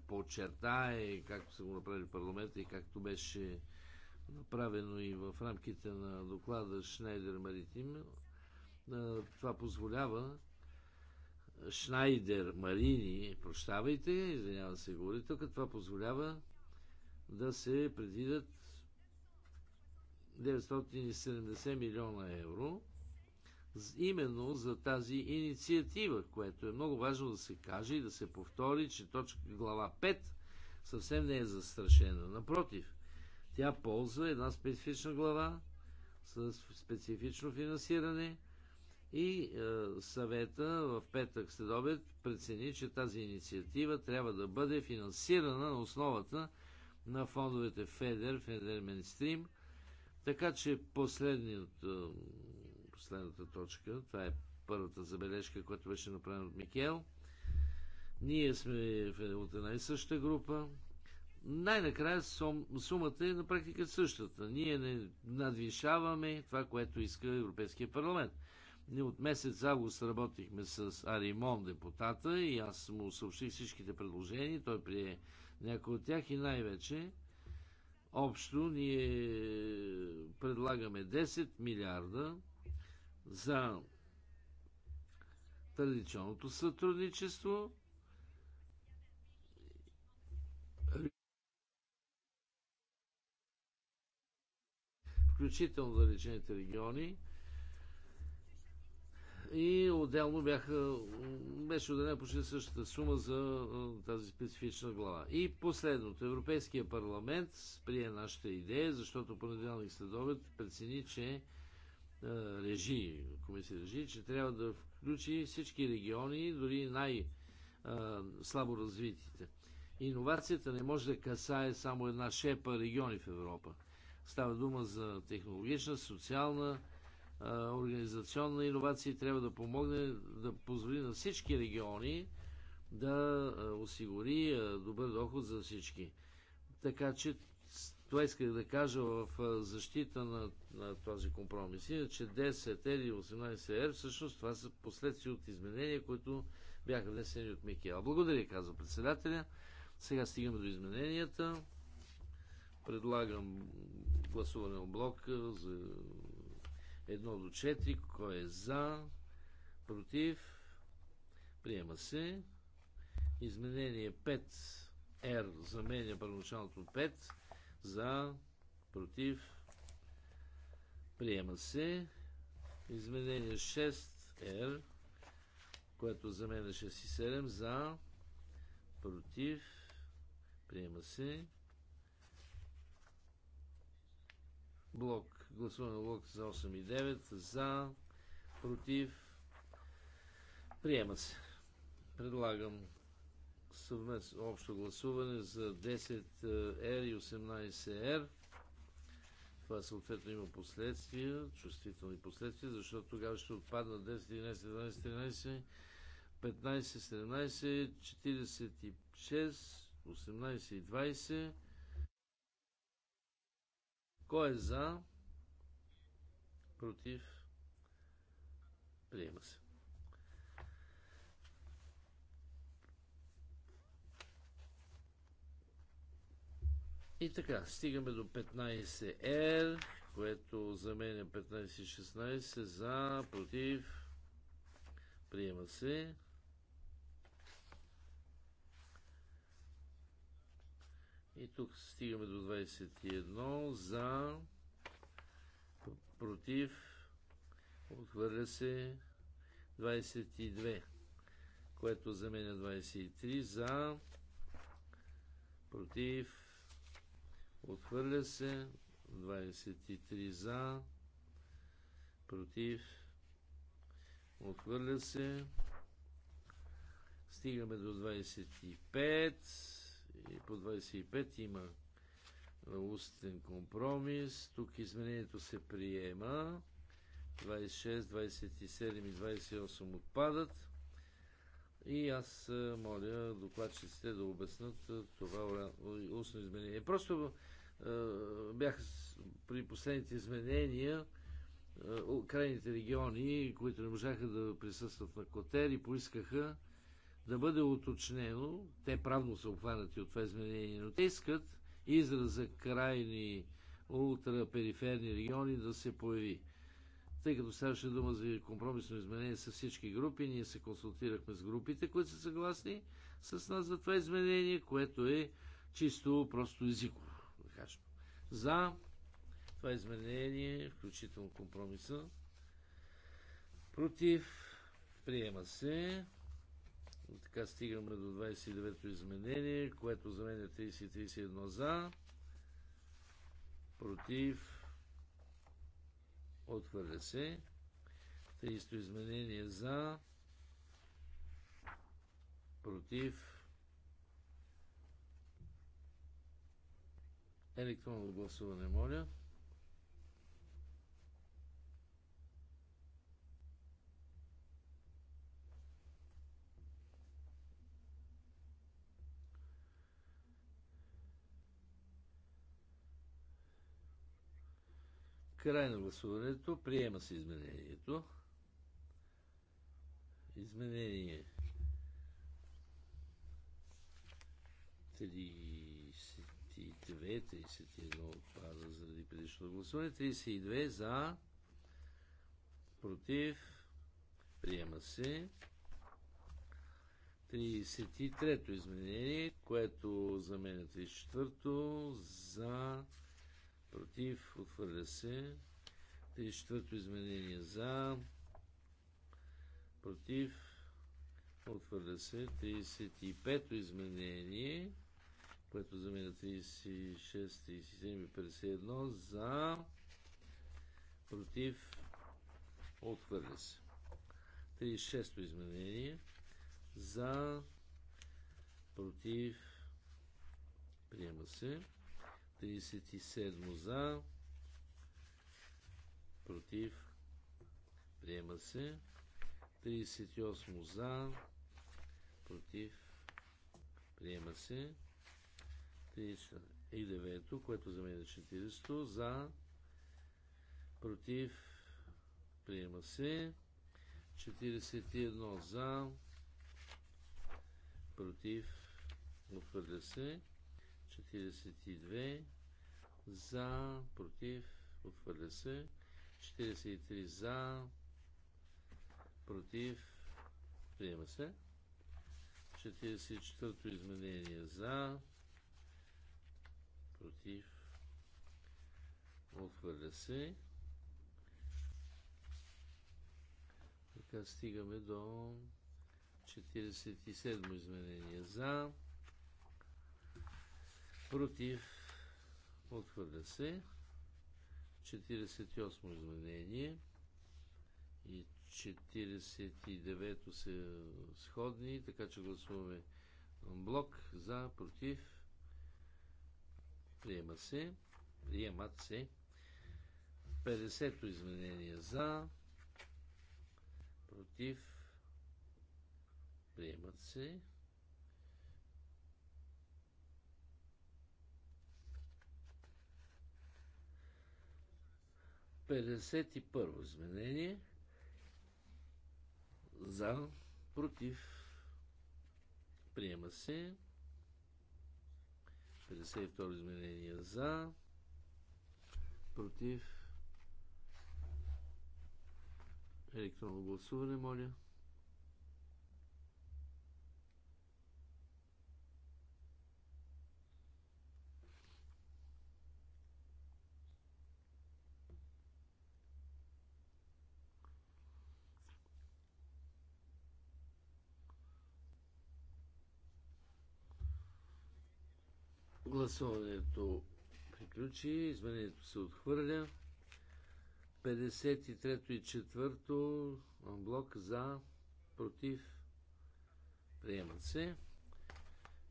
[SPEAKER 1] подчертае, както са го направили парламента и както беше направено и в рамките на доклада Шнайдер Маритим, е, това позволява Шнайдер Марини, прощавайте, извинявам се тук, това позволява да се предвидят 970 милиона евро именно за тази инициатива, което е много важно да се каже и да се повтори, че точка глава 5 съвсем не е застрашена. Напротив, тя ползва една специфична глава с специфично финансиране – и е, съвета в петък след обед прецени, че тази инициатива трябва да бъде финансирана на основата на фондовете ФЕДЕР, ФЕДЕР Менстрим. Така че е, последната точка, това е първата забележка, която беше направена от Микел. Ние сме е, от една и съща група. Най-накрая сумата е на практика същата. Ние не надвишаваме това, което иска Европейския парламент. Ние от месец август работихме с Аримон депутата и аз му съобщих всичките предложения. Той прие някои от тях и най-вече общо ние предлагаме 10 милиарда за традиционното сътрудничество, включително за лечените региони, и отделно бяха, беше отделена почти същата сума за тази специфична глава. И последното, Европейския парламент прие нашата идея, защото понеделник обед прецени, че режи, комисия режи, че трябва да включи всички региони, дори най-слабо развитите. Иновацията не може да касае само една шепа региони в Европа. Става дума за технологична, социална, организационна иновация трябва да помогне да позволи на всички региони да осигури добър доход за всички. Така че това исках да кажа в защита на, на този компромис. Иначе 10 или 18R всъщност това са последствия от изменения, които бяха внесени от Микела. Благодаря, казва председателя. Сега стигаме до измененията. Предлагам гласуване на блок за Едно до 4. Кой е за? Против? Приема се. Изменение 5. R заменя първоначалното 5. За? Против? Приема се. Изменение 6. R което заменя 6 и 7. За? Против? Приема се. Блок Гласуваме блок за 8 и 9. За, против, приема се. Предлагам съвместно общо гласуване за 10R е, и 18R. Това съответно има последствия, чувствителни последствия, защото тогава ще отпаднат 10, 11, 12, 13, 15, 17, 46, 18 и 20. Кой е за? против, приема се. И така, стигаме до 15R, което заменя 15-16 е за, против, приема се. И тук стигаме до 21 за, против, отхвърля се 22, което заменя 23, за, против, отхвърля се 23 за, против, отхвърля се, стигаме до 25 и по 25 има устен компромис. Тук изменението се приема. 26, 27 и 28 отпадат. И аз моля докладчиците да обяснат това устно изменение. Просто е, бях при последните изменения е, крайните региони, които не можаха да присъстват на Котер и поискаха да бъде уточнено, те правно са обхванати от това изменение, но те искат израза крайни ултрапериферни региони да се появи. Тъй като ставаше дума за компромисно изменение с всички групи, ние се консултирахме с групите, които са съгласни с нас за това изменение, което е чисто просто езиково. Да кажем. За това изменение, включително компромиса, против, приема се. Така стигаме до 29-то изменение, което за мен е 30-31 за, против, отхвърля се. 30-то изменение за, против, електронно гласуване, моля. Край на гласуването. Приема се изменението. Изменение 32, 31 отпада заради предишното гласуване. 32 за, против, приема се. 33-то изменение, което заменя 34-то за против, отхвърля се. 34-то изменение за, против, отхвърля се. 35-то изменение, което заменя 36, 37 и 51 за, против, отхвърля се. 36-то изменение за, против, приема се. 37 за, против, приема се. 38 за, против, приема се. 39, което за мен е 400, за, против, приема се. 41 за, против, отхвърля се. 42 за, против, отхвърля се. 43 за, против, приема се. 44-то изменение за, против, отхвърля се. Така стигаме до 47 изменение за, против, Отхвърля се. 48 изменение и 49 са сходни, така че гласуваме блок за, против. Приема се. Приемат се. 50-то изменение за, против, приемат се. 51 изменение. За, против, приема се. 52 изменение за, против, електронно гласуване, моля. Гласуването приключи, изменението се отхвърля. 53 то и 4 то блок за, против, приемат се.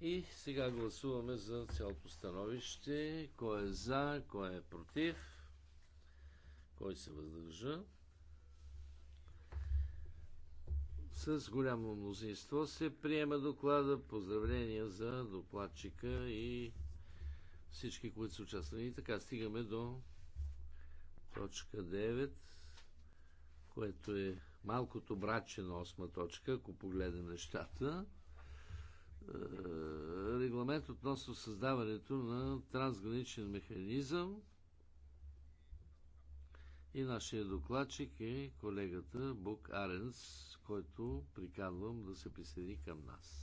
[SPEAKER 1] И сега гласуваме за цялото становище. Кой е за, кой е против, кой се въздържа. С голямо мнозинство се приема доклада. Поздравления за докладчика и всички, които са участвали. И така, стигаме до точка 9, което е малкото братче на осма точка, ако погледнем нещата. Е, регламент относно създаването на трансграничен механизъм и нашия докладчик е колегата Бук Аренс, който приканвам да се присъедини към нас.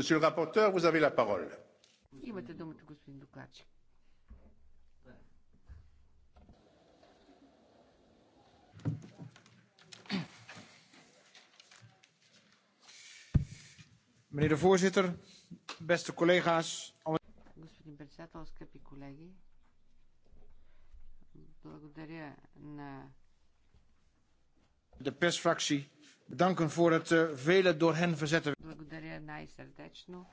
[SPEAKER 7] Monsieur le rapporteur, vous avez la parole.
[SPEAKER 2] Имате думата, господин докладчик. Meneer de voorzitter, beste collega's. Господин председател, скъпи колеги, благодаря на
[SPEAKER 7] de persfractie bedanken voor het eh, vele door hen verzette.
[SPEAKER 2] Благодаря най-сърдечно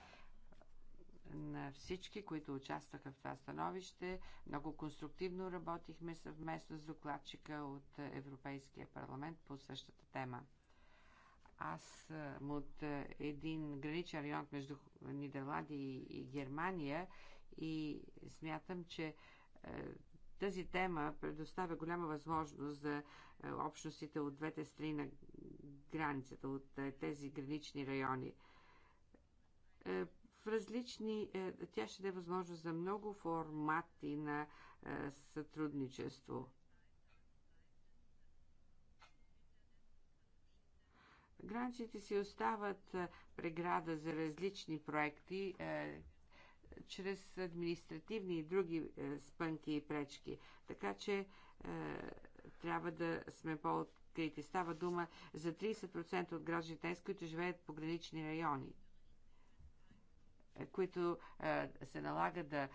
[SPEAKER 2] на всички, които участваха в това становище. Много конструктивно работихме съвместно с докладчика от Европейския парламент по същата тема. Аз съм от е, един граничен район между Нидерландия и Германия и смятам, че е, тази тема предоставя голяма възможност за е, общностите от двете страни на границата, от е, тези гранични райони. Е, в различни, тя ще даде възможност за много формати на сътрудничество. Границите си остават преграда за различни проекти, чрез административни и други е, спънки и пречки. Така че е, трябва да сме по-открити. Става дума за 30% от гражданите, които живеят в погранични райони които се налага да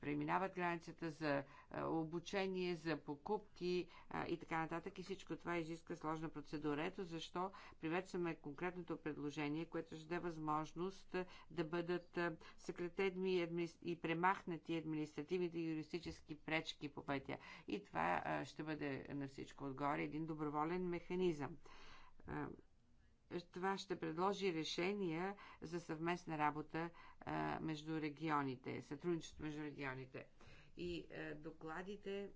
[SPEAKER 2] преминават границата за обучение, за покупки и така нататък. И всичко това изисква сложна процедура. Ето защо приветстваме конкретното предложение, което ще даде възможност да бъдат съкратени и премахнати административните и юристически пречки по пътя. И това ще бъде на всичко отгоре един доброволен механизъм това ще предложи решения за съвместна работа а, между регионите, сътрудничество между регионите. И а, докладите.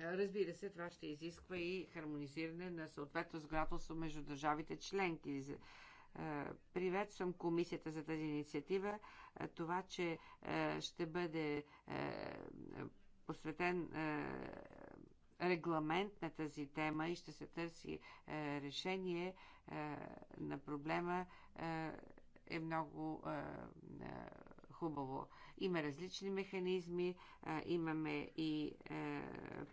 [SPEAKER 2] Разбира се, това ще изисква и хармонизиране на съответно законодателство между държавите членки. Приветствам комисията за тази инициатива. Това, че ще бъде посветен регламент на тази тема и ще се търси е, решение е, на проблема е, е много хубаво. Има различни механизми, имаме и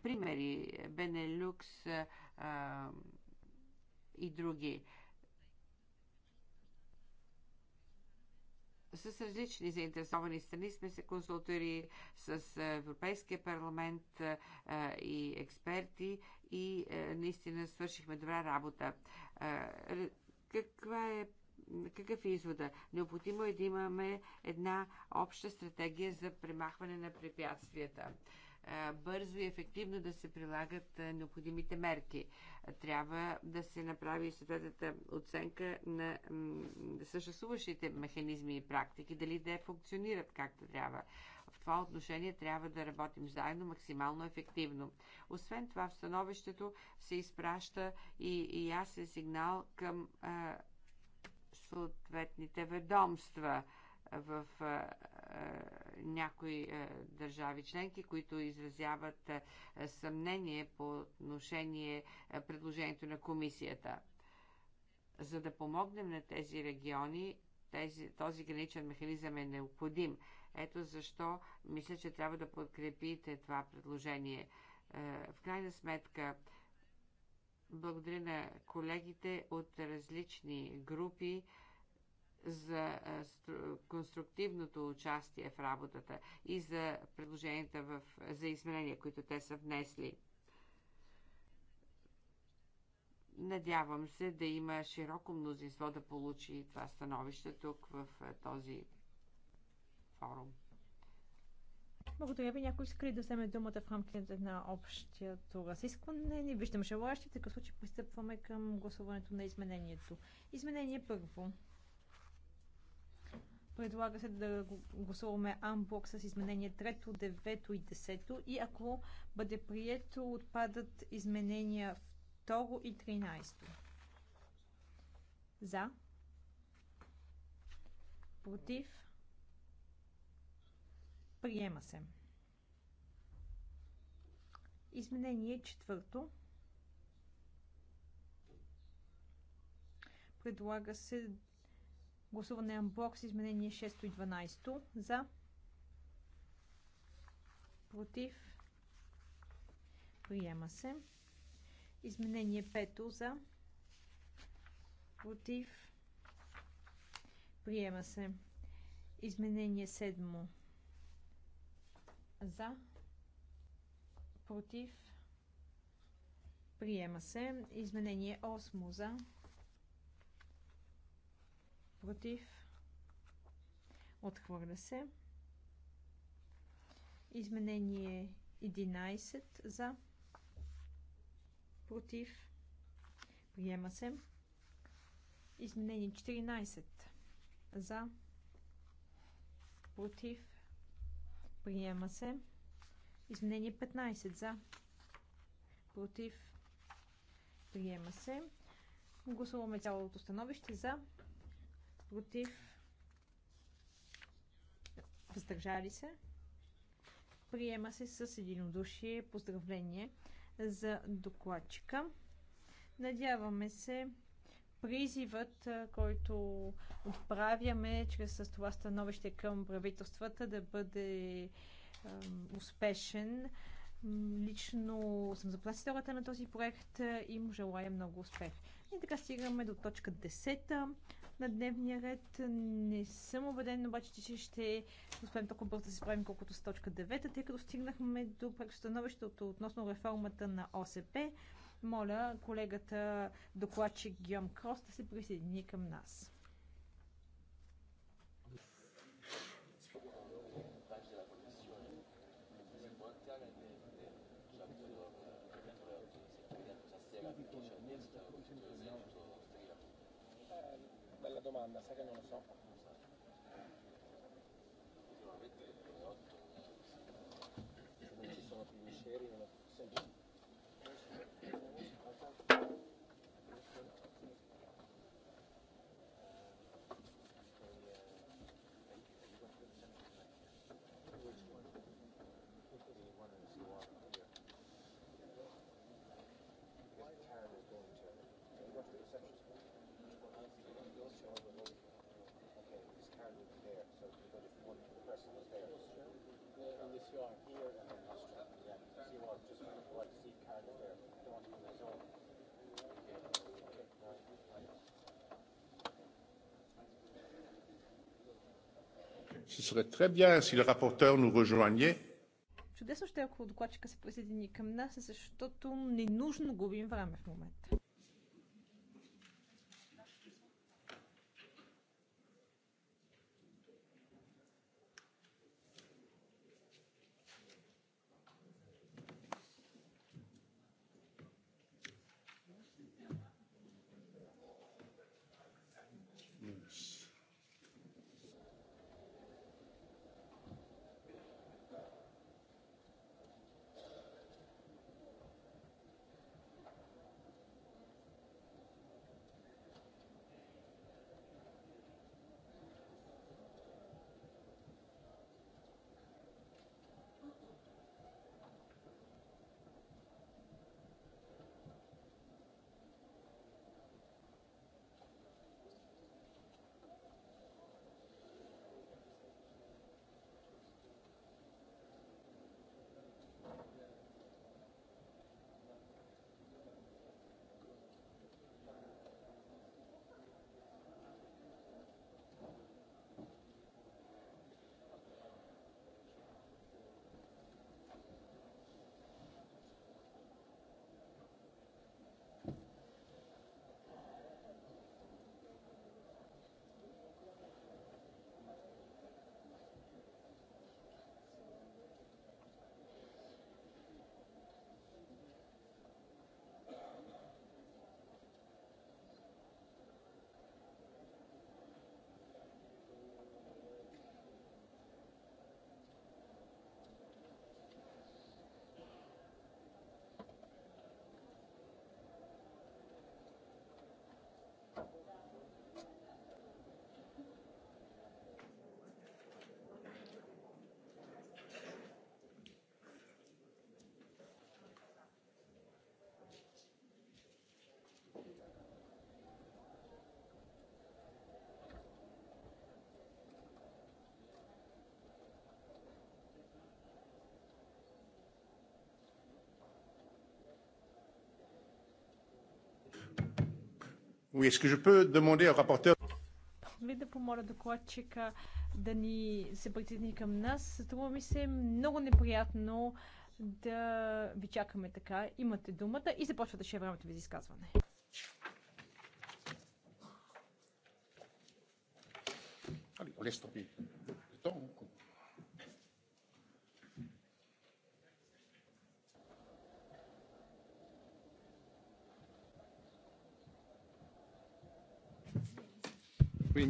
[SPEAKER 2] примери, Бенелюкс и други. с различни заинтересовани страни сме се консултирали с Европейския парламент и експерти и наистина свършихме добра работа. Каква е какъв е извода? Необходимо е да имаме една обща стратегия за премахване на препятствията бързо и ефективно да се прилагат необходимите мерки. Трябва да се направи съответната оценка на съществуващите механизми и практики, дали те функционират както трябва. В това отношение трябва да работим заедно максимално ефективно. Освен това, в становището се изпраща и ясен сигнал към съответните ведомства – в някои държави членки, които изразяват съмнение по отношение предложението на комисията. За да помогнем на тези региони, тези, този граничен механизъм е необходим. Ето защо мисля, че трябва да подкрепите това предложение. В крайна сметка, благодаря на колегите от различни групи, за конструктивното участие в работата и за предложенията в, за изменения, които те са внесли. Надявам се да има широко мнозинство да получи това становище тук в този форум.
[SPEAKER 3] Благодаря ви. Някой иска да вземе думата в рамките на общото разискване? Не виждам желаящи. В такъв случай пристъпваме към гласуването на изменението. Изменение първо. Предлага се да гласуваме анблок с изменение 3, 9 и 10 и ако бъде прието, отпадат изменения 2 и 13. За. Против. Приема се. Изменение 4. Предлага се Гласуване амблок с изменение 6 и 12. За. Против. Приема се. Изменение 5 за. Против. Приема се. Изменение 7 за. Против. Приема се. Изменение 8 за против, отхвърля се. Изменение 11 за, против, приема се. Изменение 14 за, против, приема се. Изменение 15 за, против, приема се. Гласуваме цялото становище за, против, въздържали се. Приема се с единодушие поздравление за докладчика. Надяваме се призивът, който отправяме чрез това становище към правителствата да бъде успешен. Лично съм заплатителата на този проект и му желая много успех. И така стигаме до точка 10 на дневния ред. Не съм убеден, обаче, че ще успеем толкова бързо да се справим, колкото с точка 9, тъй като стигнахме до предстановището относно реформата на ОСП. Моля колегата докладчик Гиом Крос да се присъедини към нас.
[SPEAKER 5] banda second and so
[SPEAKER 7] Ce serait très bien si le rapporteur nous rejoignait.
[SPEAKER 3] Чудесно ще е, ако докладчика се присъедини към нас, защото нужно губим време в момента.
[SPEAKER 7] Oui, est-ce que je peux demander au rapporteur
[SPEAKER 3] ли да помоля докладчика да ни се притесни към нас. Струва ми се е много неприятно да ви чакаме така. Имате думата и започвате ще е времето ви за изказване.
[SPEAKER 7] Али, on laisse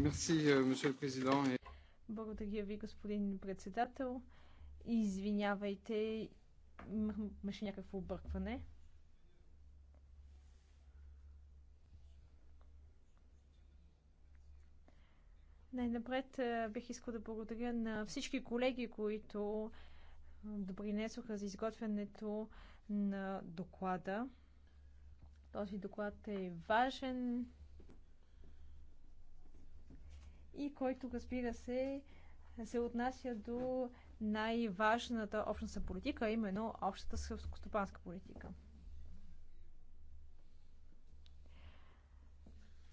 [SPEAKER 7] Euh,
[SPEAKER 3] благодаря ви, господин председател. Извинявайте, имаше някакво объркване. Най-напред бих искал да благодаря на всички колеги, които допринесоха за изготвянето на доклада. Този доклад е важен и който, разбира се, се отнася до най-важната общностна политика, а именно общата сръбско-стопанска политика.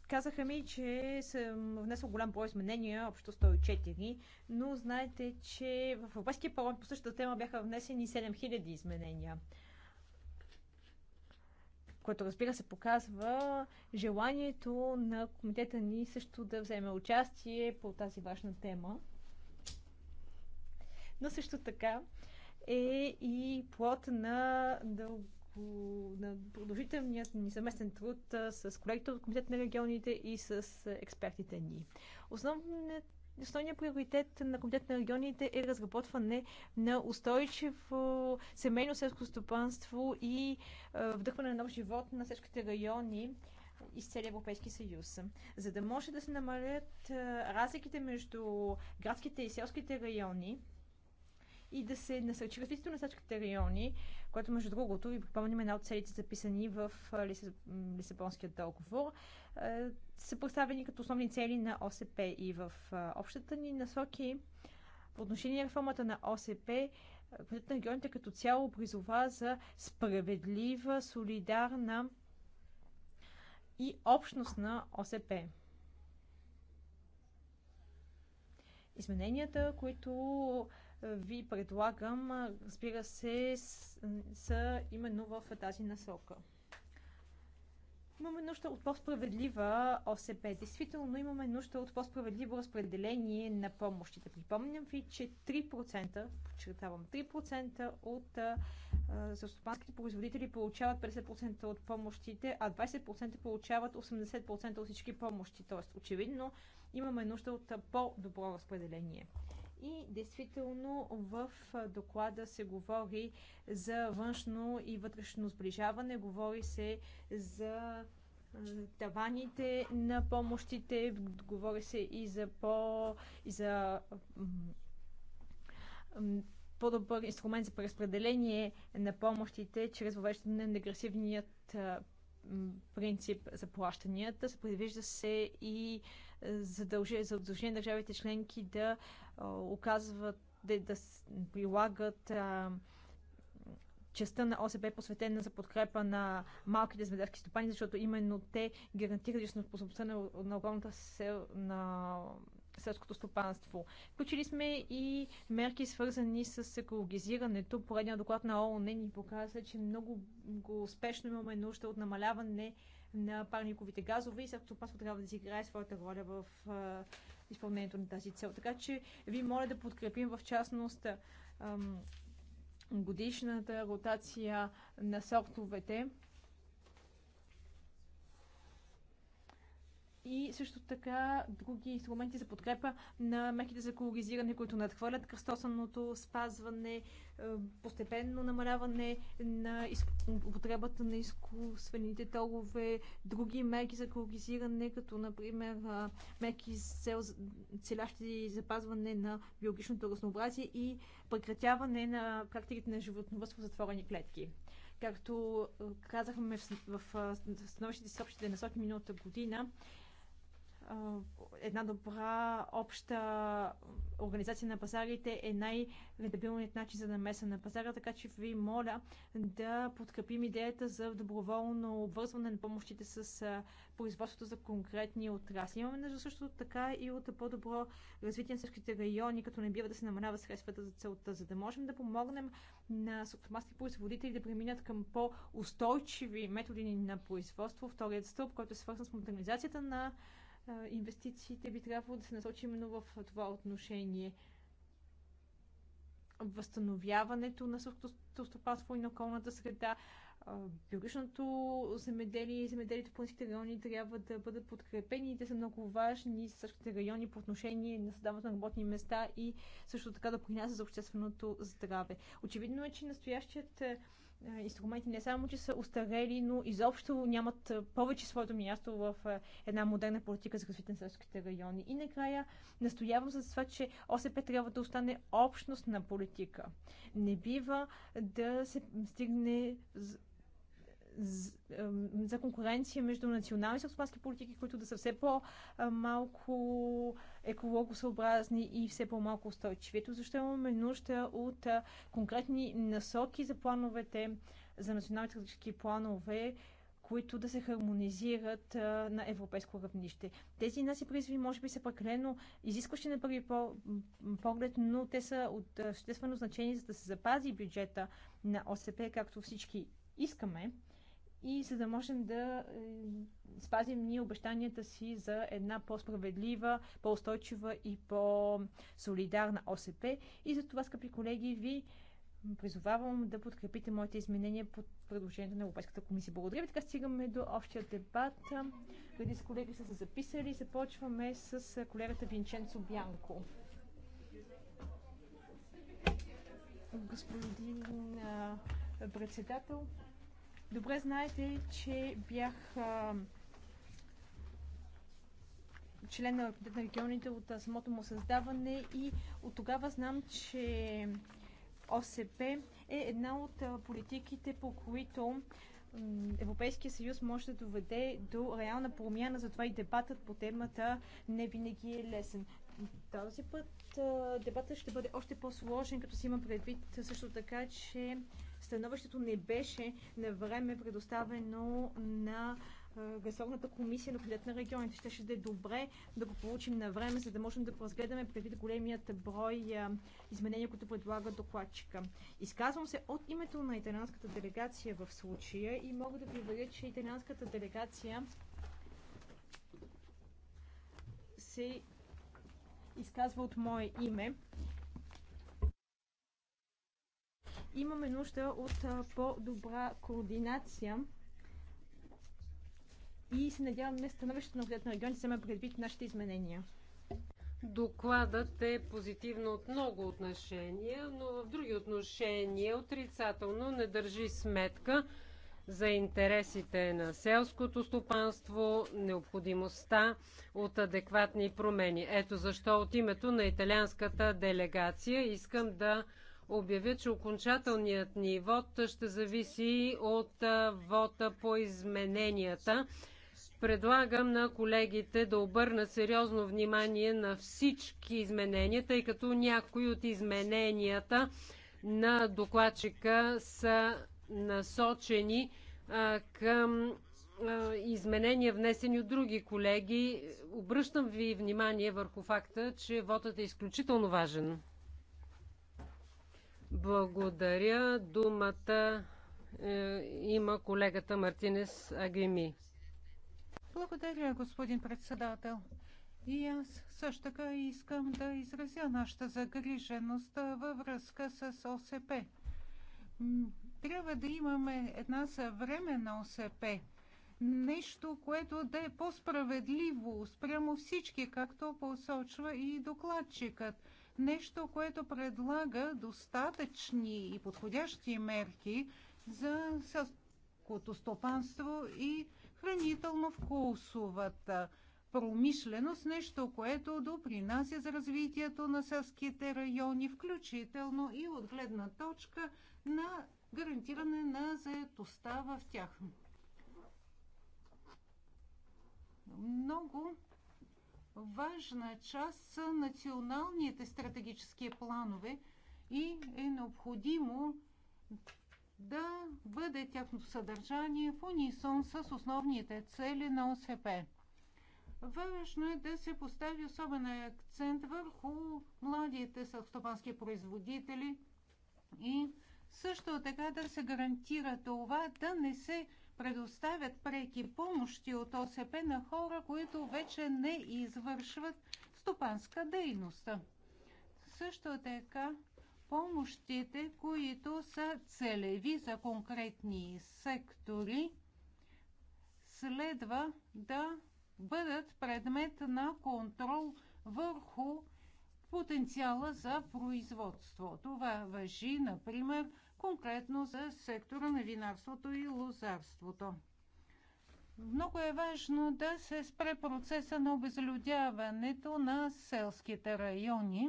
[SPEAKER 3] Казаха ми, че съм внесъл голям брой изменения, общо 104, но знаете, че в Европейския парламент по същата тема бяха внесени 7000 изменения което разбира се показва желанието на комитета ни също да вземе участие по тази важна тема. Но също така е и плод на дълго на продължителният ни съместен труд с колегите от Комитет на регионите и с експертите ни. Основният Основният приоритет на Комитет на регионите е разработване на устойчиво семейно селско стопанство и вдъхване на нов живот на селските райони из целия Европейски съюз. За да може да се намалят разликите между градските и селските райони, и да се насърчи развитието на стачките райони, което между другото ви припомним една от целите записани в Лисабонския договор, са поставени като основни цели на ОСП и в общата ни насоки по отношение на реформата на ОСП Кметът на регионите като цяло призова за справедлива, солидарна и общност на ОСП. Измененията, които ви предлагам, разбира се, са именно в тази насока. Имаме нужда от по-справедлива ОСП. Действително имаме нужда от по-справедливо разпределение на помощите. Припомням ви, че 3%, подчертавам, 3% от селстопанските производители получават 50% от помощите, а 20% получават 80% от всички помощи. Тоест, очевидно, имаме нужда от по-добро разпределение. И действително в доклада се говори за външно и вътрешно сближаване, говори се за таваните на помощите, говори се и за по... И за по-добър инструмент за преразпределение на помощите чрез въвеждане на агресивният принцип за плащанията. Предвижда се и задължение за на държавите членки да оказват, да, да прилагат а, частта на ОСБ посветена за подкрепа на малките земеделски стопани, защото именно те гарантират жизнеспособността на, на огромната сел, на селското стопанство. Включили сме и мерки свързани с екологизирането. Поредният доклад на ООН ни показва, че много успешно имаме нужда от намаляване на парниковите газове и селското стопанство трябва да изиграе своята роля в изпълнението на тази цел. Така че ви моля да подкрепим в частност годишната ротация на сортовете и също така други инструменти за подкрепа на мерките за колоризиране, които надхвърлят кръстосаното спазване, е, постепенно намаляване на употребата на изкуствените толове, други мерки за колоризиране, като например мерки с целящи запазване на биологичното разнообразие и прекратяване на практиките на животновътство в затворени клетки както казахме в, в, в становищите с общите насоки миналата година, една добра обща организация на пазарите е най-редабилният начин за намеса на пазара, така че ви моля да подкрепим идеята за доброволно обвързване на помощите с производството за конкретни отрасли. Имаме нужда също така и от по-добро развитие на същите райони, като не бива да се намалява средствата за целта, за да можем да помогнем на собствените производители да преминат към по-устойчиви методи на производство. Вторият стълб, който е свързан с модернизацията на инвестициите би трябвало да се насочи именно в това отношение. Възстановяването на сърското стопанство и на околната среда, биологичното земеделие и земеделието в планските райони трябва да бъдат подкрепени и те са много важни за същите райони по отношение на създаването на работни места и също така да принася за общественото здраве. Очевидно е, че настоящият е, инструменти не само, че са устарели, но изобщо нямат е, повече своето място в е, една модерна политика за развитие на селските райони. И накрая настоявам за това, че ОСП трябва да остане общностна политика. Не бива да се стигне за конкуренция между национални селскостопански политики, които да са все по-малко екологосъобразни и все по-малко устойчиви. Ето защо имаме нужда от е, конкретни насоки за плановете, за националните стратегически планове, които да се хармонизират а, е, на европейско равнище. Тези наши призиви може би са прекалено изискващи на първи по поглед, но те са от е, съществено значение, за да се запази бюджета на ОСП, както всички искаме и за да можем да е, спазим ние обещанията си за една по-справедлива, по-устойчива и по-солидарна ОСП. И за това, скъпи колеги, ви призовавам да подкрепите моите изменения под предложението на Европейската комисия. Благодаря ви. Така стигаме до общия дебат. Преди с колеги са се записали. Започваме с колегата Винченцо Бянко. Господин председател, Добре знаете, че бях а, член на Комитет на регионите от самото му създаване и от тогава знам, че ОСП е една от политиките, по които Европейския съюз може да доведе до реална промяна, затова и дебатът по темата не винаги е лесен. Този път дебатът ще бъде още по-сложен, като си има предвид също така, че Становището не беше на време предоставено на ресорната комисия на Комитет на регионите. Ще, ще да е добре да го получим на време, за да можем да разгледаме предвид големият брой изменения, които предлага докладчика. Изказвам се от името на италианската делегация в случая и мога да ви уверя, че италианската делегация се изказва от мое име имаме нужда от по-добра координация и се надяваме становището на Комитет на региони вземе предвид нашите изменения. Докладът е позитивно от много
[SPEAKER 6] отношения, но в други отношения отрицателно не държи сметка за интересите на селското стопанство, необходимостта от адекватни промени. Ето защо от името на италианската делегация искам да обявя, че окончателният ни вод ще зависи от вота по измененията. Предлагам на колегите да обърнат сериозно внимание на всички изменения, тъй като някои от измененията на докладчика са насочени а, към а, изменения, внесени от други колеги. Обръщам ви внимание върху факта, че вотът е изключително важен. Благодаря. Думата е, има колегата Мартинес Агеми.
[SPEAKER 4] Благодаря, господин председател. И аз също така искам да изразя нашата загриженост във връзка с ОСП. Трябва да имаме една съвременна ОСП. Нещо, което да е по-справедливо спрямо всички, както посочва и докладчикът – нещо, което предлага достатъчни и подходящи мерки за селското стопанство и хранително-вкусовата промишленост, нещо, което допринася за развитието на селските райони, включително и от гледна точка на гарантиране на заетостта в тях. Много важна част са националните стратегически планове и е необходимо да бъде тяхното съдържание в унисон с основните цели на ОСП. Важно е да се постави особен акцент върху младите селстопански производители и също така да се гарантира това да не се предоставят преки помощи от ОСП на хора, които вече не извършват стопанска дейност. Също така помощите, които са целеви за конкретни сектори, следва да бъдат предмет на контрол върху потенциала за производство. Това въжи, например, конкретно за сектора на винарството и лозарството. Много е важно да се спре процеса на обезлюдяването на селските райони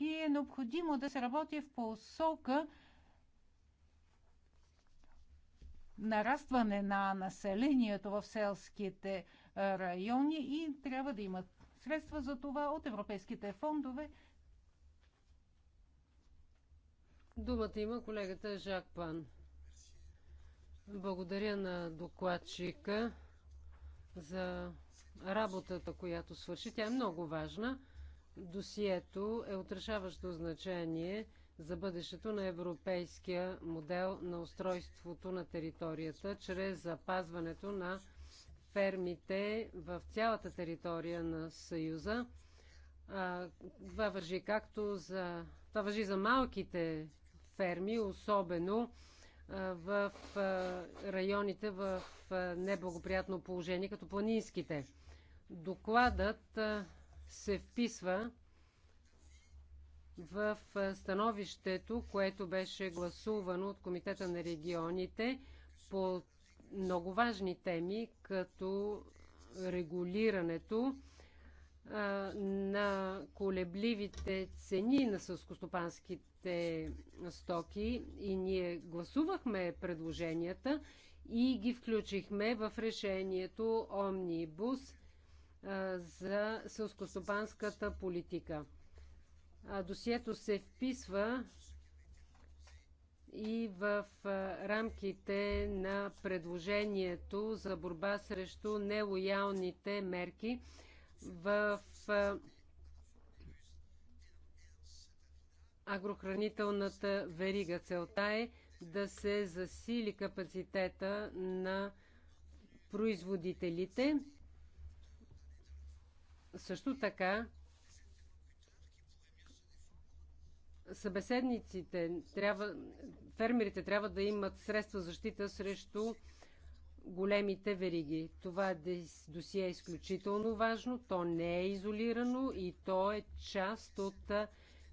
[SPEAKER 4] и е необходимо да се работи в посока нарастване на населението в селските райони и
[SPEAKER 6] трябва да имат средства за това от европейските фондове Думата има колегата Жак Пан. Благодаря на докладчика за работата, която свърши. Тя е много важна. Досието е отрешаващо значение за бъдещето на европейския модел на устройството на територията, чрез запазването на фермите в цялата територия на Съюза. това, вържи както за, това въжи за малките ферми, особено в районите в неблагоприятно положение, като планинските. Докладът се вписва в становището, което беше гласувано от Комитета на регионите по много важни теми, като регулирането на колебливите цени на сълскостопанските стоки и ние гласувахме предложенията и ги включихме в решението Омнибус за сълскостопанската политика. Досието се вписва и в рамките на предложението за борба срещу нелоялните мерки – в агрохранителната верига. Целта е да се засили капацитета на производителите. Също така, събеседниците трябва, фермерите трябва да имат средства защита срещу големите вериги. Това досие е изключително важно, то не е изолирано и то е част от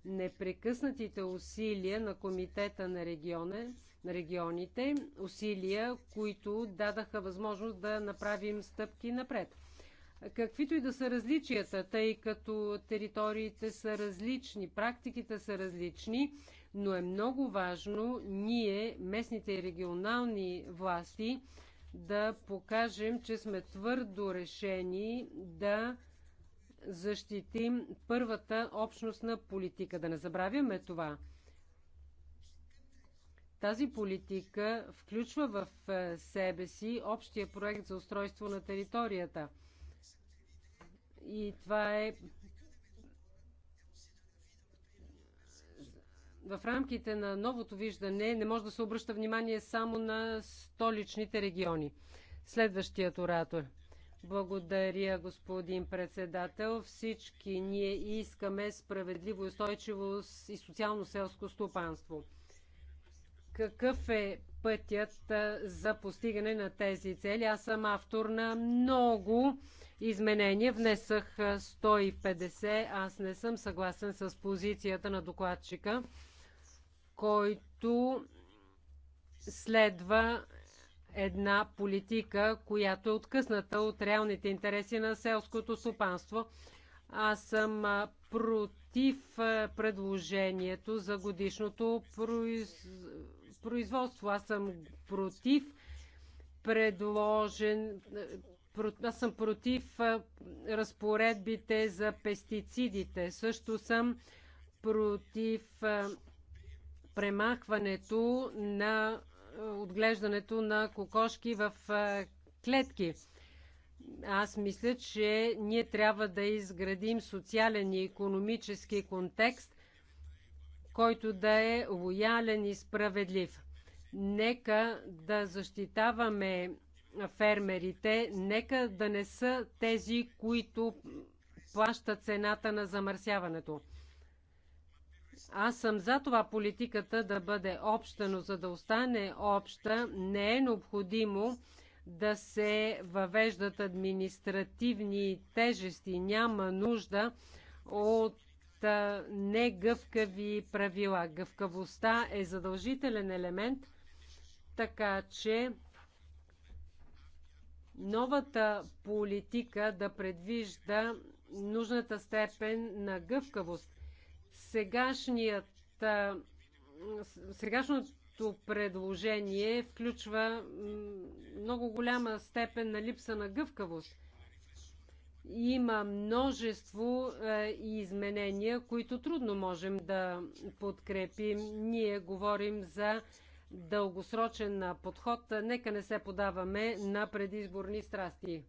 [SPEAKER 6] непрекъснатите усилия на Комитета на, регионе, на регионите, усилия, които дадаха възможност да направим стъпки напред. Каквито и да са различията, тъй като териториите са различни, практиките са различни, но е много важно ние, местните и регионални власти, да покажем, че сме твърдо решени да защитим първата общност на политика. Да не забравяме това. Тази политика включва в е, себе си общия проект за устройство на територията. И това е в рамките на новото виждане не може да се обръща внимание само на столичните региони. Следващият оратор. Благодаря, господин председател. Всички ние искаме справедливо, устойчиво и социално селско стопанство. Какъв е пътят за постигане на тези цели? Аз съм автор на много изменения. Внесах 150. Аз не съм съгласен с позицията на докладчика който следва една политика, която е откъсната от реалните интереси на селското стопанство. Аз съм против предложението за годишното произ... производство. Аз съм против предложен. Аз съм против разпоредбите за пестицидите. Също съм против премахването на е, отглеждането на кокошки в е, клетки. Аз мисля, че ние трябва да изградим социален и економически контекст, който да е лоялен и справедлив. Нека да защитаваме фермерите, нека да не са тези, които плащат цената на замърсяването. Аз съм за това политиката да бъде обща, но за да остане обща, не е необходимо да се въвеждат административни тежести. Няма нужда от негъвкави правила. Гъвкавостта е задължителен елемент, така че новата политика да предвижда нужната степен на гъвкавост. Сегашният, сегашното предложение включва много голяма степен на липса на гъвкавост. Има множество е, изменения, които трудно можем да подкрепим. Ние говорим за дългосрочен подход. Нека не се подаваме на предизборни страсти.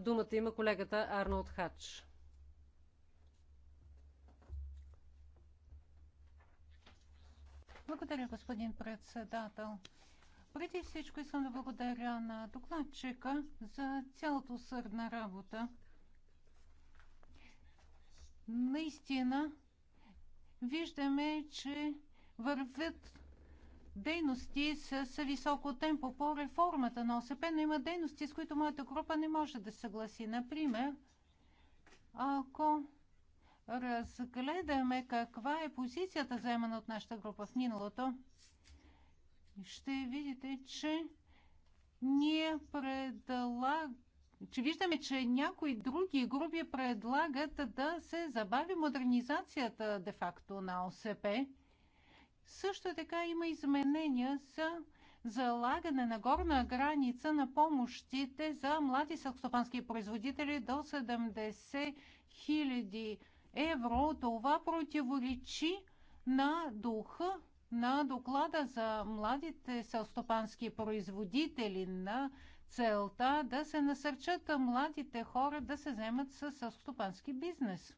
[SPEAKER 6] Думата има колегата Арнолд Хач.
[SPEAKER 4] Благодаря, господин председател. Преди всичко искам да благодаря на докладчика за цялата усърдна работа. Наистина, виждаме, че вървят дейности с високо темпо по реформата на ОСП, но има дейности, с които моята група не може да съгласи. Например, ако разгледаме каква е позицията заемана от нашата група в миналото, ще видите, че ние предлагаме че виждаме, че някои други групи предлагат да се забави модернизацията де-факто на ОСП. Също така има изменения за залагане на горна граница на помощите за млади селскостопански производители до 70 000 евро, това противоречи на духа на доклада за младите селстопански производители на целта да се насърчат младите хора да се вземат с селстопански бизнес.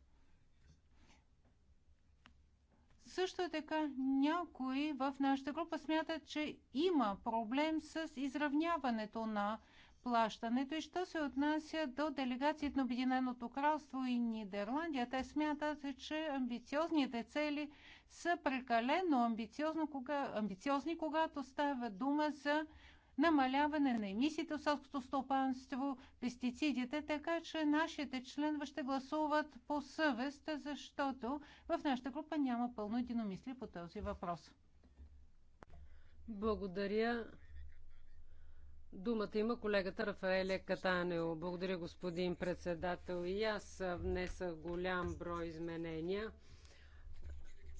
[SPEAKER 4] Също така някои в нашата група смятат, че има проблем с изравняването на плащането. И що се отнася до делегацията на Обединеното кралство и Нидерландия, те смятат, че амбициозните цели са прекалено амбициозно, кога, амбициозни, когато става дума за намаляване на емисиите в селското стопанство, пестицидите, така че нашите членове ще гласуват по съвест, защото в нашата група няма пълно единомислие по този въпрос.
[SPEAKER 6] Благодаря. Думата има колегата Рафаеля Катанео. Благодаря, господин председател. И аз внесах голям брой изменения.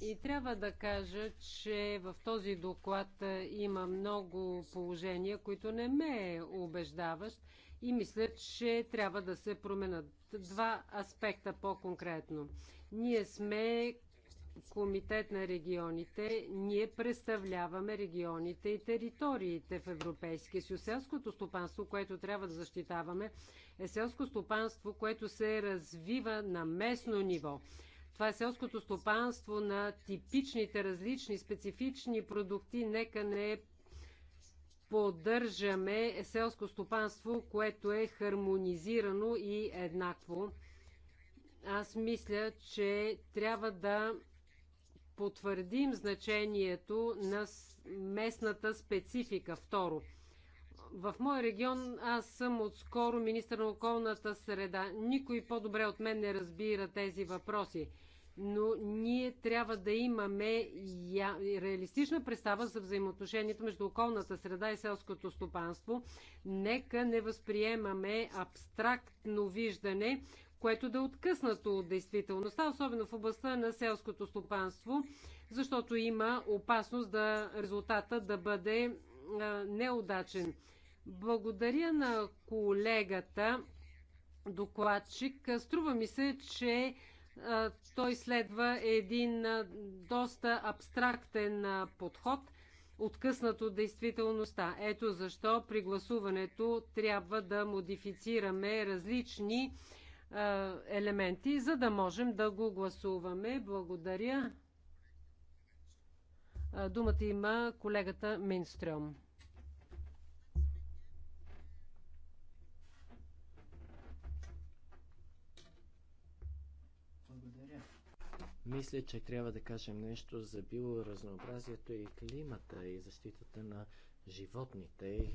[SPEAKER 6] И трябва да кажа, че в този доклад има много положения, които не ме е убеждаващ и мисля, че трябва да се променят два аспекта по-конкретно. Ние сме комитет на регионите, ние представляваме регионите и териториите в Европейския съюз. Селското стопанство, което трябва да защитаваме, е селско стопанство, което се развива на местно ниво. Това е селското стопанство на типичните, различни, специфични продукти. Нека не поддържаме селско стопанство, което е хармонизирано и еднакво аз мисля, че трябва да потвърдим значението на местната специфика. Второ, в моя регион аз съм отскоро министър на околната среда. Никой по-добре от мен не разбира тези въпроси. Но ние трябва да имаме я... реалистична представа за взаимоотношението между околната среда и селското стопанство. Нека не възприемаме абстрактно виждане, което да е откъснато от действителността, особено в областта на селското стопанство, защото има опасност да резултата да бъде неудачен. Благодаря на колегата докладчик. Струва ми се, че той следва един доста абстрактен подход, откъснат от действителността. Ето защо при гласуването трябва да модифицираме различни елементи, за да можем да го гласуваме. Благодаря. Думата има колегата Минстрем.
[SPEAKER 5] Благодаря. Мисля, че трябва да кажем нещо за биоразнообразието и климата и защитата на животните и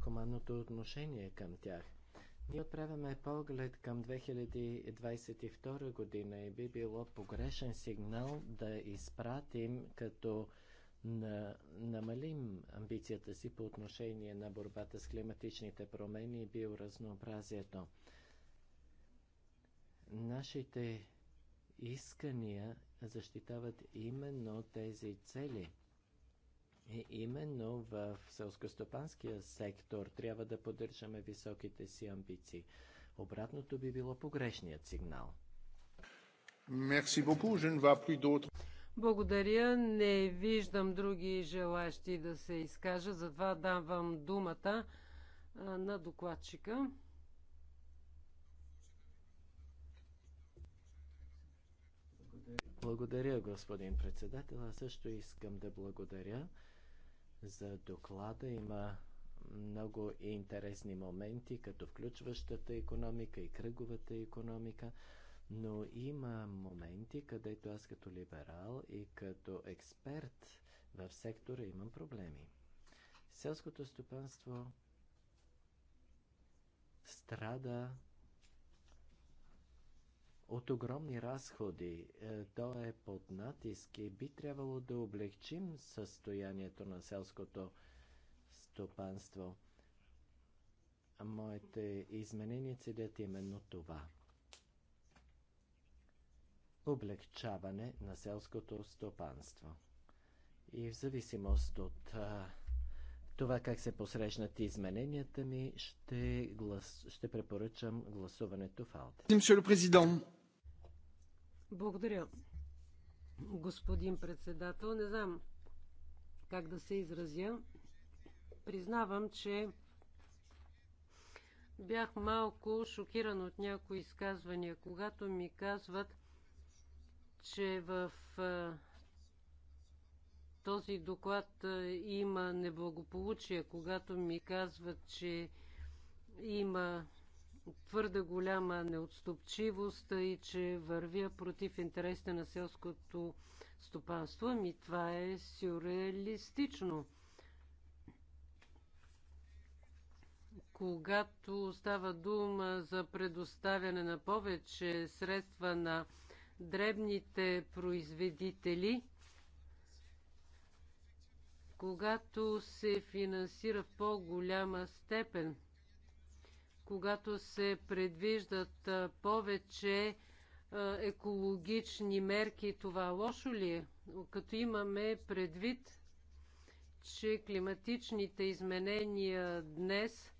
[SPEAKER 5] хуманното отношение към тях. Ние отправяме поглед към 2022 година и би било погрешен сигнал да изпратим като на, намалим амбицията си по отношение на борбата с климатичните промени и биоразнообразието. Нашите искания защитават именно тези цели. Е, именно в селскостопанския сектор трябва да поддържаме високите си амбиции. Обратното би било погрешният сигнал.
[SPEAKER 6] Благодаря. Не виждам други желащи да се изкажа, затова давам думата на докладчика.
[SPEAKER 5] Благодаря, господин председател. Аз също искам да благодаря за доклада. Има много интересни моменти, като включващата економика и кръговата економика, но има моменти, където аз като либерал и като експерт в сектора имам проблеми. Селското стопанство страда от огромни разходи. Е, то е под натиск и би трябвало да облегчим състоянието на селското стопанство. Моите изменения целят именно това. Облегчаване на селското стопанство. И в зависимост от а, това как се посрещнат измененията ми, ще, глас... ще препоръчам гласуването в Алте.
[SPEAKER 6] Благодаря, господин председател. Не знам как да се изразя. Признавам, че бях малко шокиран от някои изказвания, когато ми казват, че в този доклад има неблагополучие, когато ми казват, че има твърде голяма неотступчивост и че вървя против интересите на селското стопанство. Ами това е сюрреалистично. Когато става дума за предоставяне на повече средства на дребните производители, когато се финансира в по-голяма степен – когато се предвиждат повече екологични мерки, това лошо ли е? Като имаме предвид, че климатичните изменения днес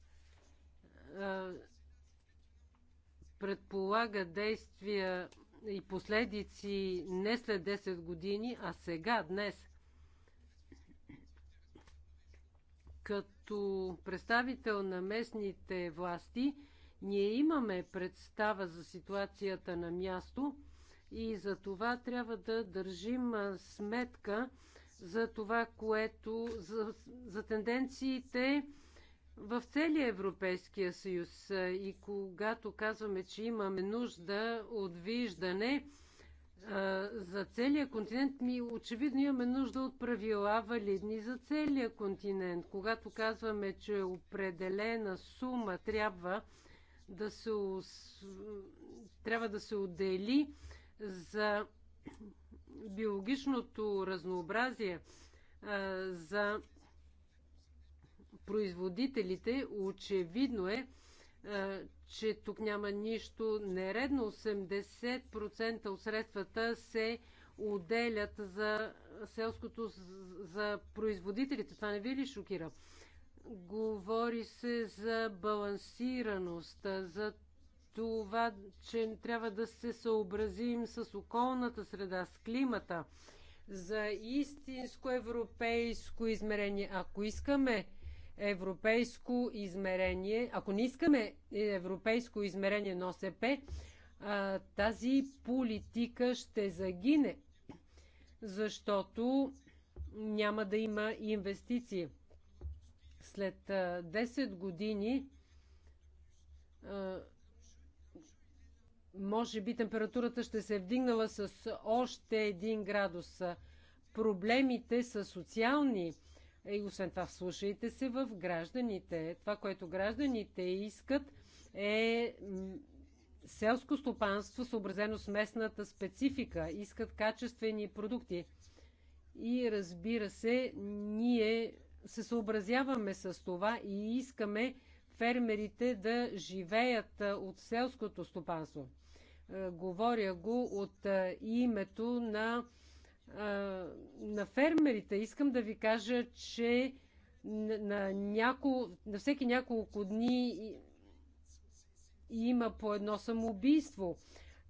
[SPEAKER 6] предполага действия и последици не след 10 години, а сега, днес. Като като представител на местните власти, ние имаме представа за ситуацията на място и за това трябва да държим сметка за това, което за, за тенденциите в целия Европейския съюз. И когато казваме, че имаме нужда от виждане, за целия континент, ми очевидно имаме нужда от правила валидни за целия континент. Когато казваме, че определена сума трябва да се, трябва да се отдели за биологичното разнообразие, за производителите, очевидно е, е, че тук няма нищо нередно. 80% от средствата се отделят за селското, за производителите. Това не ви ли шокира? Говори се за балансираност, за това, че трябва да се съобразим с околната среда, с климата, за истинско европейско измерение. Ако искаме европейско измерение, ако не искаме европейско измерение на ОСП, тази политика ще загине, защото няма да има инвестиции. След 10 години може би температурата ще се е вдигнала с още 1 градус. Проблемите са социални е, и освен това, слушайте се в гражданите. Това, което гражданите искат е селско стопанство, съобразено с местната специфика. Искат качествени продукти. И разбира се, ние се съобразяваме с това и искаме фермерите да живеят от селското стопанство. Е, говоря го от името на на фермерите. Искам да ви кажа, че на, няко, на всеки няколко дни има по едно самоубийство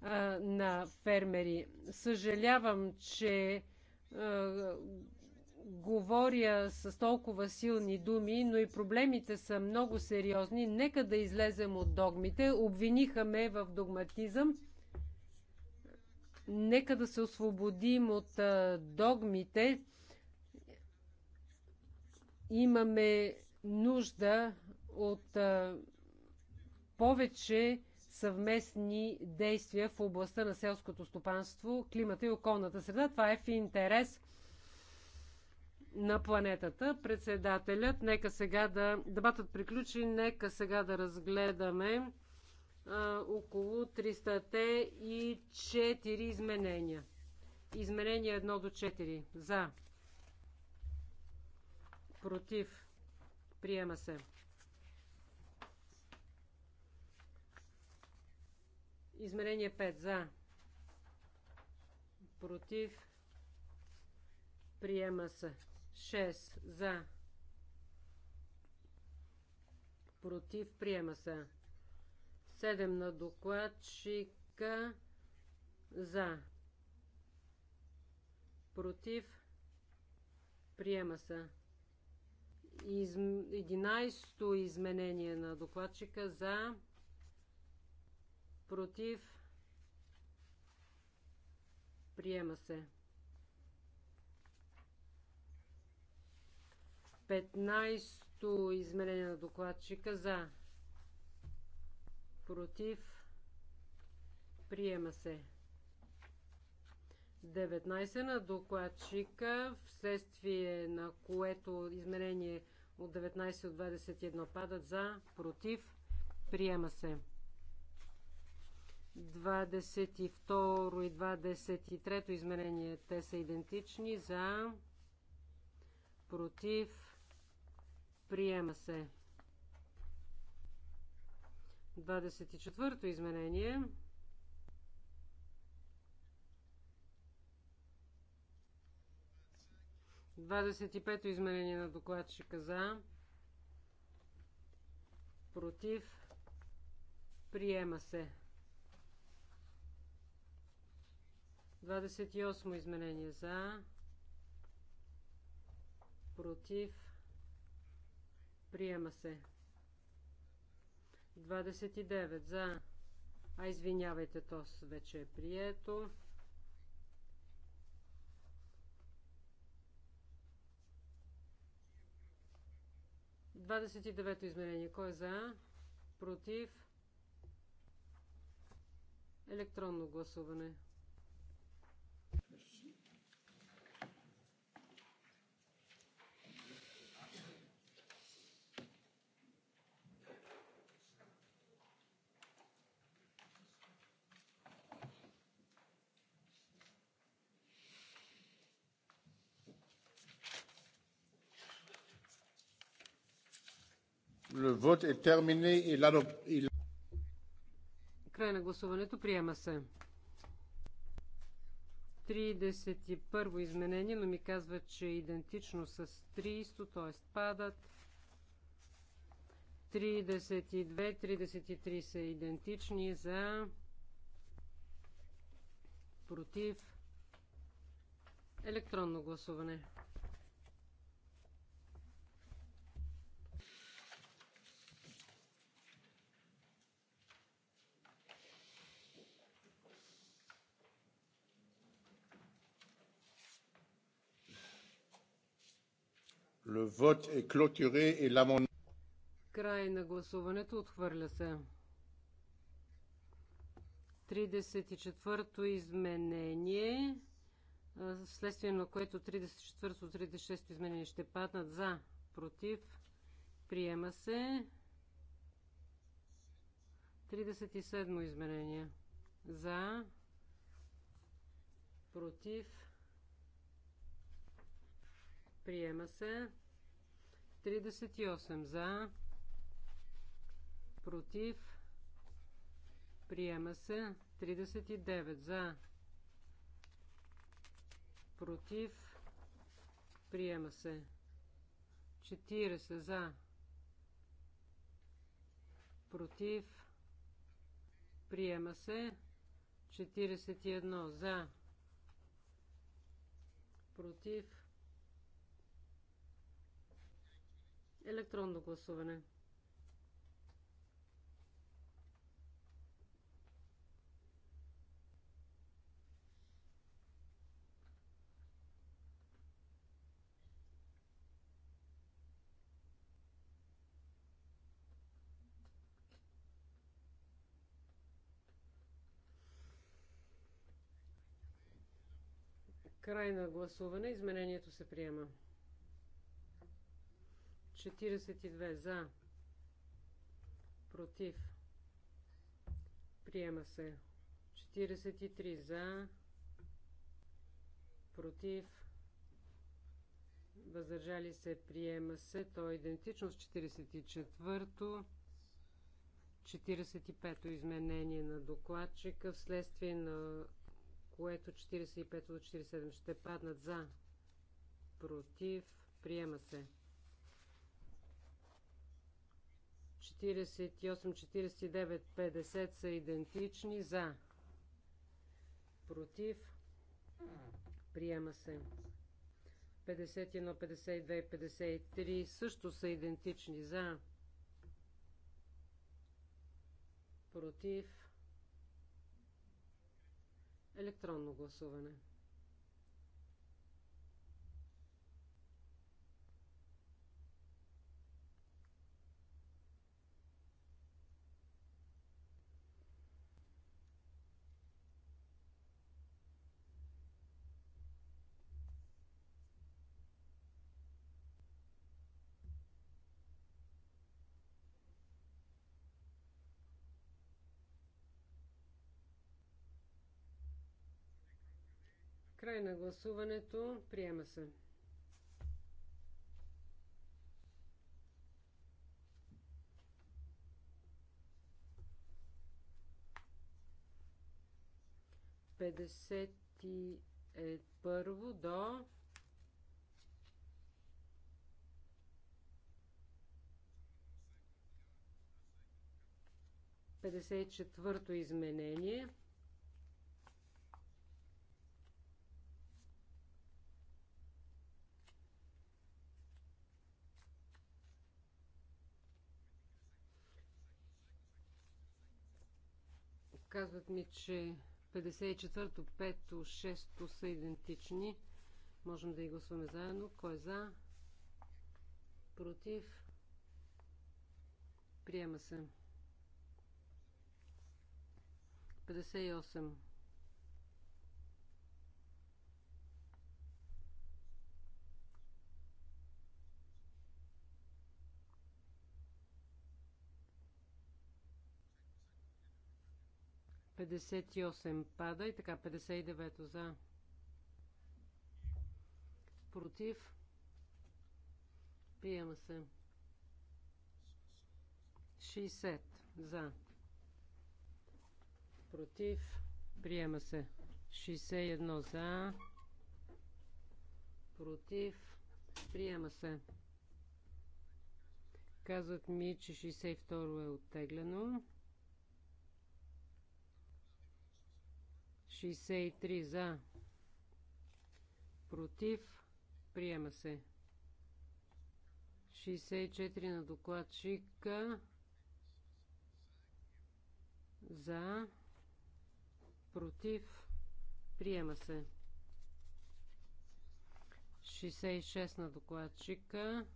[SPEAKER 6] а, на фермери. Съжалявам, че а, говоря с толкова силни думи, но и проблемите са много сериозни. Нека да излезем от догмите. Обвиниха ме в догматизъм. Нека да се освободим от догмите. Имаме нужда от повече съвместни действия в областта на селското стопанство, климата и околната среда. Това е в интерес на планетата. Председателят, нека сега да... Дебатът приключи, нека сега да разгледаме около 300-те и 4 изменения. Изменения 1 до 4. За. Против. Приема се. Измерение 5. За. Против. Приема се. 6. За. Против. Приема се. 7 на докладчика за. Против. Приема се. 11-то изменение на докладчика за. Против. Приема се. 15-то изменение на докладчика за против, приема се. 19 на докладчика, вследствие на което измерение от 19 от 21 падат за, против, приема се. 22 и 23 изменение, те са идентични за, против, приема се. 24-то изменение. Двадесет и пето изменение на докладчика за. Против. Приема се. 28 изменение за. Против. Приема се. 29 за. А извинявайте, то вече е прието. Двадесет и девето измерение. Кой е за? Против? Електронно гласуване.
[SPEAKER 7] vote est terminé
[SPEAKER 6] Край на гласуването приема се. 31 изменение, но ми казва, че е идентично с 300, т.е. падат. 32, 33 са идентични за против електронно гласуване.
[SPEAKER 7] Le vote est clôturé et l'amendement.
[SPEAKER 6] Край на гласуването отхвърля се. 34-то изменение, вследствие на което 34-то, 36-то изменение ще паднат за, против, приема се. 37-мо изменение за, против, приема се. 38 за, против, приема се 39 за, против, приема се 40 за, против, приема се 41 за, против, Електронно гласуване. Край на гласуване. Изменението се приема. 42 за. Против. Приема се. 43 за. Против. Въздържали се. Приема се. То е идентично с 44-то. 45-то изменение на докладчика, вследствие на което 45 до 47 ще паднат за. Против. Приема се. 48, 49, 50 са идентични. За. Против. Приема се. 51, 52 53 също са идентични. За. Против. Електронно гласуване. 51, Край на гласуването. Приема се. Пятьдесят и е първо до пятьдесят четвърто изменение. Казват ми, че 54-то, 5-то, 6-то са идентични. Можем да ги гласуваме заедно. Кой е за? Против? Приема се. 58. 58 пада и така 59 за. Против. Приема се. 60 за. Против. Приема се. 61 за. Против. Приема се. Казват ми, че 62 е оттеглено. 63 за. Против. Приема се. 64 на докладчика. За. Против. Приема се. 66 на докладчика.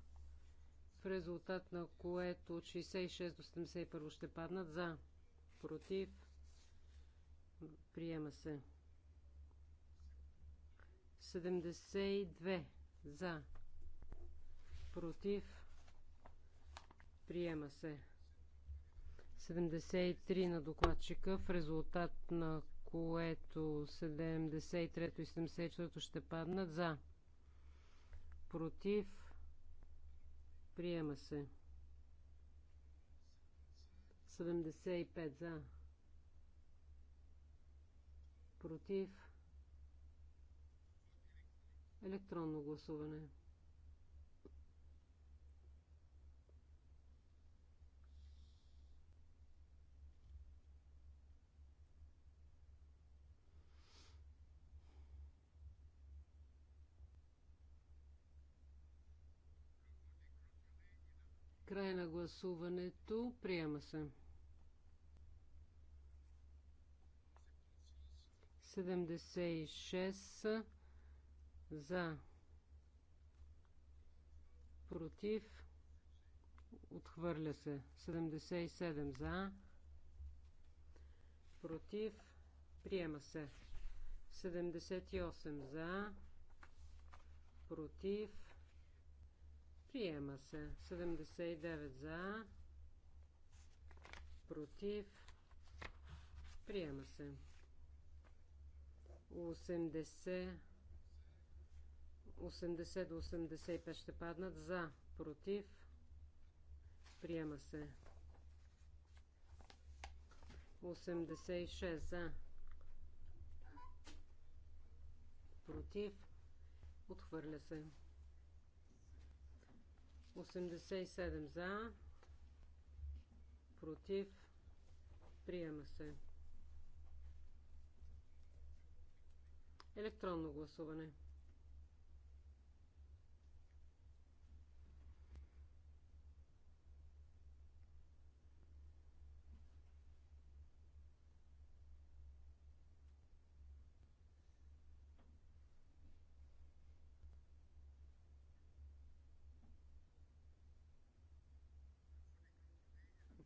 [SPEAKER 6] В резултат на което от 66 до 71 ще паднат за. Против. Приема се. 72 за. Против. Приема се. 73 на докладчика, в резултат на което 73 и 74 ще паднат за. Против. Приема се. 75 за против, електронно гласуване. Край на гласуването. Приема се. 76 за против отхвърля се 77 за против приема се 78 за против приема се 79 за против приема се 80, 80 до 85 ще паднат. За, против, приема се. 86 за, против, отхвърля се. 87 за, против, приема се. Електронно гласуване.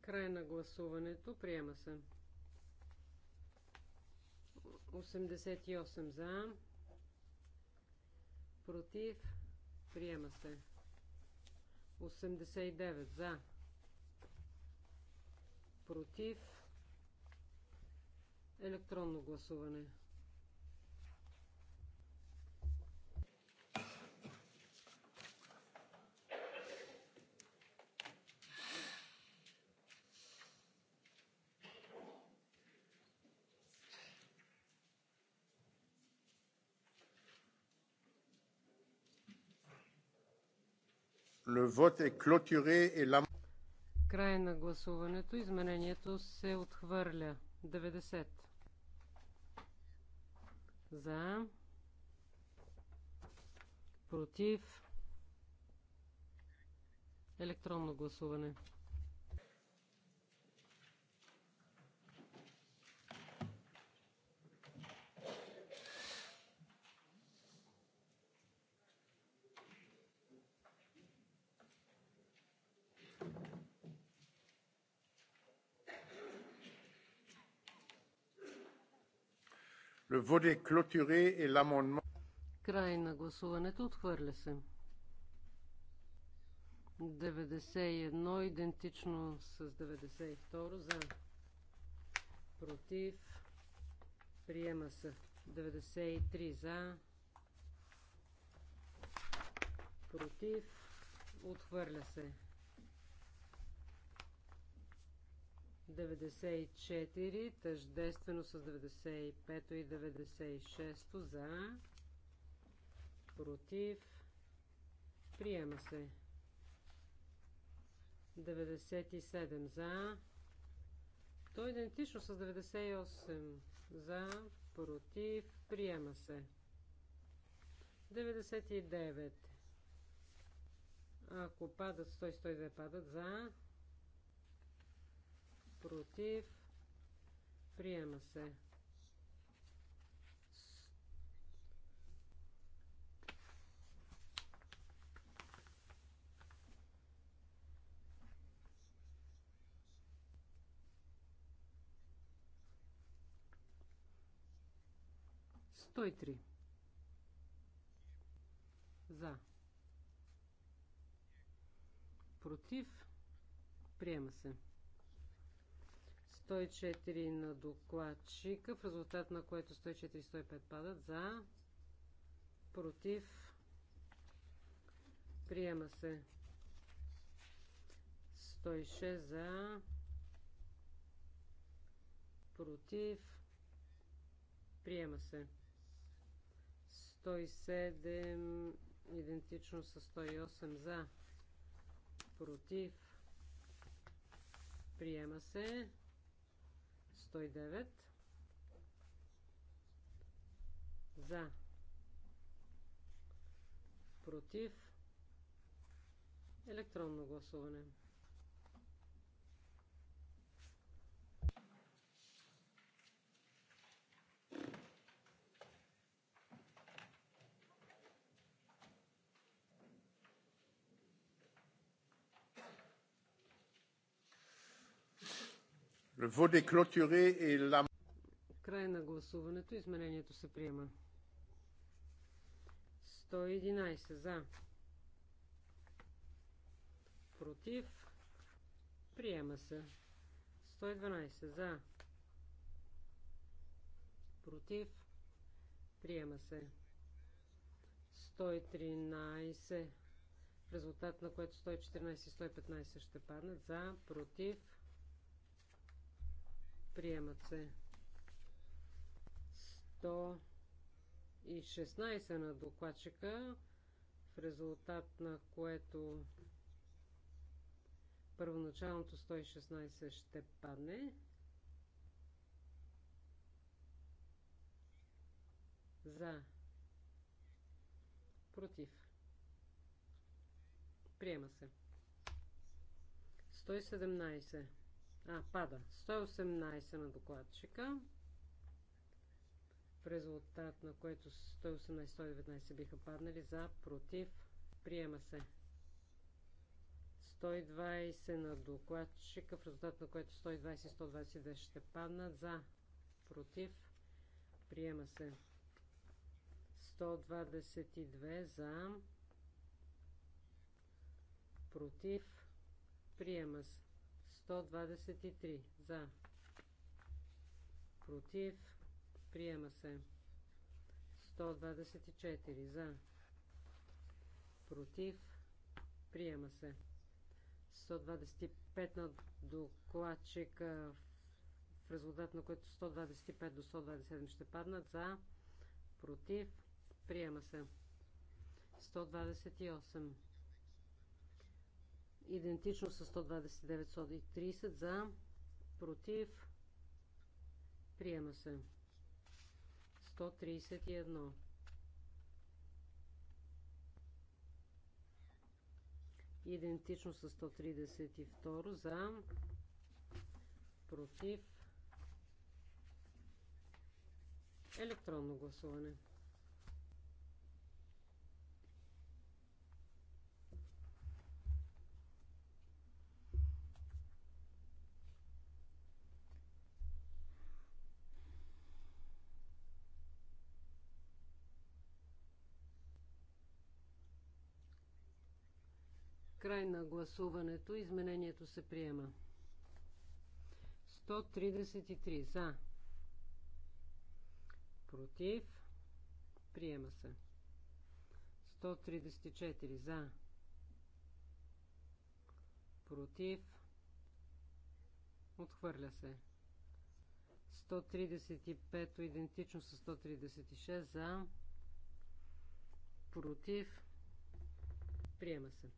[SPEAKER 6] Край на гласуването. Приема се. 88 за. Против. Приема се. 89 за. Против. Електронно гласуване.
[SPEAKER 7] Le vote est clôturé et la...
[SPEAKER 6] Край на гласуването. Изменението се отхвърля. 90. За. Против. Електронно гласуване.
[SPEAKER 7] Le vote est clôturé et l'amendement.
[SPEAKER 6] Край на гласуването отхвърля се. 91 идентично с 92 за. Против. Приема се. 93 за. Против. Отхвърля се. 94, тъждествено с 95 и 96 за, против, приема се. 97 за, то е идентично с 98 за, против, приема се. 99. Ако падат 100 и 102 падат за, против, приема се. три За. Против. Приема се. 104 на докладчика, в резултат на което 104 и 105 падат за, против, приема се 106 за, против, приема се 107 идентично с 108 за, против, приема се 109. За. Против. Електронно гласуване. Край на гласуването. Изменението се приема. 111 за. Против. Приема се. 112 за. Против. Приема се. 113. В резултат на което 114 и 115 ще паднат. За. Против. Приемат се. 116 на докладчика, в резултат на което първоначалното 116 ще падне. За. Против. Приема се. 117. А, пада. 118 на докладчика. В резултат на което 118-119 биха паднали за, против, приема се. 120 на докладчика, в резултат на което 120-122 ще паднат за, против, приема се. 122 за, против, приема се. 123 за. Против. Приема се. 124 за. Против. Приема се. 125 на докладчика в резултат на което 125 до 127 ще паднат за, против, приема се. 128 идентично с 129 30 за, против, приема се. 131. Идентично с 132 за, против, електронно гласуване. Край на гласуването. Изменението се приема. 133 за. Против. Приема се. 134 за. Против. Отхвърля се. 135 идентично с 136 за. Против. Приема се.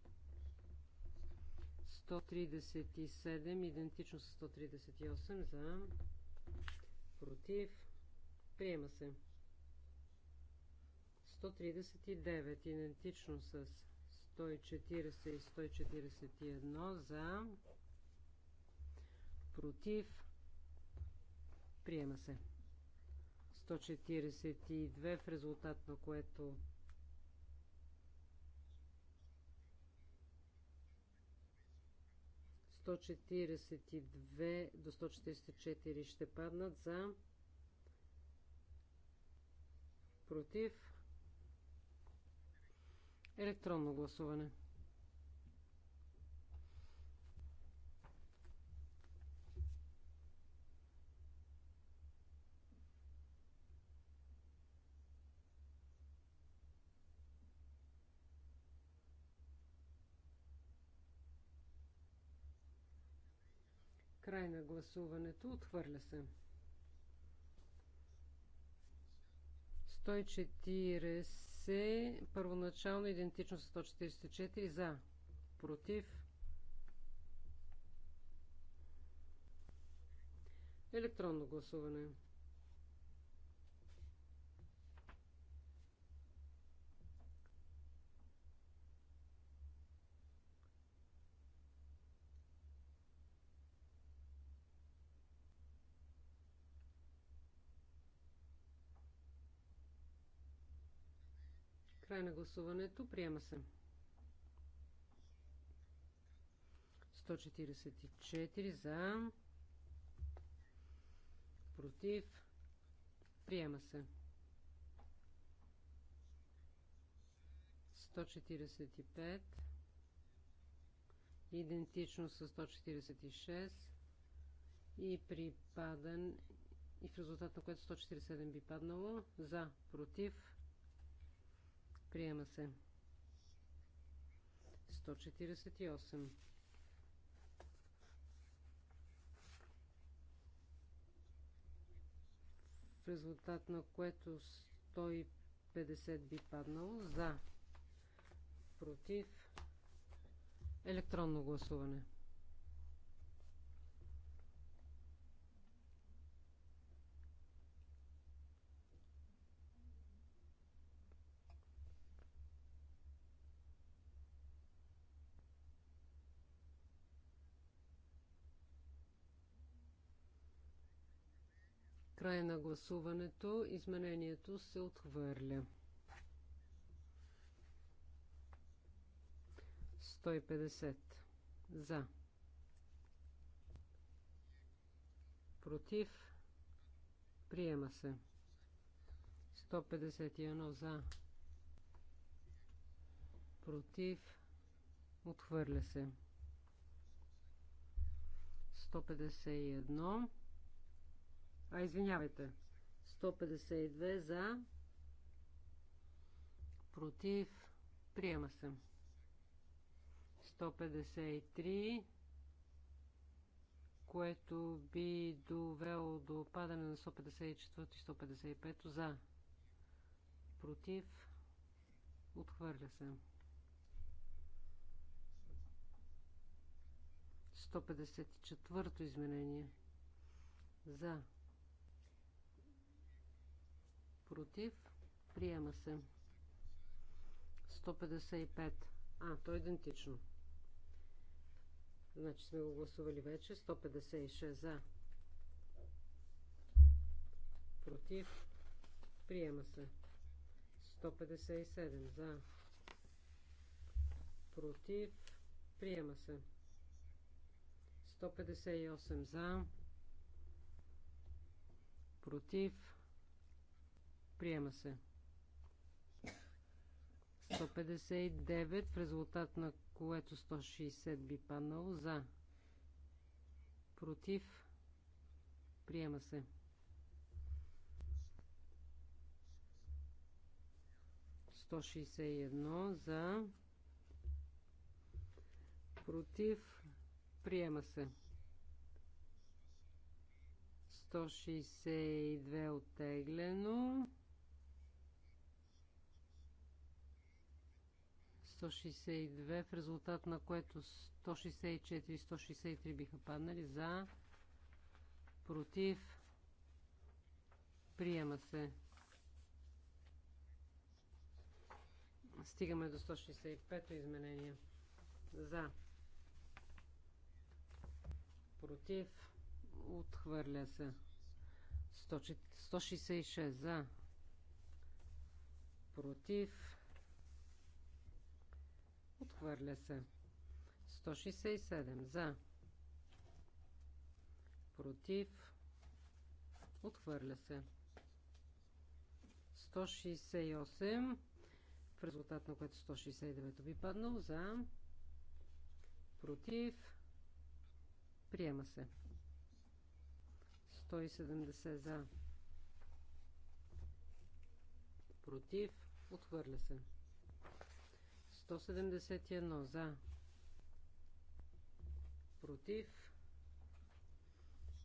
[SPEAKER 6] 137, идентично с 138, за, против, приема се. 139, идентично с 140 и 141, за, против, приема се. 142, в резултат на което 142 до 144 ще паднат за против електронно гласуване. Край на гласуването. Отхвърля се. 140. Първоначално идентично с 144. За. Против. Електронно гласуване. Край на гласуването. Приема се. 144 за. Против. Приема се. 145. Идентично с 146. И припаден. И в резултат на което 147 би паднало. За. Против. Приема се. 148. В резултат на което 150 би паднало за против електронно гласуване. Край на гласуването. Изменението се отхвърля. 150. За. Против. Приема се. 151 за. Против. Отхвърля се. 151. А, извинявайте. 152 за. Против. Приема се. 153 което би довело до падане на 154 и 155 за. Против. Отхвърля се. 154 изменение. За. Против. Приема се. 155. А, то е идентично. Значи сме го гласували вече. 156 за. Против. Приема се. 157 за. Против. Приема се. 158 за. Против. Приема се. 159, в резултат на което 160 би паднало. За. Против. Приема се. 161 за. Против. Приема се. 162 оттеглено. 162, в резултат на което 164 и 163 биха паднали. За, против, приема се. Стигаме до 165-то изменение. За, против, отхвърля се. 166 за, против, Отхвърля се. 167 за. Против. Отхвърля се. 168. В резултат на което 169 би паднал. За. Против. Приема се. 170 за. Против. Отхвърля се. 171 за. Против.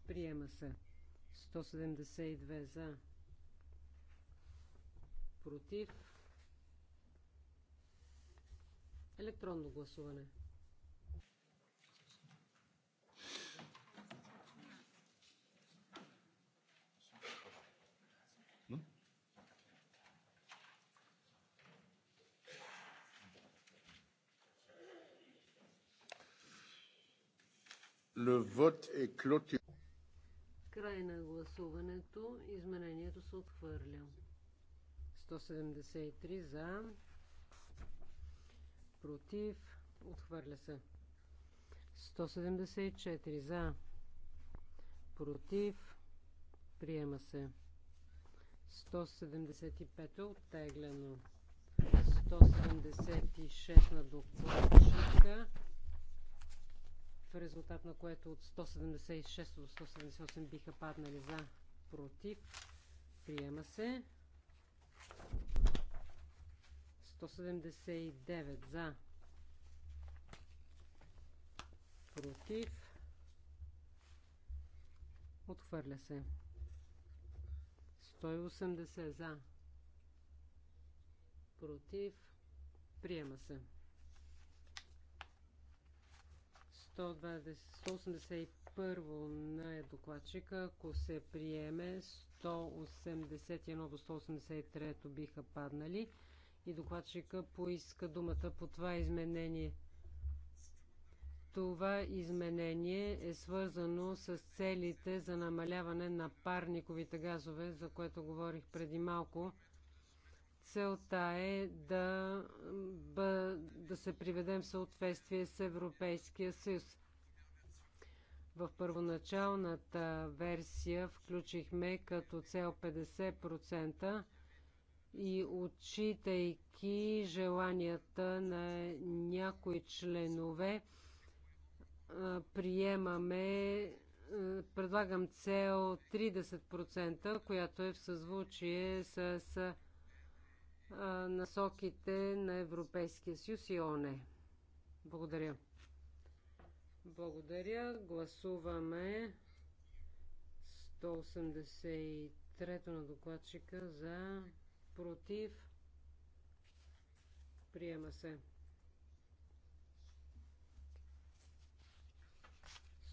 [SPEAKER 6] Приема се. 172 за. Против. Електронно гласуване.
[SPEAKER 7] Le vote est clôturé.
[SPEAKER 6] Край на гласуването. Изменението се отхвърля. 173 за. Против. Отхвърля се. 174 за. Против. Приема се. 175 е оттеглено. 176 на докладчика резултат на което от 176 до 178 биха паднали за против. Приема се. 179 за против. Отхвърля се. 180 за против. Приема се. 181 на е докладчика, ако се приеме 181 до 183 биха паднали и докладчика поиска думата по това изменение. Това изменение е свързано с целите за намаляване на парниковите газове, за което говорих преди малко. Целта е да, бъ, да се приведем в съответствие с Европейския съюз. В първоначалната версия включихме като цел 50% и отчитайки желанията на някои членове, приемаме, предлагам цел 30%, която е в съзвучие с насоките на Европейския съюз и ОНЕ. Благодаря. Благодаря. Гласуваме 183-то на докладчика за против. Приема се.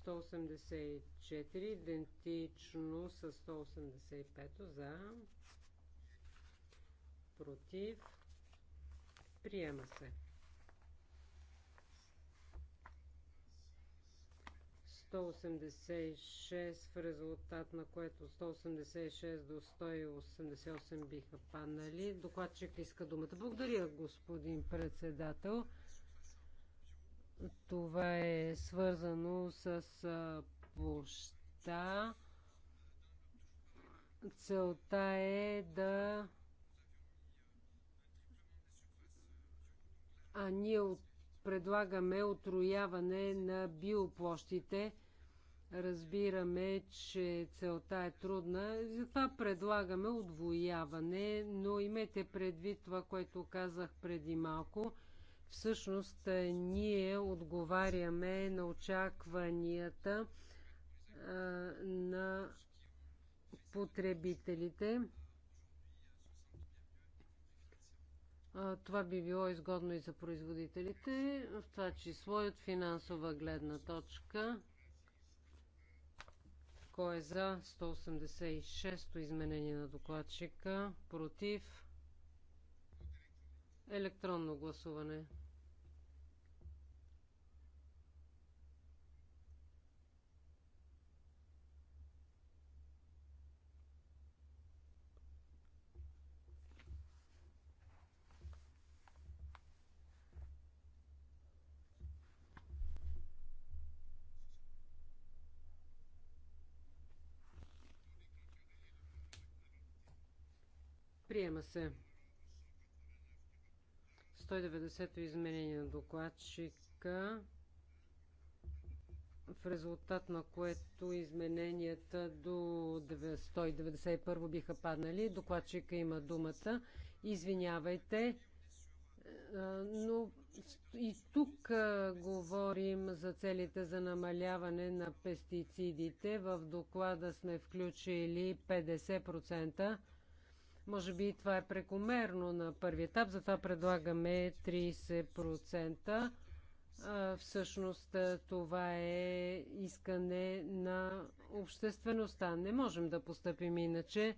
[SPEAKER 6] 184, идентично с 185 за против, приема се. 186, в резултат на което 186 до 188 биха паднали. Докладчик иска думата. Благодаря, господин председател. Това е свързано с площа. Целта е да а ние предлагаме отрояване на биоплощите. Разбираме, че целта е трудна, затова предлагаме отвояване, но имайте предвид това, което казах преди малко. Всъщност е, ние отговаряме на очакванията а, на потребителите. Това би било изгодно и за производителите, в това число и от финансова гледна точка. Кой е за 186-то изменение на докладчика? Против? Електронно гласуване. Приема се. 190-то изменение на докладчика, в резултат на което измененията до 191 биха паднали. Докладчика има думата. Извинявайте, е, но и тук е, говорим за целите за намаляване на пестицидите. В доклада сме включили 50% може би това е прекомерно на първи етап, затова предлагаме 30%. Всъщност това е искане на обществеността. Не можем да постъпим иначе.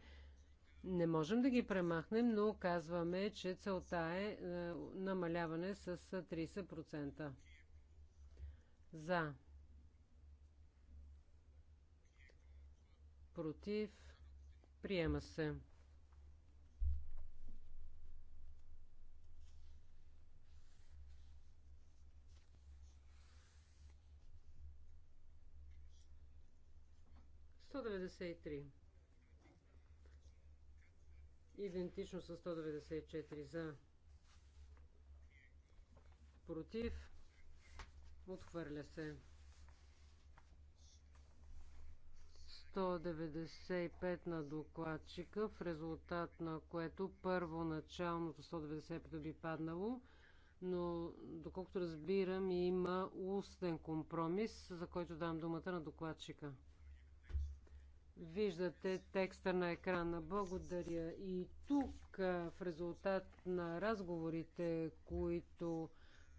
[SPEAKER 6] Не можем да ги премахнем, но казваме, че целта е намаляване с 30%. За. Против. Приема се. 193. Идентично с 194 за. Против. Отхвърля се. 195 на докладчика, в резултат на което първоначалното 195 би паднало, но доколкото разбирам има устен компромис, за който дам думата на докладчика. Виждате текста на екрана. Благодаря. И тук, в резултат на разговорите, които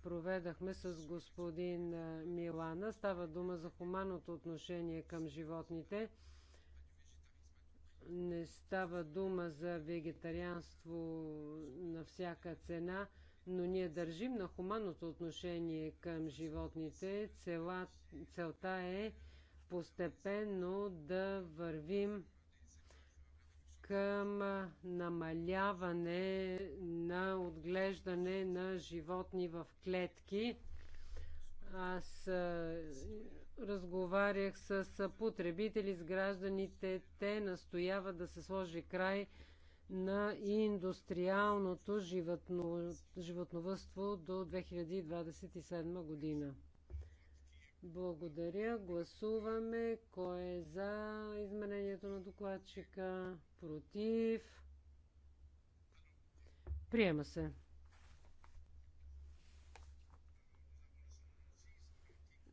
[SPEAKER 6] проведахме с господин Милана, става дума за хуманното отношение към животните. Не става дума за вегетарианство на всяка цена, но ние държим на хуманното отношение към животните. целта е постепенно да вървим към намаляване на отглеждане на животни в клетки. Аз разговарях с потребители, с гражданите. Те настояват да се сложи край на индустриалното животно, животновътство до 2027 година. Благодаря. Гласуваме. Кой е за изменението на докладчика? Против? Приема се.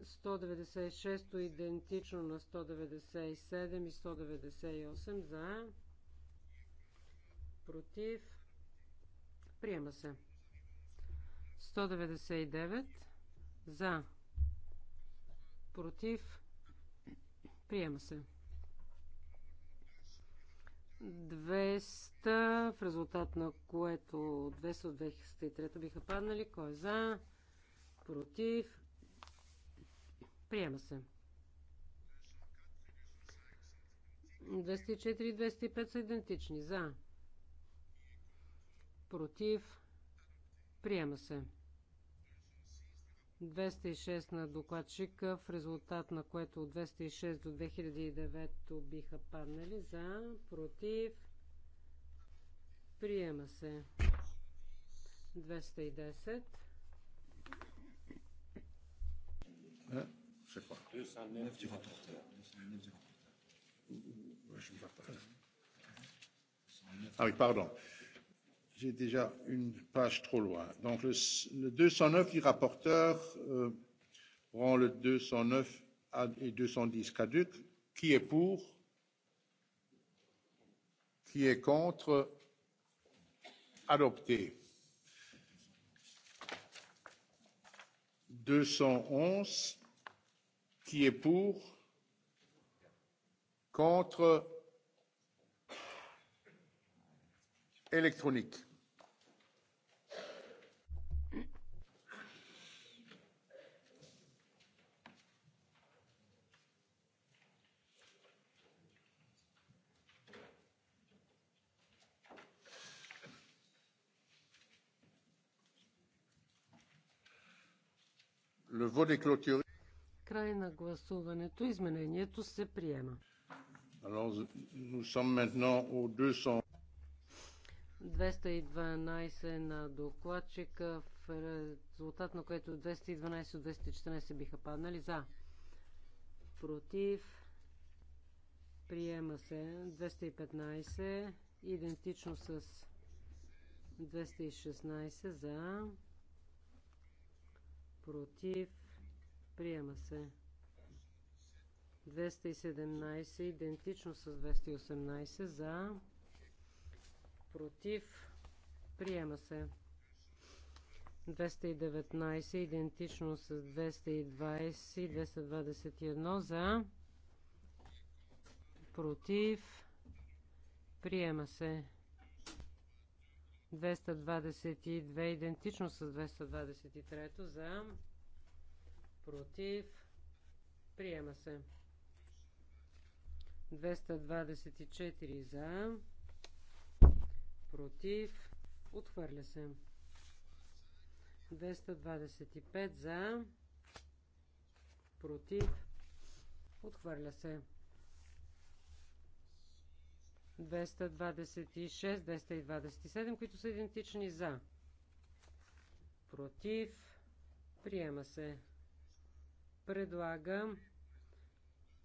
[SPEAKER 6] Сто идентично на 197 и 198 за. Против? Приема се. 199 за против, приема се. 200, в резултат на което 200 от 203 биха паднали. Кой е за? Против? Приема се. 204 и 205 са идентични. За? Против? Приема се. 206 на докладчика, в резултат на което от 206 до 2009 биха паднали за, против, приема се 210.
[SPEAKER 7] Ah oui, pardon j'ai déjà une page trop loin. Donc le, le 209 du rapporteur euh, rend le 209 et 210 caduc. Qui est pour Qui est contre Adopté. 211. Qui est pour Contre Électronique.
[SPEAKER 6] Край на гласуването. Изменението се приема. 212 на докладчика, в резултат на което 212 от 214 биха паднали за. Против. Приема се 215, идентично с 216 за. Против. Приема се. 217, идентично с 218, за, против, приема се. 219, идентично с 220, 221, за, против, приема се. 222, идентично с 223, за, против, приема се. 224 за, против, отхвърля се. 225 за, против, отхвърля се. 226, 227, които са идентични за. Против. Приема се предлага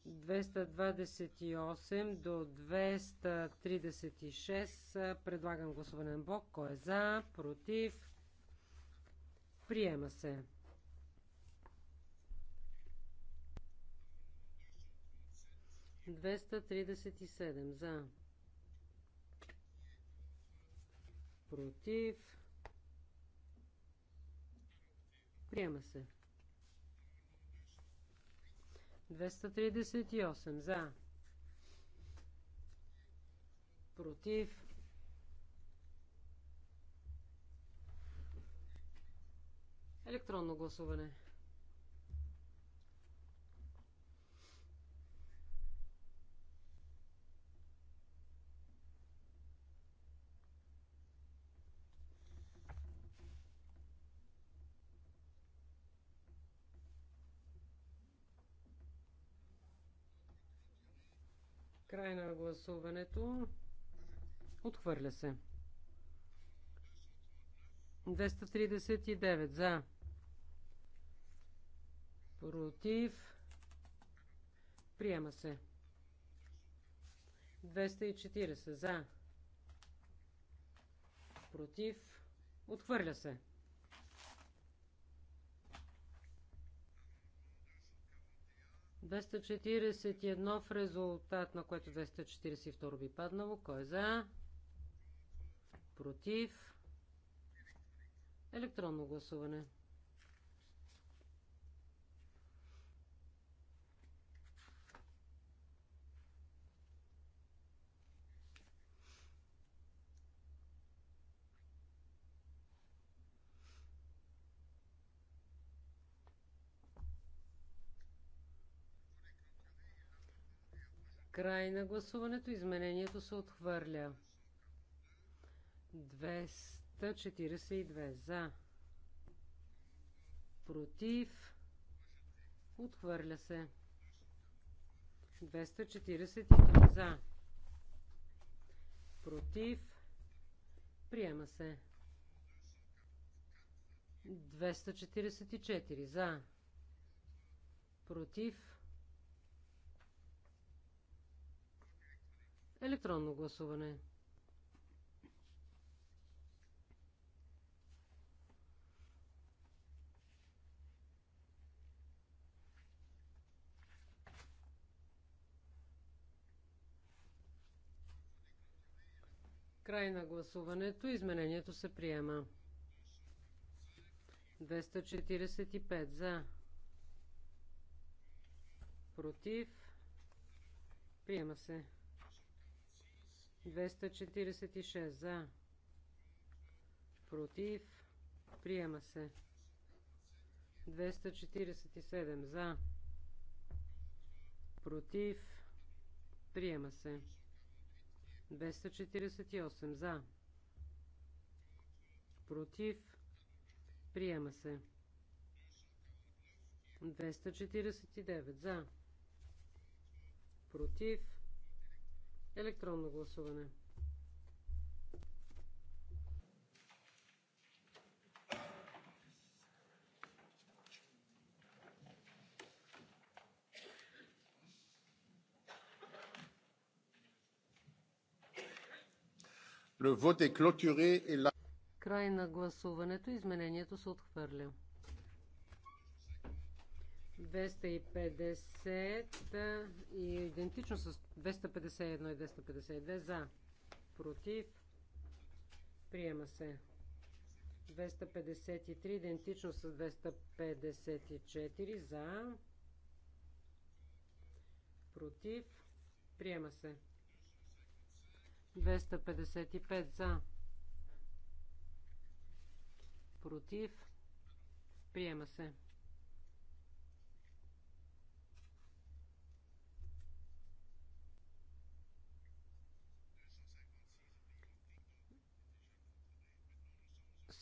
[SPEAKER 6] 228 до 236. Предлагам гласуване на Бог. Кой е за? Против? Приема се. Двеста тридесет и седем за. Против. Приема се. 238 за. Против. Електронно гласуване. Край на гласуването. Отхвърля се. 239 за. Против. Приема се. 240 за. Против. Отхвърля се. 241 в резултат на което 242 би паднало. Кой е за? Против? Електронно гласуване. Край на гласуването. Изменението се отхвърля. 242 за. Против. Отхвърля се. 243 за. Против. Приема се. 244 за. Против. Електронно гласуване. Край на гласуването. Изменението се приема. 245 за. Против. Приема се. 246 за. Против. Приема се. 247 за. Против. Приема се. 248 за. Против. Приема се. 249 за. Против. Електронно гласуване.
[SPEAKER 7] Le vote est clôturé et la...
[SPEAKER 6] Край на гласуването. Изменението се отхвърля. 250 и идентично с 251 и 252 за. Против. Приема се. 253 идентично с 254 за. Против. Приема се. 255 за. Против. Приема се.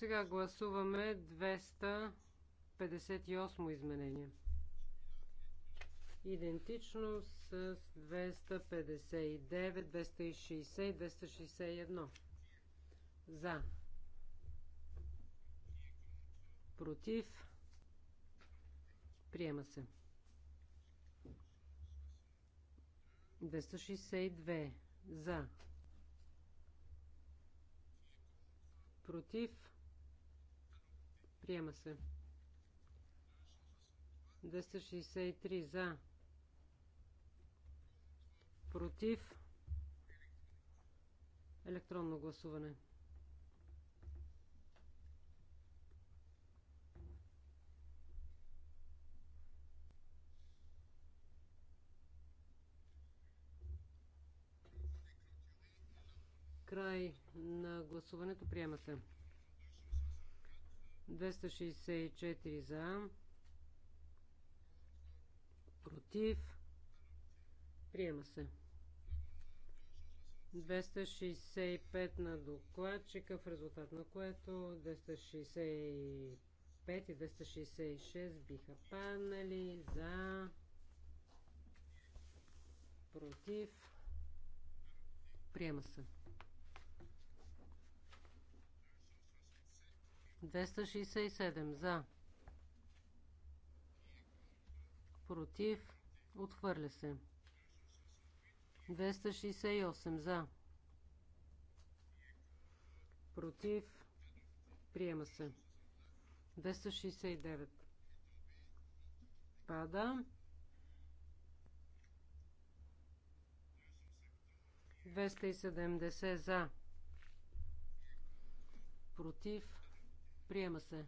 [SPEAKER 6] Сега гласуваме 258 изменение. Идентично с 259, 260 и 261. За. Против. Приема се. 262. За. Против. Приема се. 263 за. Против. Електронно гласуване. Край на гласуването. Приема се. 264 за. Против. Приема се. 265 на докладчика, в резултат на което 265 и 266 биха паднали за против. Приема се. 267 за. Против. Отхвърля се. 268 за. Против. Приема се. 269. Пада. 270 за. Против. Приема се.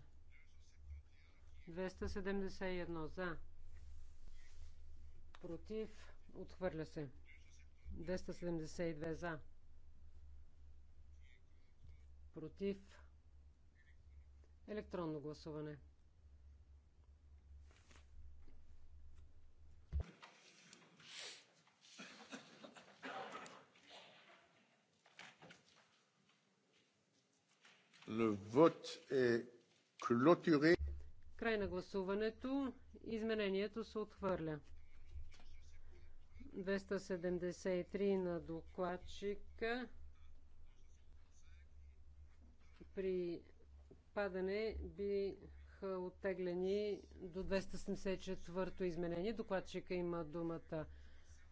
[SPEAKER 6] 271 за. Против. Отхвърля се. 272 за. Против. Електронно гласуване. Край на гласуването. Изменението се отхвърля. 273 на докладчика при падане биха оттеглени до 274-то изменение. Докладчика има думата.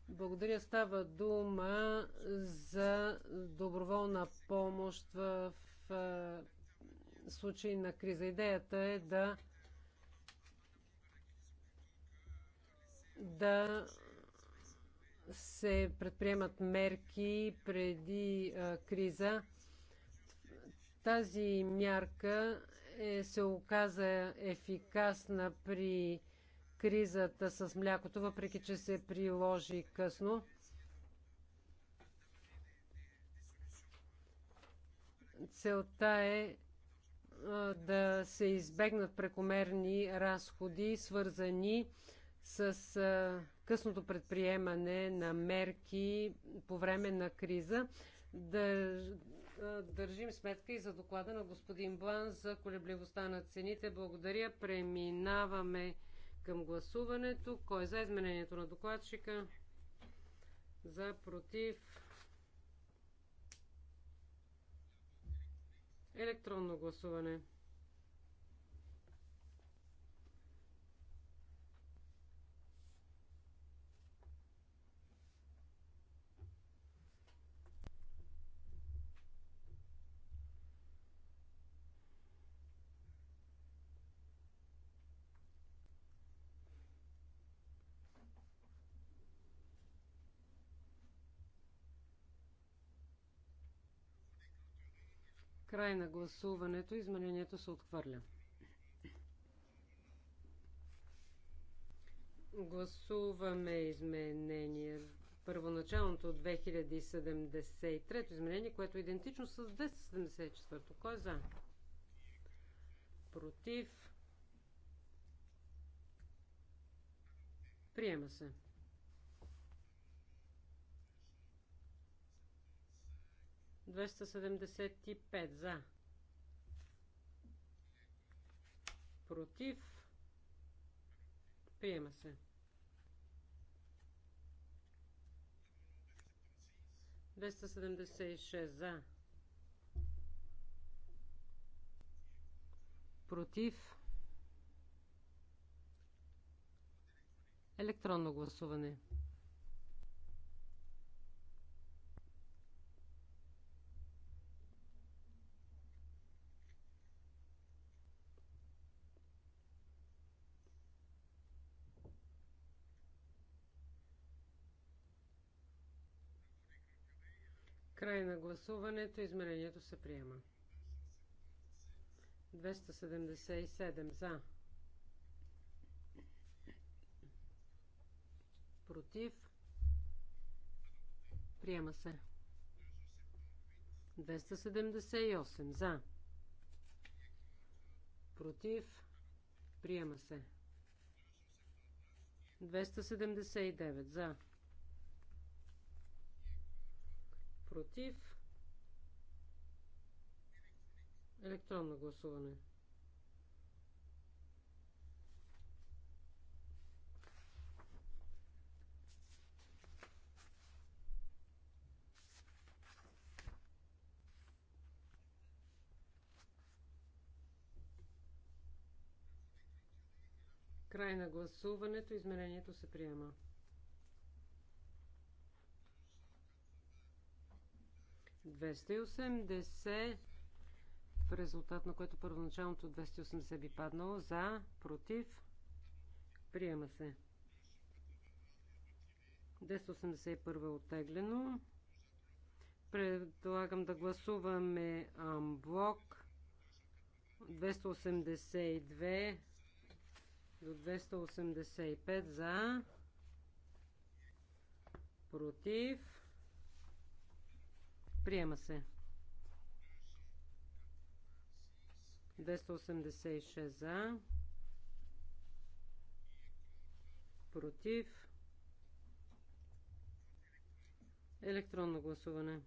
[SPEAKER 6] Благодаря. Става дума за доброволна помощ в случай на криза. Идеята е да да се предприемат мерки преди а, криза. Тази мярка е, се оказа ефикасна при кризата с млякото, въпреки че се приложи късно. Целта е да се избегнат прекомерни разходи, свързани с късното предприемане на мерки по време на криза. Държим сметка и за доклада на господин Блан за колебливостта на цените. Благодаря. Преминаваме към гласуването. Кой е за изменението на докладчика? За, против, Електронно гласуване. Край на гласуването. Изменението се отхвърля. Гласуваме изменение. Първоначалното 2073 изменение, което е идентично с 1074. Кой е за? Против? Приема се. 275 за. Против. Приема се. 276 за. Против. Електронно гласуване. Край на гласуването. Измерението се приема. 277 за. Против. Приема се. 278 за. Против. Приема се. 279 за. против, електронно гласуване. Край на гласуването. Изменението се приема. 280, в резултат на което първоначалното 280 би паднало. За, против, приема се. 281 е оттеглено. Предлагам да гласуваме блок 282 до 285 за, против, Приема се. 286 за. Против. Електронно гласуване.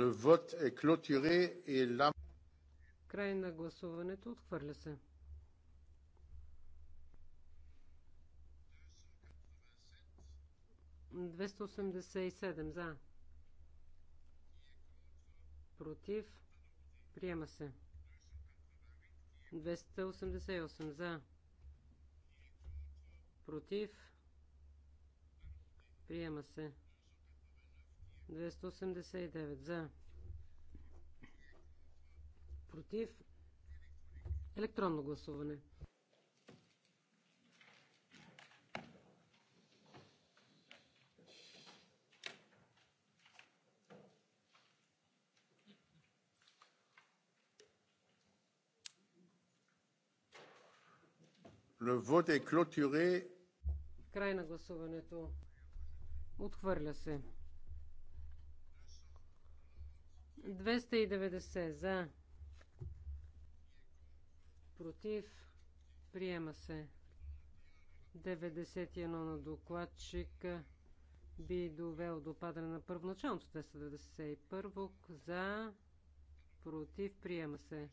[SPEAKER 7] Le vote est clôturé et la...
[SPEAKER 6] Край на гласуването. Отхвърля се. 287 за. Против. Приема се. 288 за. Против. Приема се. 289 за. Против. Електронно гласуване.
[SPEAKER 7] Le vote est clôturé.
[SPEAKER 6] Край на гласуването. Отхвърля се. 290 за. Против. Приема се. 91 на докладчик. би довел до падане на първоначалното 291 за против приема се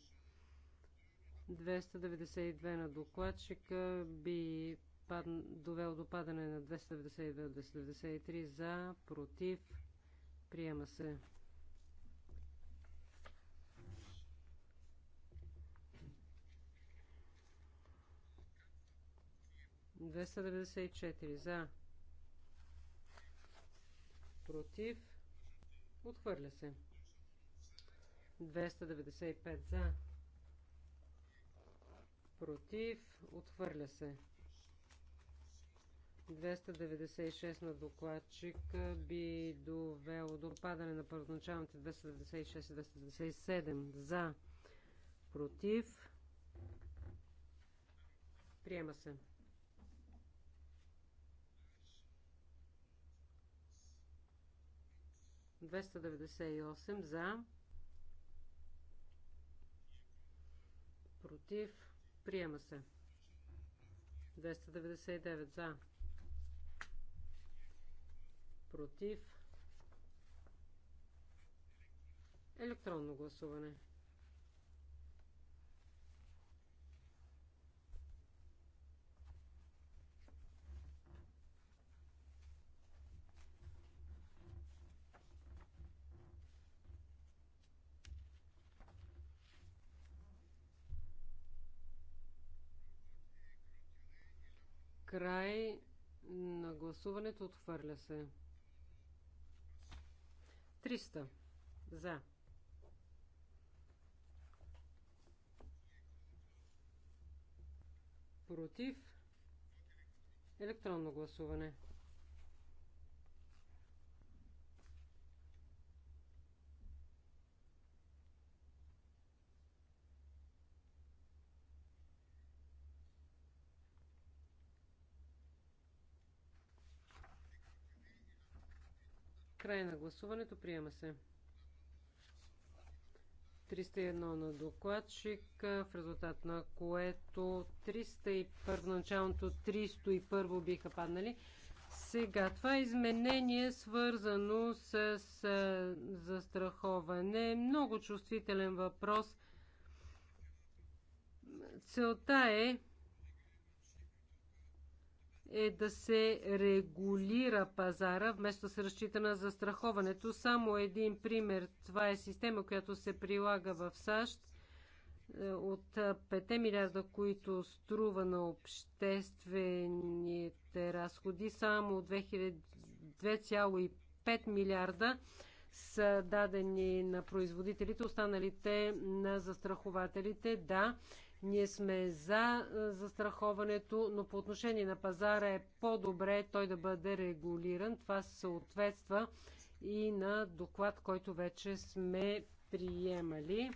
[SPEAKER 6] 292 на докладчик, би пад... довел до падане на 292-293 за против приема се 294 за. Против. Отхвърля се. 295 за. Против. Отхвърля се. 296 на докладчик би довело до падане на първоначалните 296 и 297 за. Против. Приема се. 298 за. Против. Приема се. 299 за. Против. Електронно гласуване. Край на гласуването отхвърля се. 300. За. Против. Електронно гласуване. Край на гласуването. Приема се. 301 на докладчик, в резултат на което 301, началното 301 биха паднали. Сега, това е изменение свързано с застраховане. Много чувствителен въпрос. Целта е е да се регулира пазара, вместо да се разчита на застраховането. Само един пример. Това е система, която се прилага в САЩ. Е, от 5 милиарда, които струва на обществените разходи, само 2,5 милиарда са дадени на производителите, останалите на застрахователите. Да, ние сме за е, застраховането, но по отношение на пазара е по-добре той да бъде регулиран. Това съответства и на доклад, който вече сме приемали.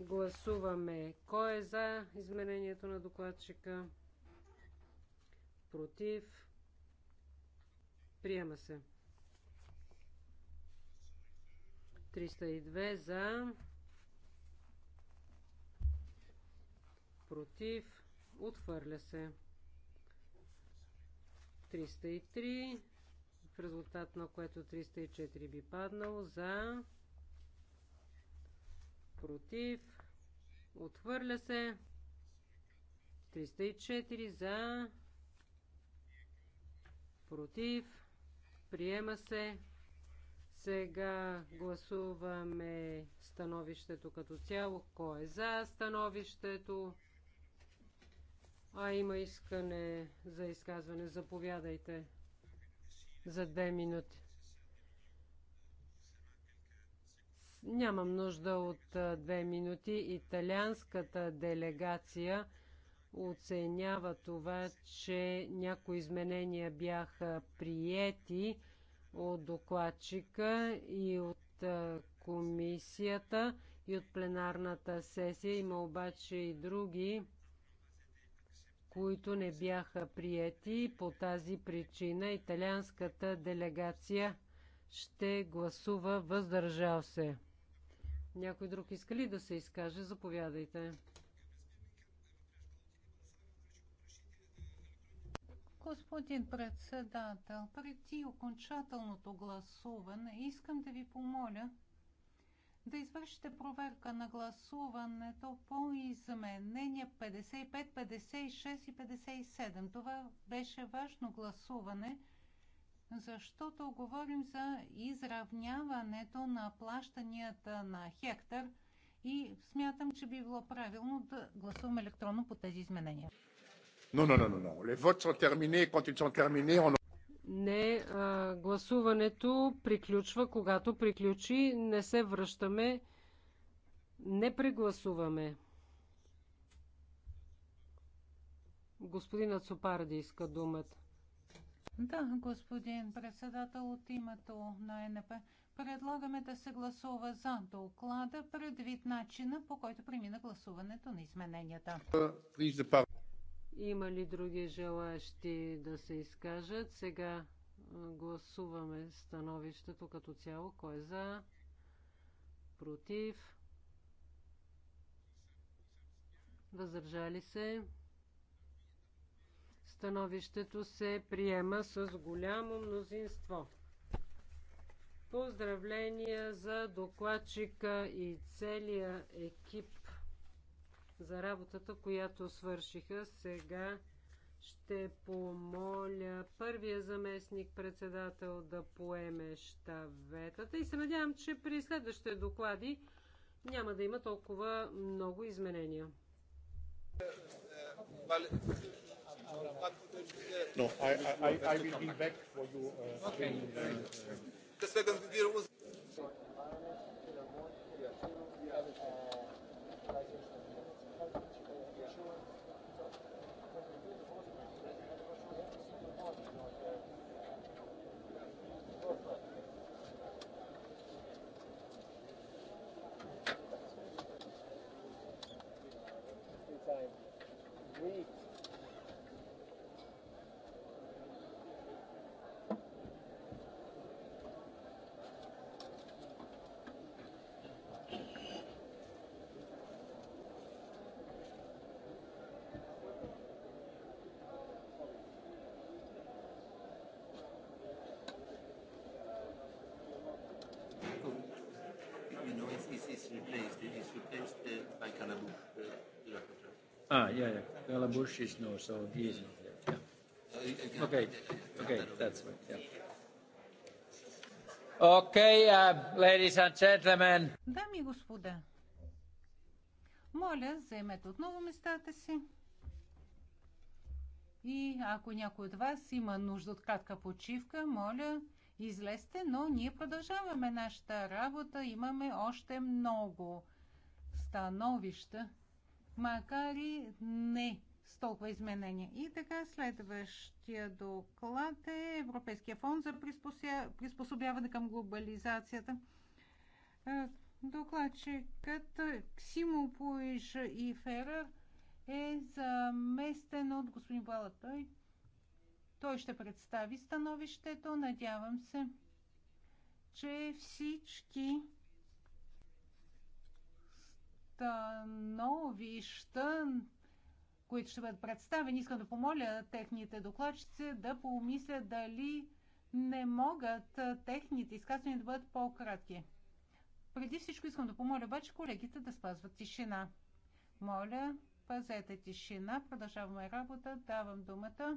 [SPEAKER 6] Гласуваме кой е за изменението на докладчика. Против. Приема се. 302 за. против, отхвърля се. 303, в резултат на което 304 би паднал за, против, отхвърля се. 304 за, против, приема се. Сега гласуваме становището като цяло. Кой е за становището? А има искане за изказване. Заповядайте за две минути. Нямам нужда от две минути. Италианската делегация оценява това, че някои изменения бяха приети от докладчика и от комисията и от пленарната сесия. Има обаче и други които не бяха прияти, По тази причина италианската делегация ще гласува въздържал се. Някой друг иска ли да се изкаже? Заповядайте.
[SPEAKER 4] Господин председател, преди окончателното гласуване искам да ви помоля да извършите проверка на гласуването по изменение 55, 56 и 57. Това беше важно гласуване, защото говорим за изравняването на плащанията на хектар и смятам, че би било правилно да гласуваме електронно по тези изменения.
[SPEAKER 7] Les votes sont terminés. Quand ils sont terminés, on...
[SPEAKER 6] Не, а, гласуването приключва, когато приключи, не се връщаме, не прегласуваме. Господин Цопарди, иска думата.
[SPEAKER 4] Да, господин председател, от името на НП предлагаме да се гласува за доклада предвид начина, по който премина гласуването на измененията.
[SPEAKER 6] Има ли други желаящи да се изкажат? Сега гласуваме становището като цяло. Кой е за? Против? Въздържали се? Становището се приема с голямо мнозинство. Поздравления за докладчика и целия екип за работата, която свършиха. Сега ще помоля първия заместник председател да поеме щаветата и се надявам, че при следващите доклади няма да има толкова много изменения. No, I, I, I will be back for you. Uh, okay. Uh, uh,
[SPEAKER 1] Ah, yeah, yeah. Bella is no, so he is not there. Yeah. Okay, okay, that's right. Yeah. Okay, uh, ladies and gentlemen.
[SPEAKER 4] Дами и господа, моля, заемете отново местата си. И ако някой от вас има нужда от кратка почивка, моля, излезте, но ние продължаваме нашата работа. Имаме още много становища макар и не с толкова изменения. И така следващия доклад е Европейския фонд за приспособяване към глобализацията. Е, докладчикът Ксимо Пуиш и Ферър е заместен от господин Бала той, Той ще представи становището. Надявам се, че всички становища, които ще бъдат представени. Искам да помоля техните докладчици да помислят дали не могат техните изказвания да бъдат по-кратки. Преди всичко искам да помоля обаче колегите да спазват тишина. Моля, пазете тишина. Продължаваме работа. Давам думата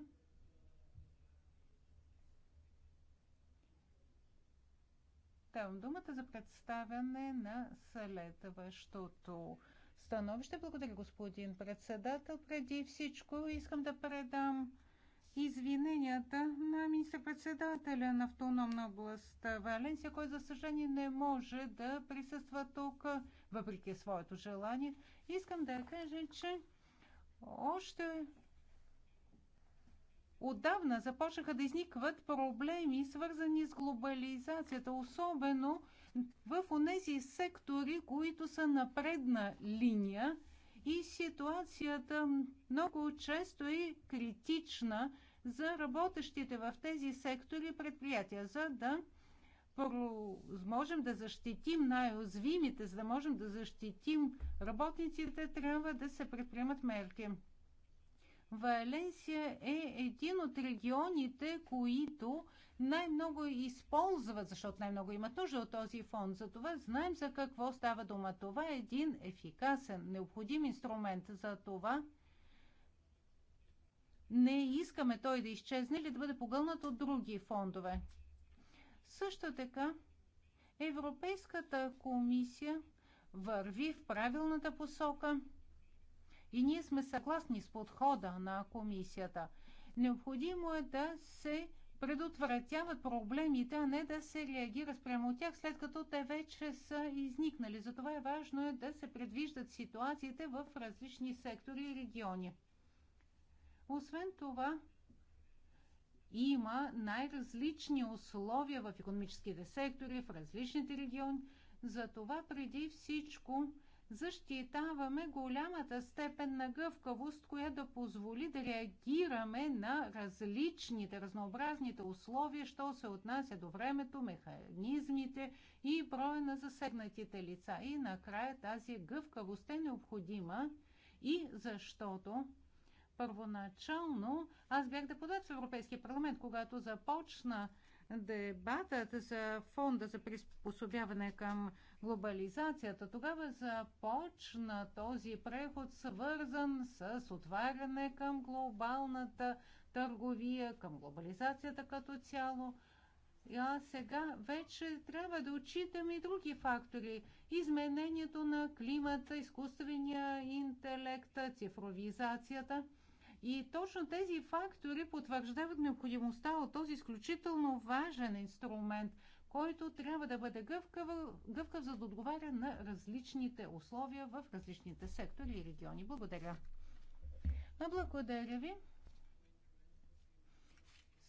[SPEAKER 4] Давам думата за представяне на следващото становище. Благодаря, господин председател. Преди всичко искам да предам извиненията на министър-председателя на автономна област Валенсия, който за съжаление не може да присъства тук, въпреки своето желание. Искам да кажа, че още отдавна започнаха да изникват проблеми, свързани с глобализацията, особено в тези сектори, които са на предна линия и ситуацията много често е критична за работещите в тези сектори предприятия, за да можем да защитим най озвимите за да можем да защитим работниците, трябва да се предприемат мерки. Валенсия е един от регионите, които най-много използват, защото най-много имат нужда от този фонд. За това знаем за какво става дума. Това е един ефикасен, необходим инструмент. За това не искаме той да изчезне или да бъде погълнат от други фондове. Също така, Европейската комисия върви в правилната посока – и ние сме съгласни с подхода на комисията. Необходимо е да се предотвратяват проблемите, а не да се реагира спрямо от тях, след като те вече са изникнали. Затова е важно е да се предвиждат ситуациите в различни сектори и региони. Освен това, има най-различни условия в економическите сектори, в различните региони. Затова преди всичко защитаваме голямата степен на гъвкавост, която да позволи да реагираме на различните, разнообразните условия, що се отнася до времето, механизмите и броя на засегнатите лица. И накрая тази гъвкавост е необходима и защото първоначално аз бях депутат в Европейския парламент, когато започна дебатът за фонда за приспособяване към глобализацията, тогава започна този преход, свързан с отваряне към глобалната търговия, към глобализацията като цяло. А сега вече трябва да отчитаме и други фактори. Изменението на климата, изкуствения интелект, цифровизацията – и точно тези фактори потвърждават необходимостта от този изключително важен инструмент, който трябва да бъде гъвкав, гъвкав за да отговаря на различните условия в различните сектори и региони. Благодаря. А благодаря ви.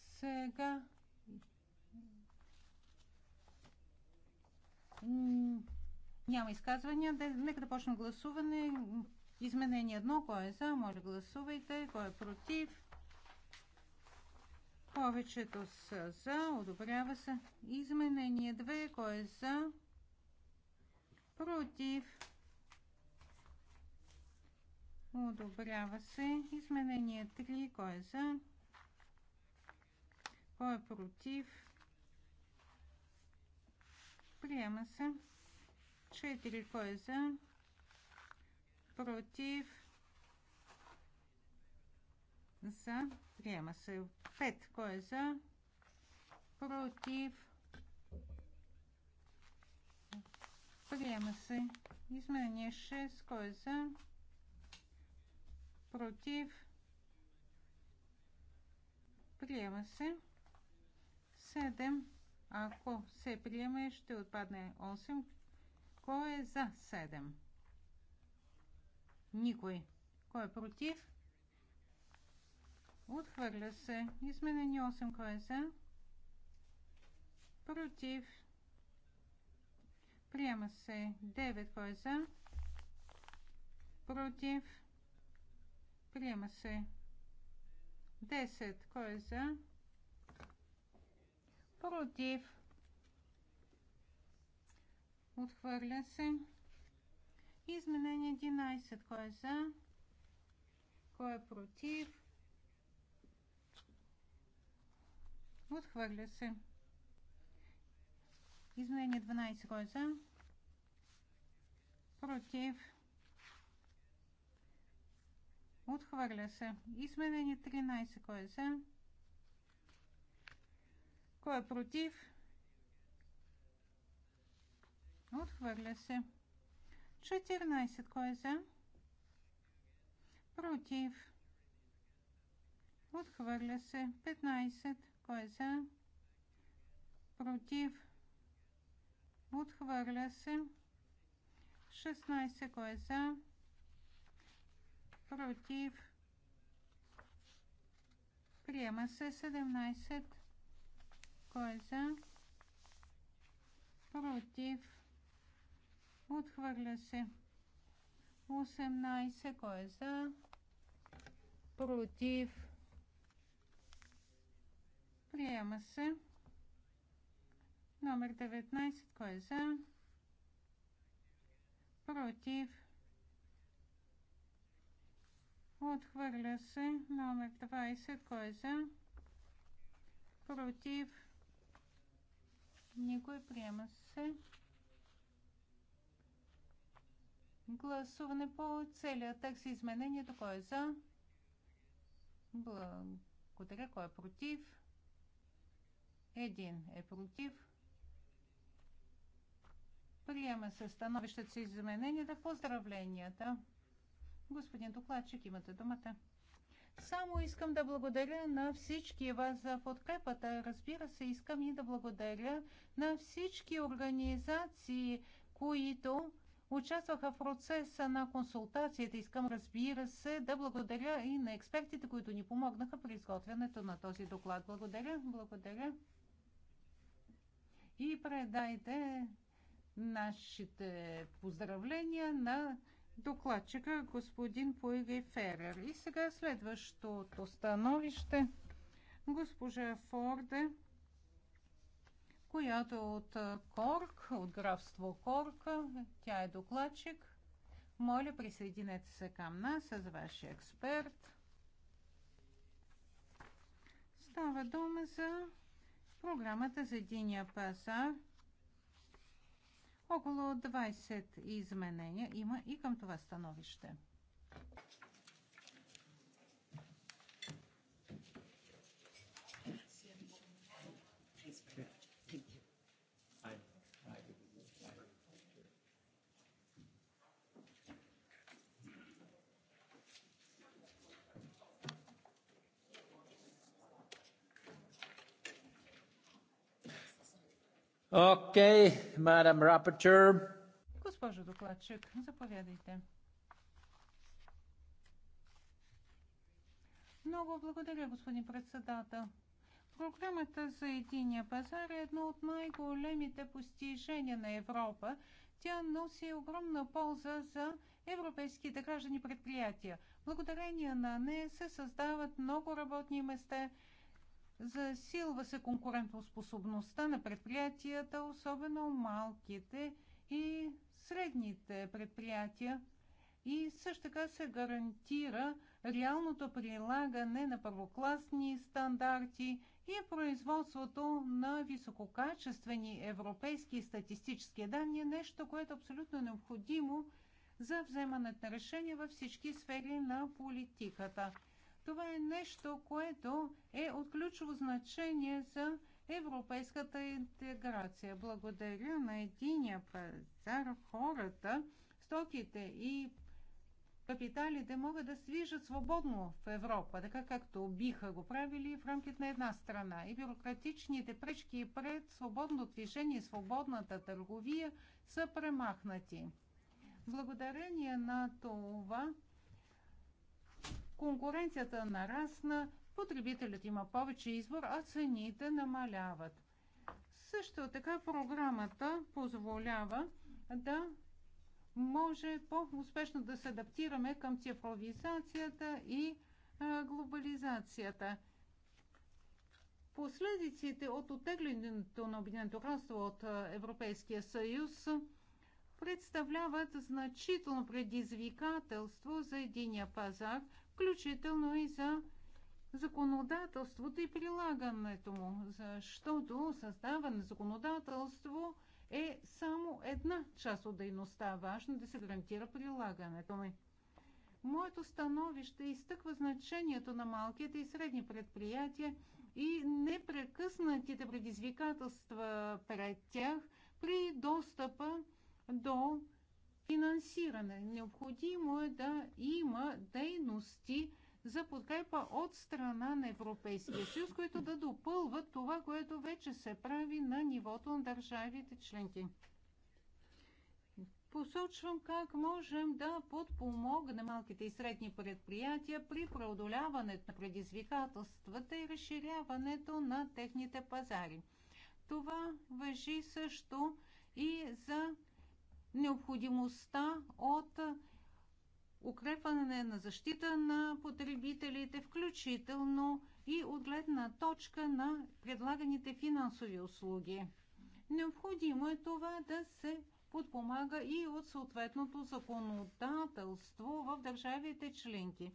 [SPEAKER 4] Сега няма изказвания. Нека да почнем гласуване. Изменение 1. Кой е за? Моля гласувайте. Кой е против? Повечето са за. Одобрява се. Изменение 2. Кой е за? Против. Одобрява се. Изменение 3. Кой е за? Кой е против? Приема се. 4. Кой е за? против, за, приема се. 5, кой е за, против, приема се. Изменение 6, кой е за, против, приема се. 7, ако се приеме, ще отпадне 8. Кой е за 7? Никой. Кой е против? Отхвърля се. Изменени 8. Кой е за? Против. Приема се 9. Кой е за? Против. Приема се 10. Кой е за? Против. Отхвърля се. Изменение 11. Кой е за? Кой е против? Отхвърля се. Изменение 12. Кой е за? Против. Отхвърля се. Изменение 13. Кой е за? Кой е против? Отхвърля се. 14. Кой е за? Против. Отхвърля се. 15. Кой е за? Против. Отхвърля се. 16. Кой е за? Против. Приема се 17. Кой е за? Против. Отхвърля се. 18. Кой е за? Против. Приема се. Номер 19. Кой е за? Против. Отхвърля се. Номер 20. Кой е за? Против. Никой приема се. Гласуване по целия текст изменението. Кой е за? Благодаря. Кой е против? Един е против. Приема се становището с измененията. Поздравленията. Господин докладчик, имате думата. Само искам да благодаря на всички вас за подкрепата. Разбира се, искам и да благодаря на всички организации, които участваха в процеса на консултацията. Искам, разбира се, да благодаря и на експертите, които ни помогнаха при изготвянето на този доклад. Благодаря, благодаря. И предайте нашите поздравления на докладчика господин Поигай Ферер. И сега следващото становище. Госпожа Форде която е от Корк, от графство Корк. Тя е докладчик. Моля, присъединете се към нас с вашия експерт. Става дума за програмата за единия пазар. Около 20 изменения има и към това становище.
[SPEAKER 5] Окей, мадам рапортер.
[SPEAKER 4] Госпожо докладчик, заповядайте. Много благодаря, господин председател. Програмата за единия пазар е едно от най-големите постижения на Европа. Тя носи огромна полза за европейските граждани предприятия. Благодарение на нея се създават много работни места – Засилва се конкурентоспособността на предприятията, особено малките и средните предприятия. И също така се гарантира реалното прилагане на първокласни стандарти и производството на висококачествени европейски статистически данни е нещо, което е абсолютно необходимо за вземането на решения във всички сфери на политиката. Това е нещо, което е от ключово значение за европейската интеграция. Благодаря на единия пазар хората, стоките и капиталите могат да свижат свободно в Европа, така както биха го правили в рамките на една страна. И бюрократичните пречки пред свободно движение и свободната търговия са премахнати. Благодарение на това конкуренцията нарасна, потребителят има повече избор, а цените намаляват. Също така програмата позволява да може по-успешно да се адаптираме към цифровизацията и глобализацията. Последиците от отеглянето на Обединеното кралство от Европейския съюз представляват значително предизвикателство за единия пазар – включително и за законодателството и прилагането му, защото състава на законодателство е само една част от дейността. Важно е да се гарантира прилагането му. Моето становище изтъква значението на малките и средни предприятия и непрекъснатите предизвикателства пред тях при достъпа до финансиране. Необходимо е да има дейности за подкрепа от страна на Европейския съюз, които да допълват това, което вече се прави на нивото на държавите членки. Посочвам как можем да подпомогнем малките и средни предприятия при преодоляването на предизвикателствата и разширяването на техните пазари. Това въжи също и за необходимостта от укрепване на защита на потребителите, включително и от гледна точка на предлаганите финансови услуги. Необходимо е това да се подпомага и от съответното законодателство в държавите членки.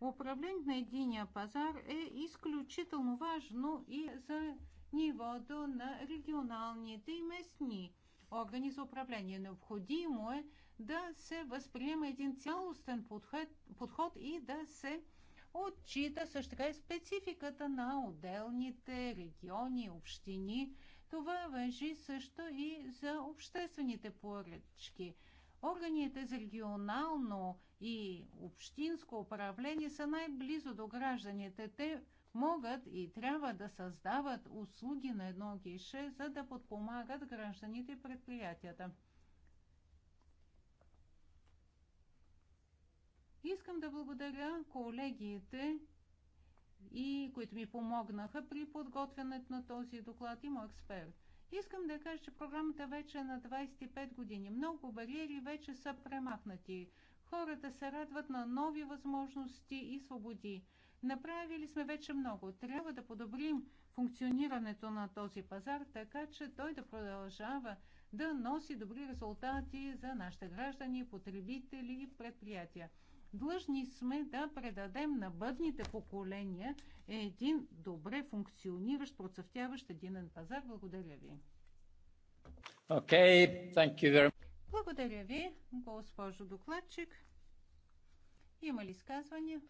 [SPEAKER 4] Управлението на единия пазар е изключително важно и за нивото на регионалните и местни органи за управление. Необходимо е да се възприема един цялостен подход, подход и да се отчита също така и спецификата на отделните региони, общини. Това въжи също и за обществените поръчки. Органите за регионално и общинско управление са най-близо до гражданите. Те могат и трябва да създават услуги на едно гише, за да подпомагат гражданите и предприятията. Искам да благодаря колегите, и които ми помогнаха при подготвянето на този доклад и мой експерт. Искам да кажа, че програмата вече е на 25 години. Много бариери вече са премахнати. Хората се радват на нови възможности и свободи. Направили сме вече много. Трябва да подобрим функционирането на този пазар, така че той да продължава да носи добри резултати за нашите граждани, потребители и предприятия. Длъжни сме да предадем на бъдните поколения един добре функциониращ, процъфтяващ единен пазар. Благодаря ви.
[SPEAKER 5] Okay, thank you very...
[SPEAKER 4] Благодаря ви, госпожо докладчик. Има ли изказвания?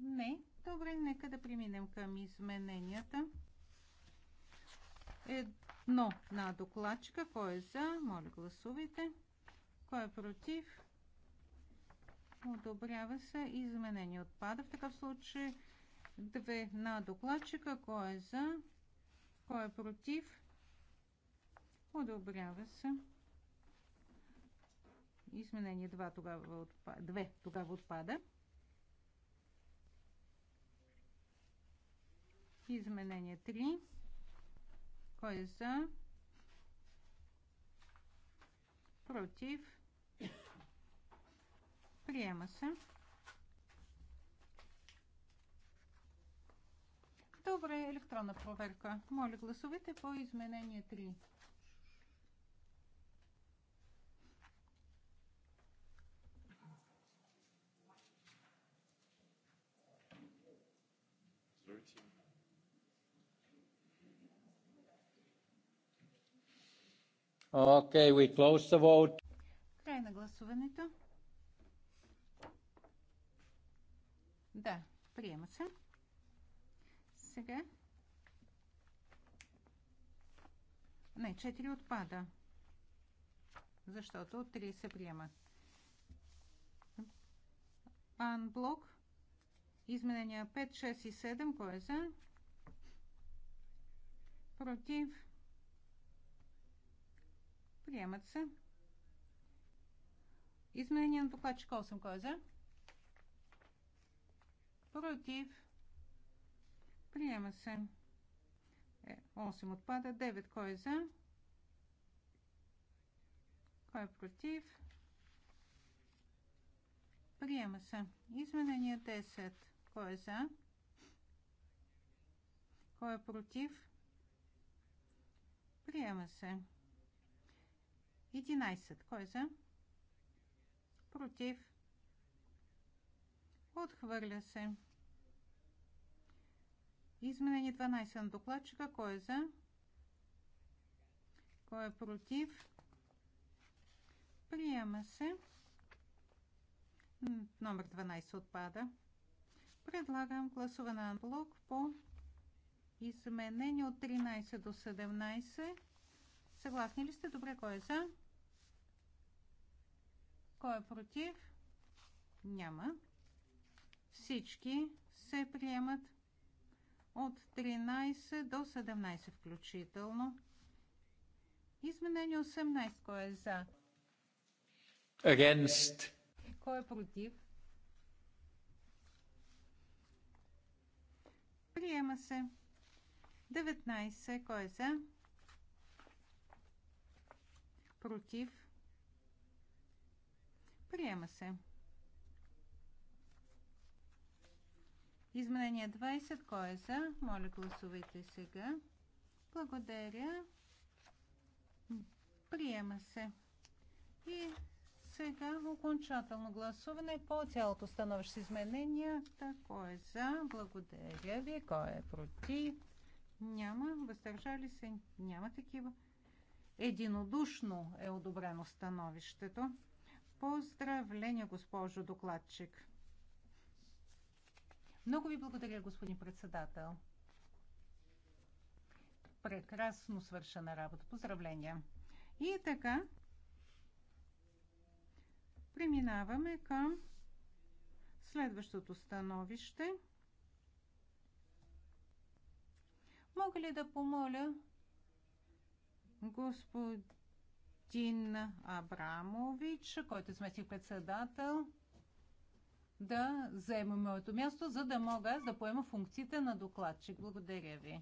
[SPEAKER 4] Не. Добре, нека да преминем към измененията. Едно на докладчика. Кой е за? Моля, гласувайте. Кой е против? Одобрява се. Изменение отпада. В такъв случай две на докладчика. Кой е за? Кой е против? Одобрява се. Изменение 2 тогава, отпада. 2 тогава отпада. Изменение 3. Кой е за? Против. Приема се. Добре, електронна проверка. Моля, гласувайте по изменение 3.
[SPEAKER 7] Okay, we close the vote.
[SPEAKER 4] Край на гласуването. Да, приема се. Сега. Не, 4 отпада. Защото 3 се приема. Анблок. Изменения 5, 6 и 7. Кой е за? Против. Приемат се. Изменение на докладчика 8. Кой е за? Против. Приема се. 8 е, отпада. 9. Кой е за? Кой е против? Приема се. Изменение 10. Кой е за? Кой е против? Приема се. 11. Кой е за? Против. Отхвърля се. Изменение 12 на докладчика. Кой е за? Кой е против? Приема се. Номер 12 отпада. Предлагам гласуване на блок по изменение от 13 до 17. Съгласни ли сте? Добре, кой е за? Кой е против? Няма. Всички се приемат от 13 до 17 включително. Изменение 18. Кой е за? Against. Кой е против? Приема се. 19. Кой е за? Против. Приема се. Изменение 20. Кой е за? Моля, гласувайте сега. Благодаря. Приема се. И сега окончателно гласуване по цялото становище изменение. изменения. Кой е за? Благодаря ви. Кой е против? Няма. Въздържали се? Няма такива. Единодушно е одобрено становището. Поздравления, госпожо докладчик. Много ви благодаря, господин председател. Прекрасно свършена работа. Поздравления. И така, преминаваме към следващото становище. Мога ли да помоля господин Мартин Абрамович, който е заместник председател, да заема моето място, за да мога аз да поема функциите на докладчик. Благодаря ви.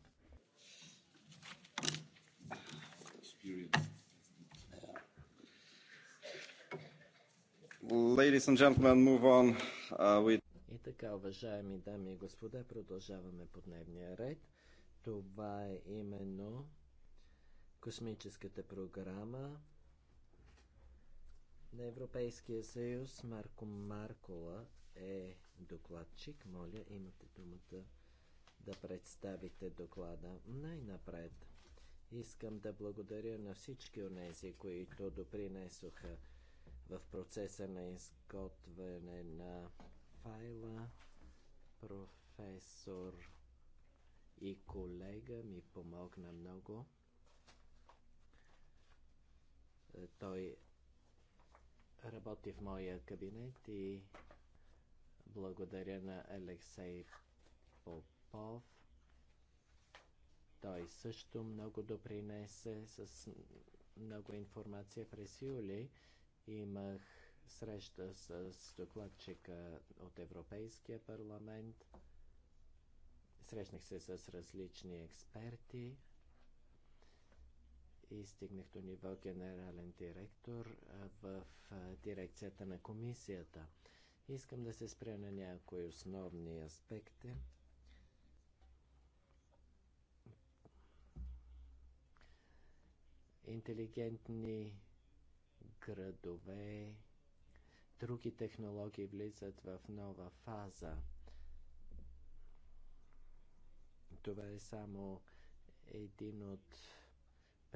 [SPEAKER 5] Ladies and gentlemen, move on uh, И така, уважаеми дами и господа, продължаваме по дневния ред. Това е именно космическата програма на Европейския съюз. Марко Маркола е докладчик. Моля, имате думата да представите доклада най-напред. Искам да благодаря на всички тези, които допринесоха в процеса на изготвяне на файла. Професор и колега ми помогна много. Той работи в моя кабинет и благодаря на Алексей Попов. Той също много допринесе с много информация през юли. Имах среща с докладчика от Европейския парламент. Срещнах се с различни експерти и стигнах до ниво генерален директор в дирекцията на комисията. Искам да се спря на някои основни аспекти. Интелигентни градове, други технологии влизат в нова фаза. Това е само един от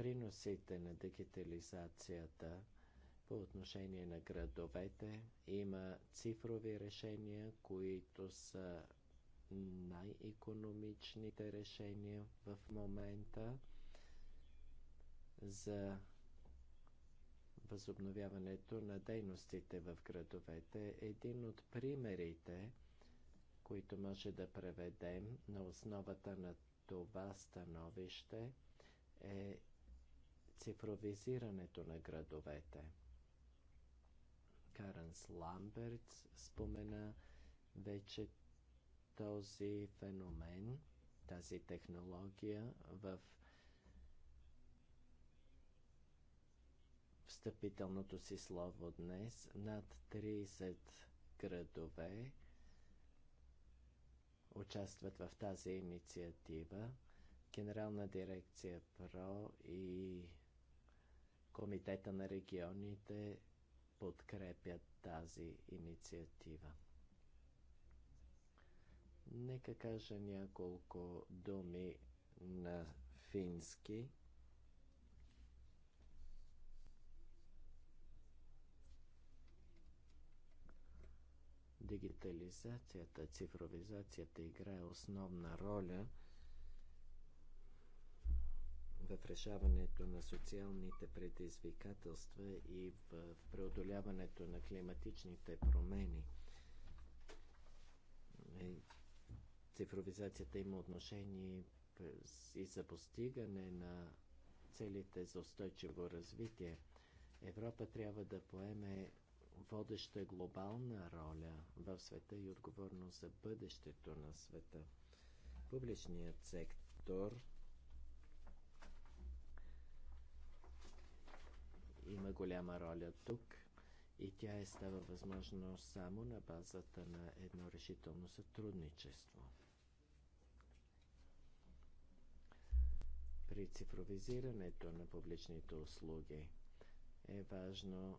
[SPEAKER 5] приносите на дигитализацията по отношение на градовете. Има цифрови решения, които са най-економичните решения в момента за възобновяването на дейностите в градовете. Един от примерите, които може да преведем на основата на това становище, е цифровизирането на градовете. Каренс Ламберт спомена вече този феномен, тази технология в встъпителното си слово днес. Над 30 градове участват в тази инициатива. Генерална дирекция ПРО и Комитета на регионите подкрепят тази инициатива. Нека кажа няколко думи на фински. Дигитализацията, цифровизацията играе основна роля – в решаването на социалните предизвикателства и в преодоляването на климатичните промени. Е, цифровизацията има отношение и за постигане на целите за устойчиво развитие. Европа трябва да поеме водеща глобална роля в света и отговорност за бъдещето на света. Публичният сектор има голяма роля тук и тя е става възможно само на базата на едно решително сътрудничество. При цифровизирането на публичните услуги е важно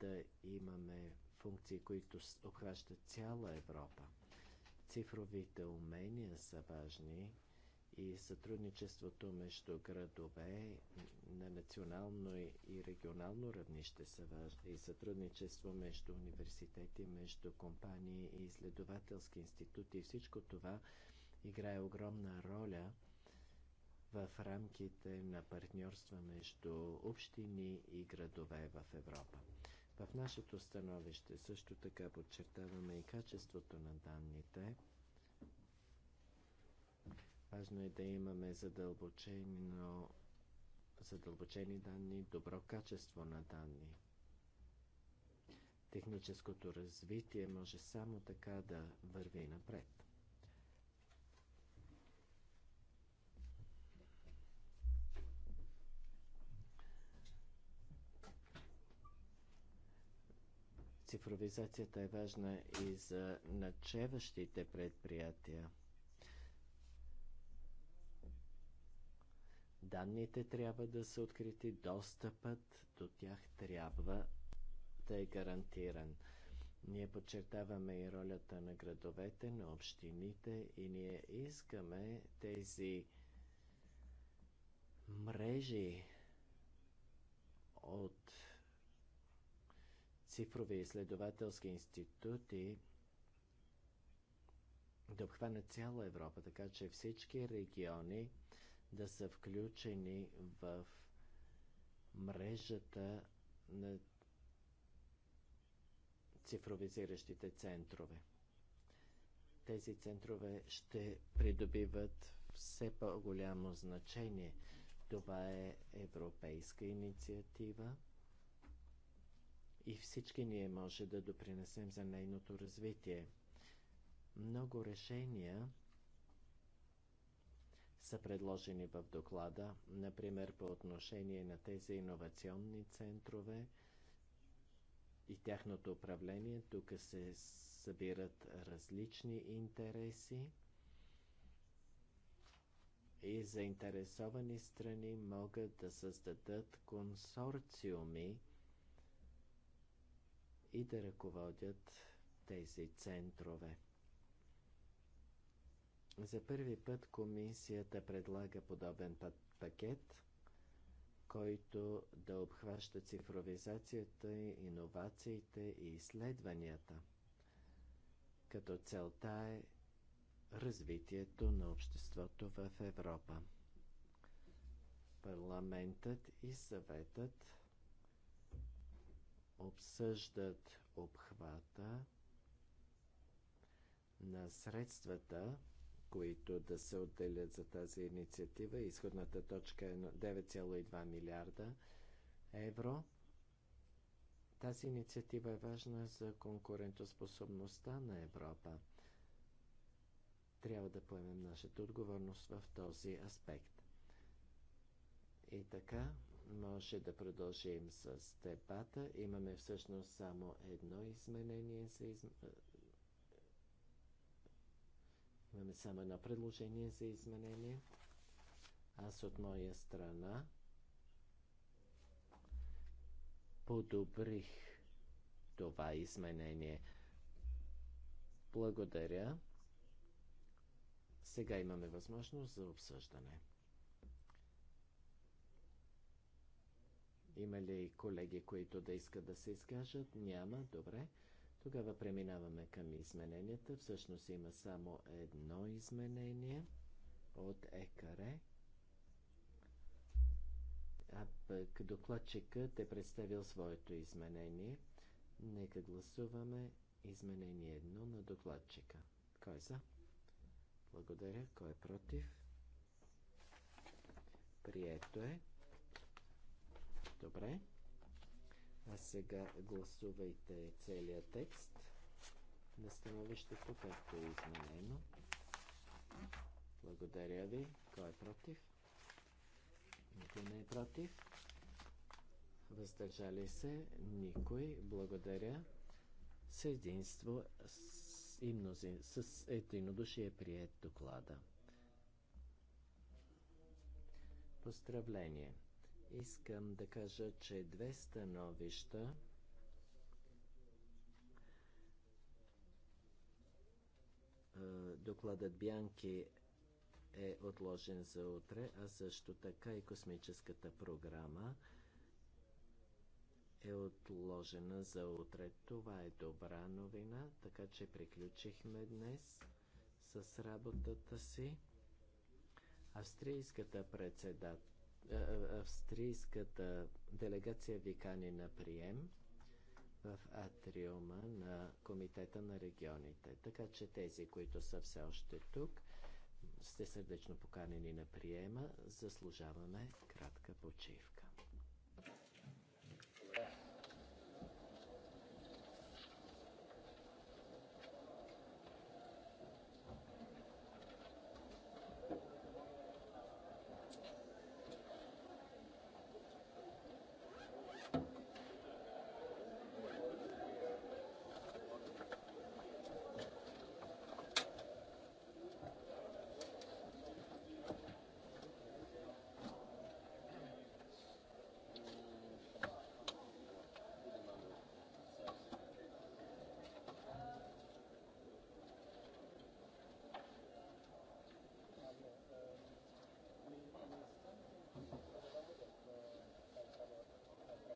[SPEAKER 5] да имаме функции, които обхващат цяла Европа. Цифровите умения са важни и сътрудничеството между градове на национално и регионално равнище са важни и сътрудничество между университети, между компании и изследователски институти. Всичко това играе огромна роля в рамките на партньорства между общини и градове в Европа. В нашето становище също така подчертаваме и качеството на данните – Важно е да имаме задълбочени данни, добро качество на данни. Техническото развитие може само така да върви напред. Цифровизацията е важна и за начеващите предприятия. Данните трябва да са открити, достъпът до тях трябва да е гарантиран. Ние подчертаваме и ролята на градовете, на общините и ние искаме тези мрежи от цифрови изследователски институти да обхванат цяла Европа, така че всички региони да са включени в мрежата на цифровизиращите центрове. Тези центрове ще придобиват все по-голямо значение. Това е европейска инициатива и всички ние може да допринесем за нейното развитие. Много решения са предложени в доклада, например по отношение на тези иновационни центрове и тяхното управление. Тук се събират различни интереси и заинтересовани страни могат да създадат консорциуми и да ръководят тези центрове. За първи път комисията предлага подобен пакет, който да обхваща цифровизацията, иновациите и изследванията, като целта е развитието на обществото в Европа. Парламентът и съветът обсъждат обхвата на средствата, които да се отделят за тази инициатива. Изходната точка е 9,2 милиарда евро. Тази инициатива е важна за конкурентоспособността на Европа. Трябва да поемем нашата отговорност в този аспект. И така, може да продължим с дебата. Имаме всъщност само едно изменение за, изм... Имаме само едно предложение за изменение. Аз от моя страна подобрих това изменение. Благодаря. Сега имаме възможност за обсъждане. Има ли колеги, които да искат да се изкажат? Няма. Добре. Тогава преминаваме към измененията. Всъщност има само едно изменение от ЕКАРЕ. А пък докладчикът е представил своето изменение. Нека гласуваме изменение едно на докладчика. Кой е за? Благодаря. Кой е против? Прието е. Добре. А сега гласувайте целият текст на становището, както е изменено. Благодаря ви. Кой е против? Никой не е против. Въздържали се? Никой. Благодаря. С единство и с единодушие е прият доклада. Поздравление! Искам да кажа, че две становища е, докладът Бянки е отложен за утре, а също така и космическата програма е отложена за утре. Това е добра новина, така че приключихме днес с работата си. Австрийската председател е, е, австрийската делегация викани на прием в атриума на Комитета на регионите. Така че тези, които са все още тук, сте сърдечно поканени на приема. Заслужаваме кратка почивка.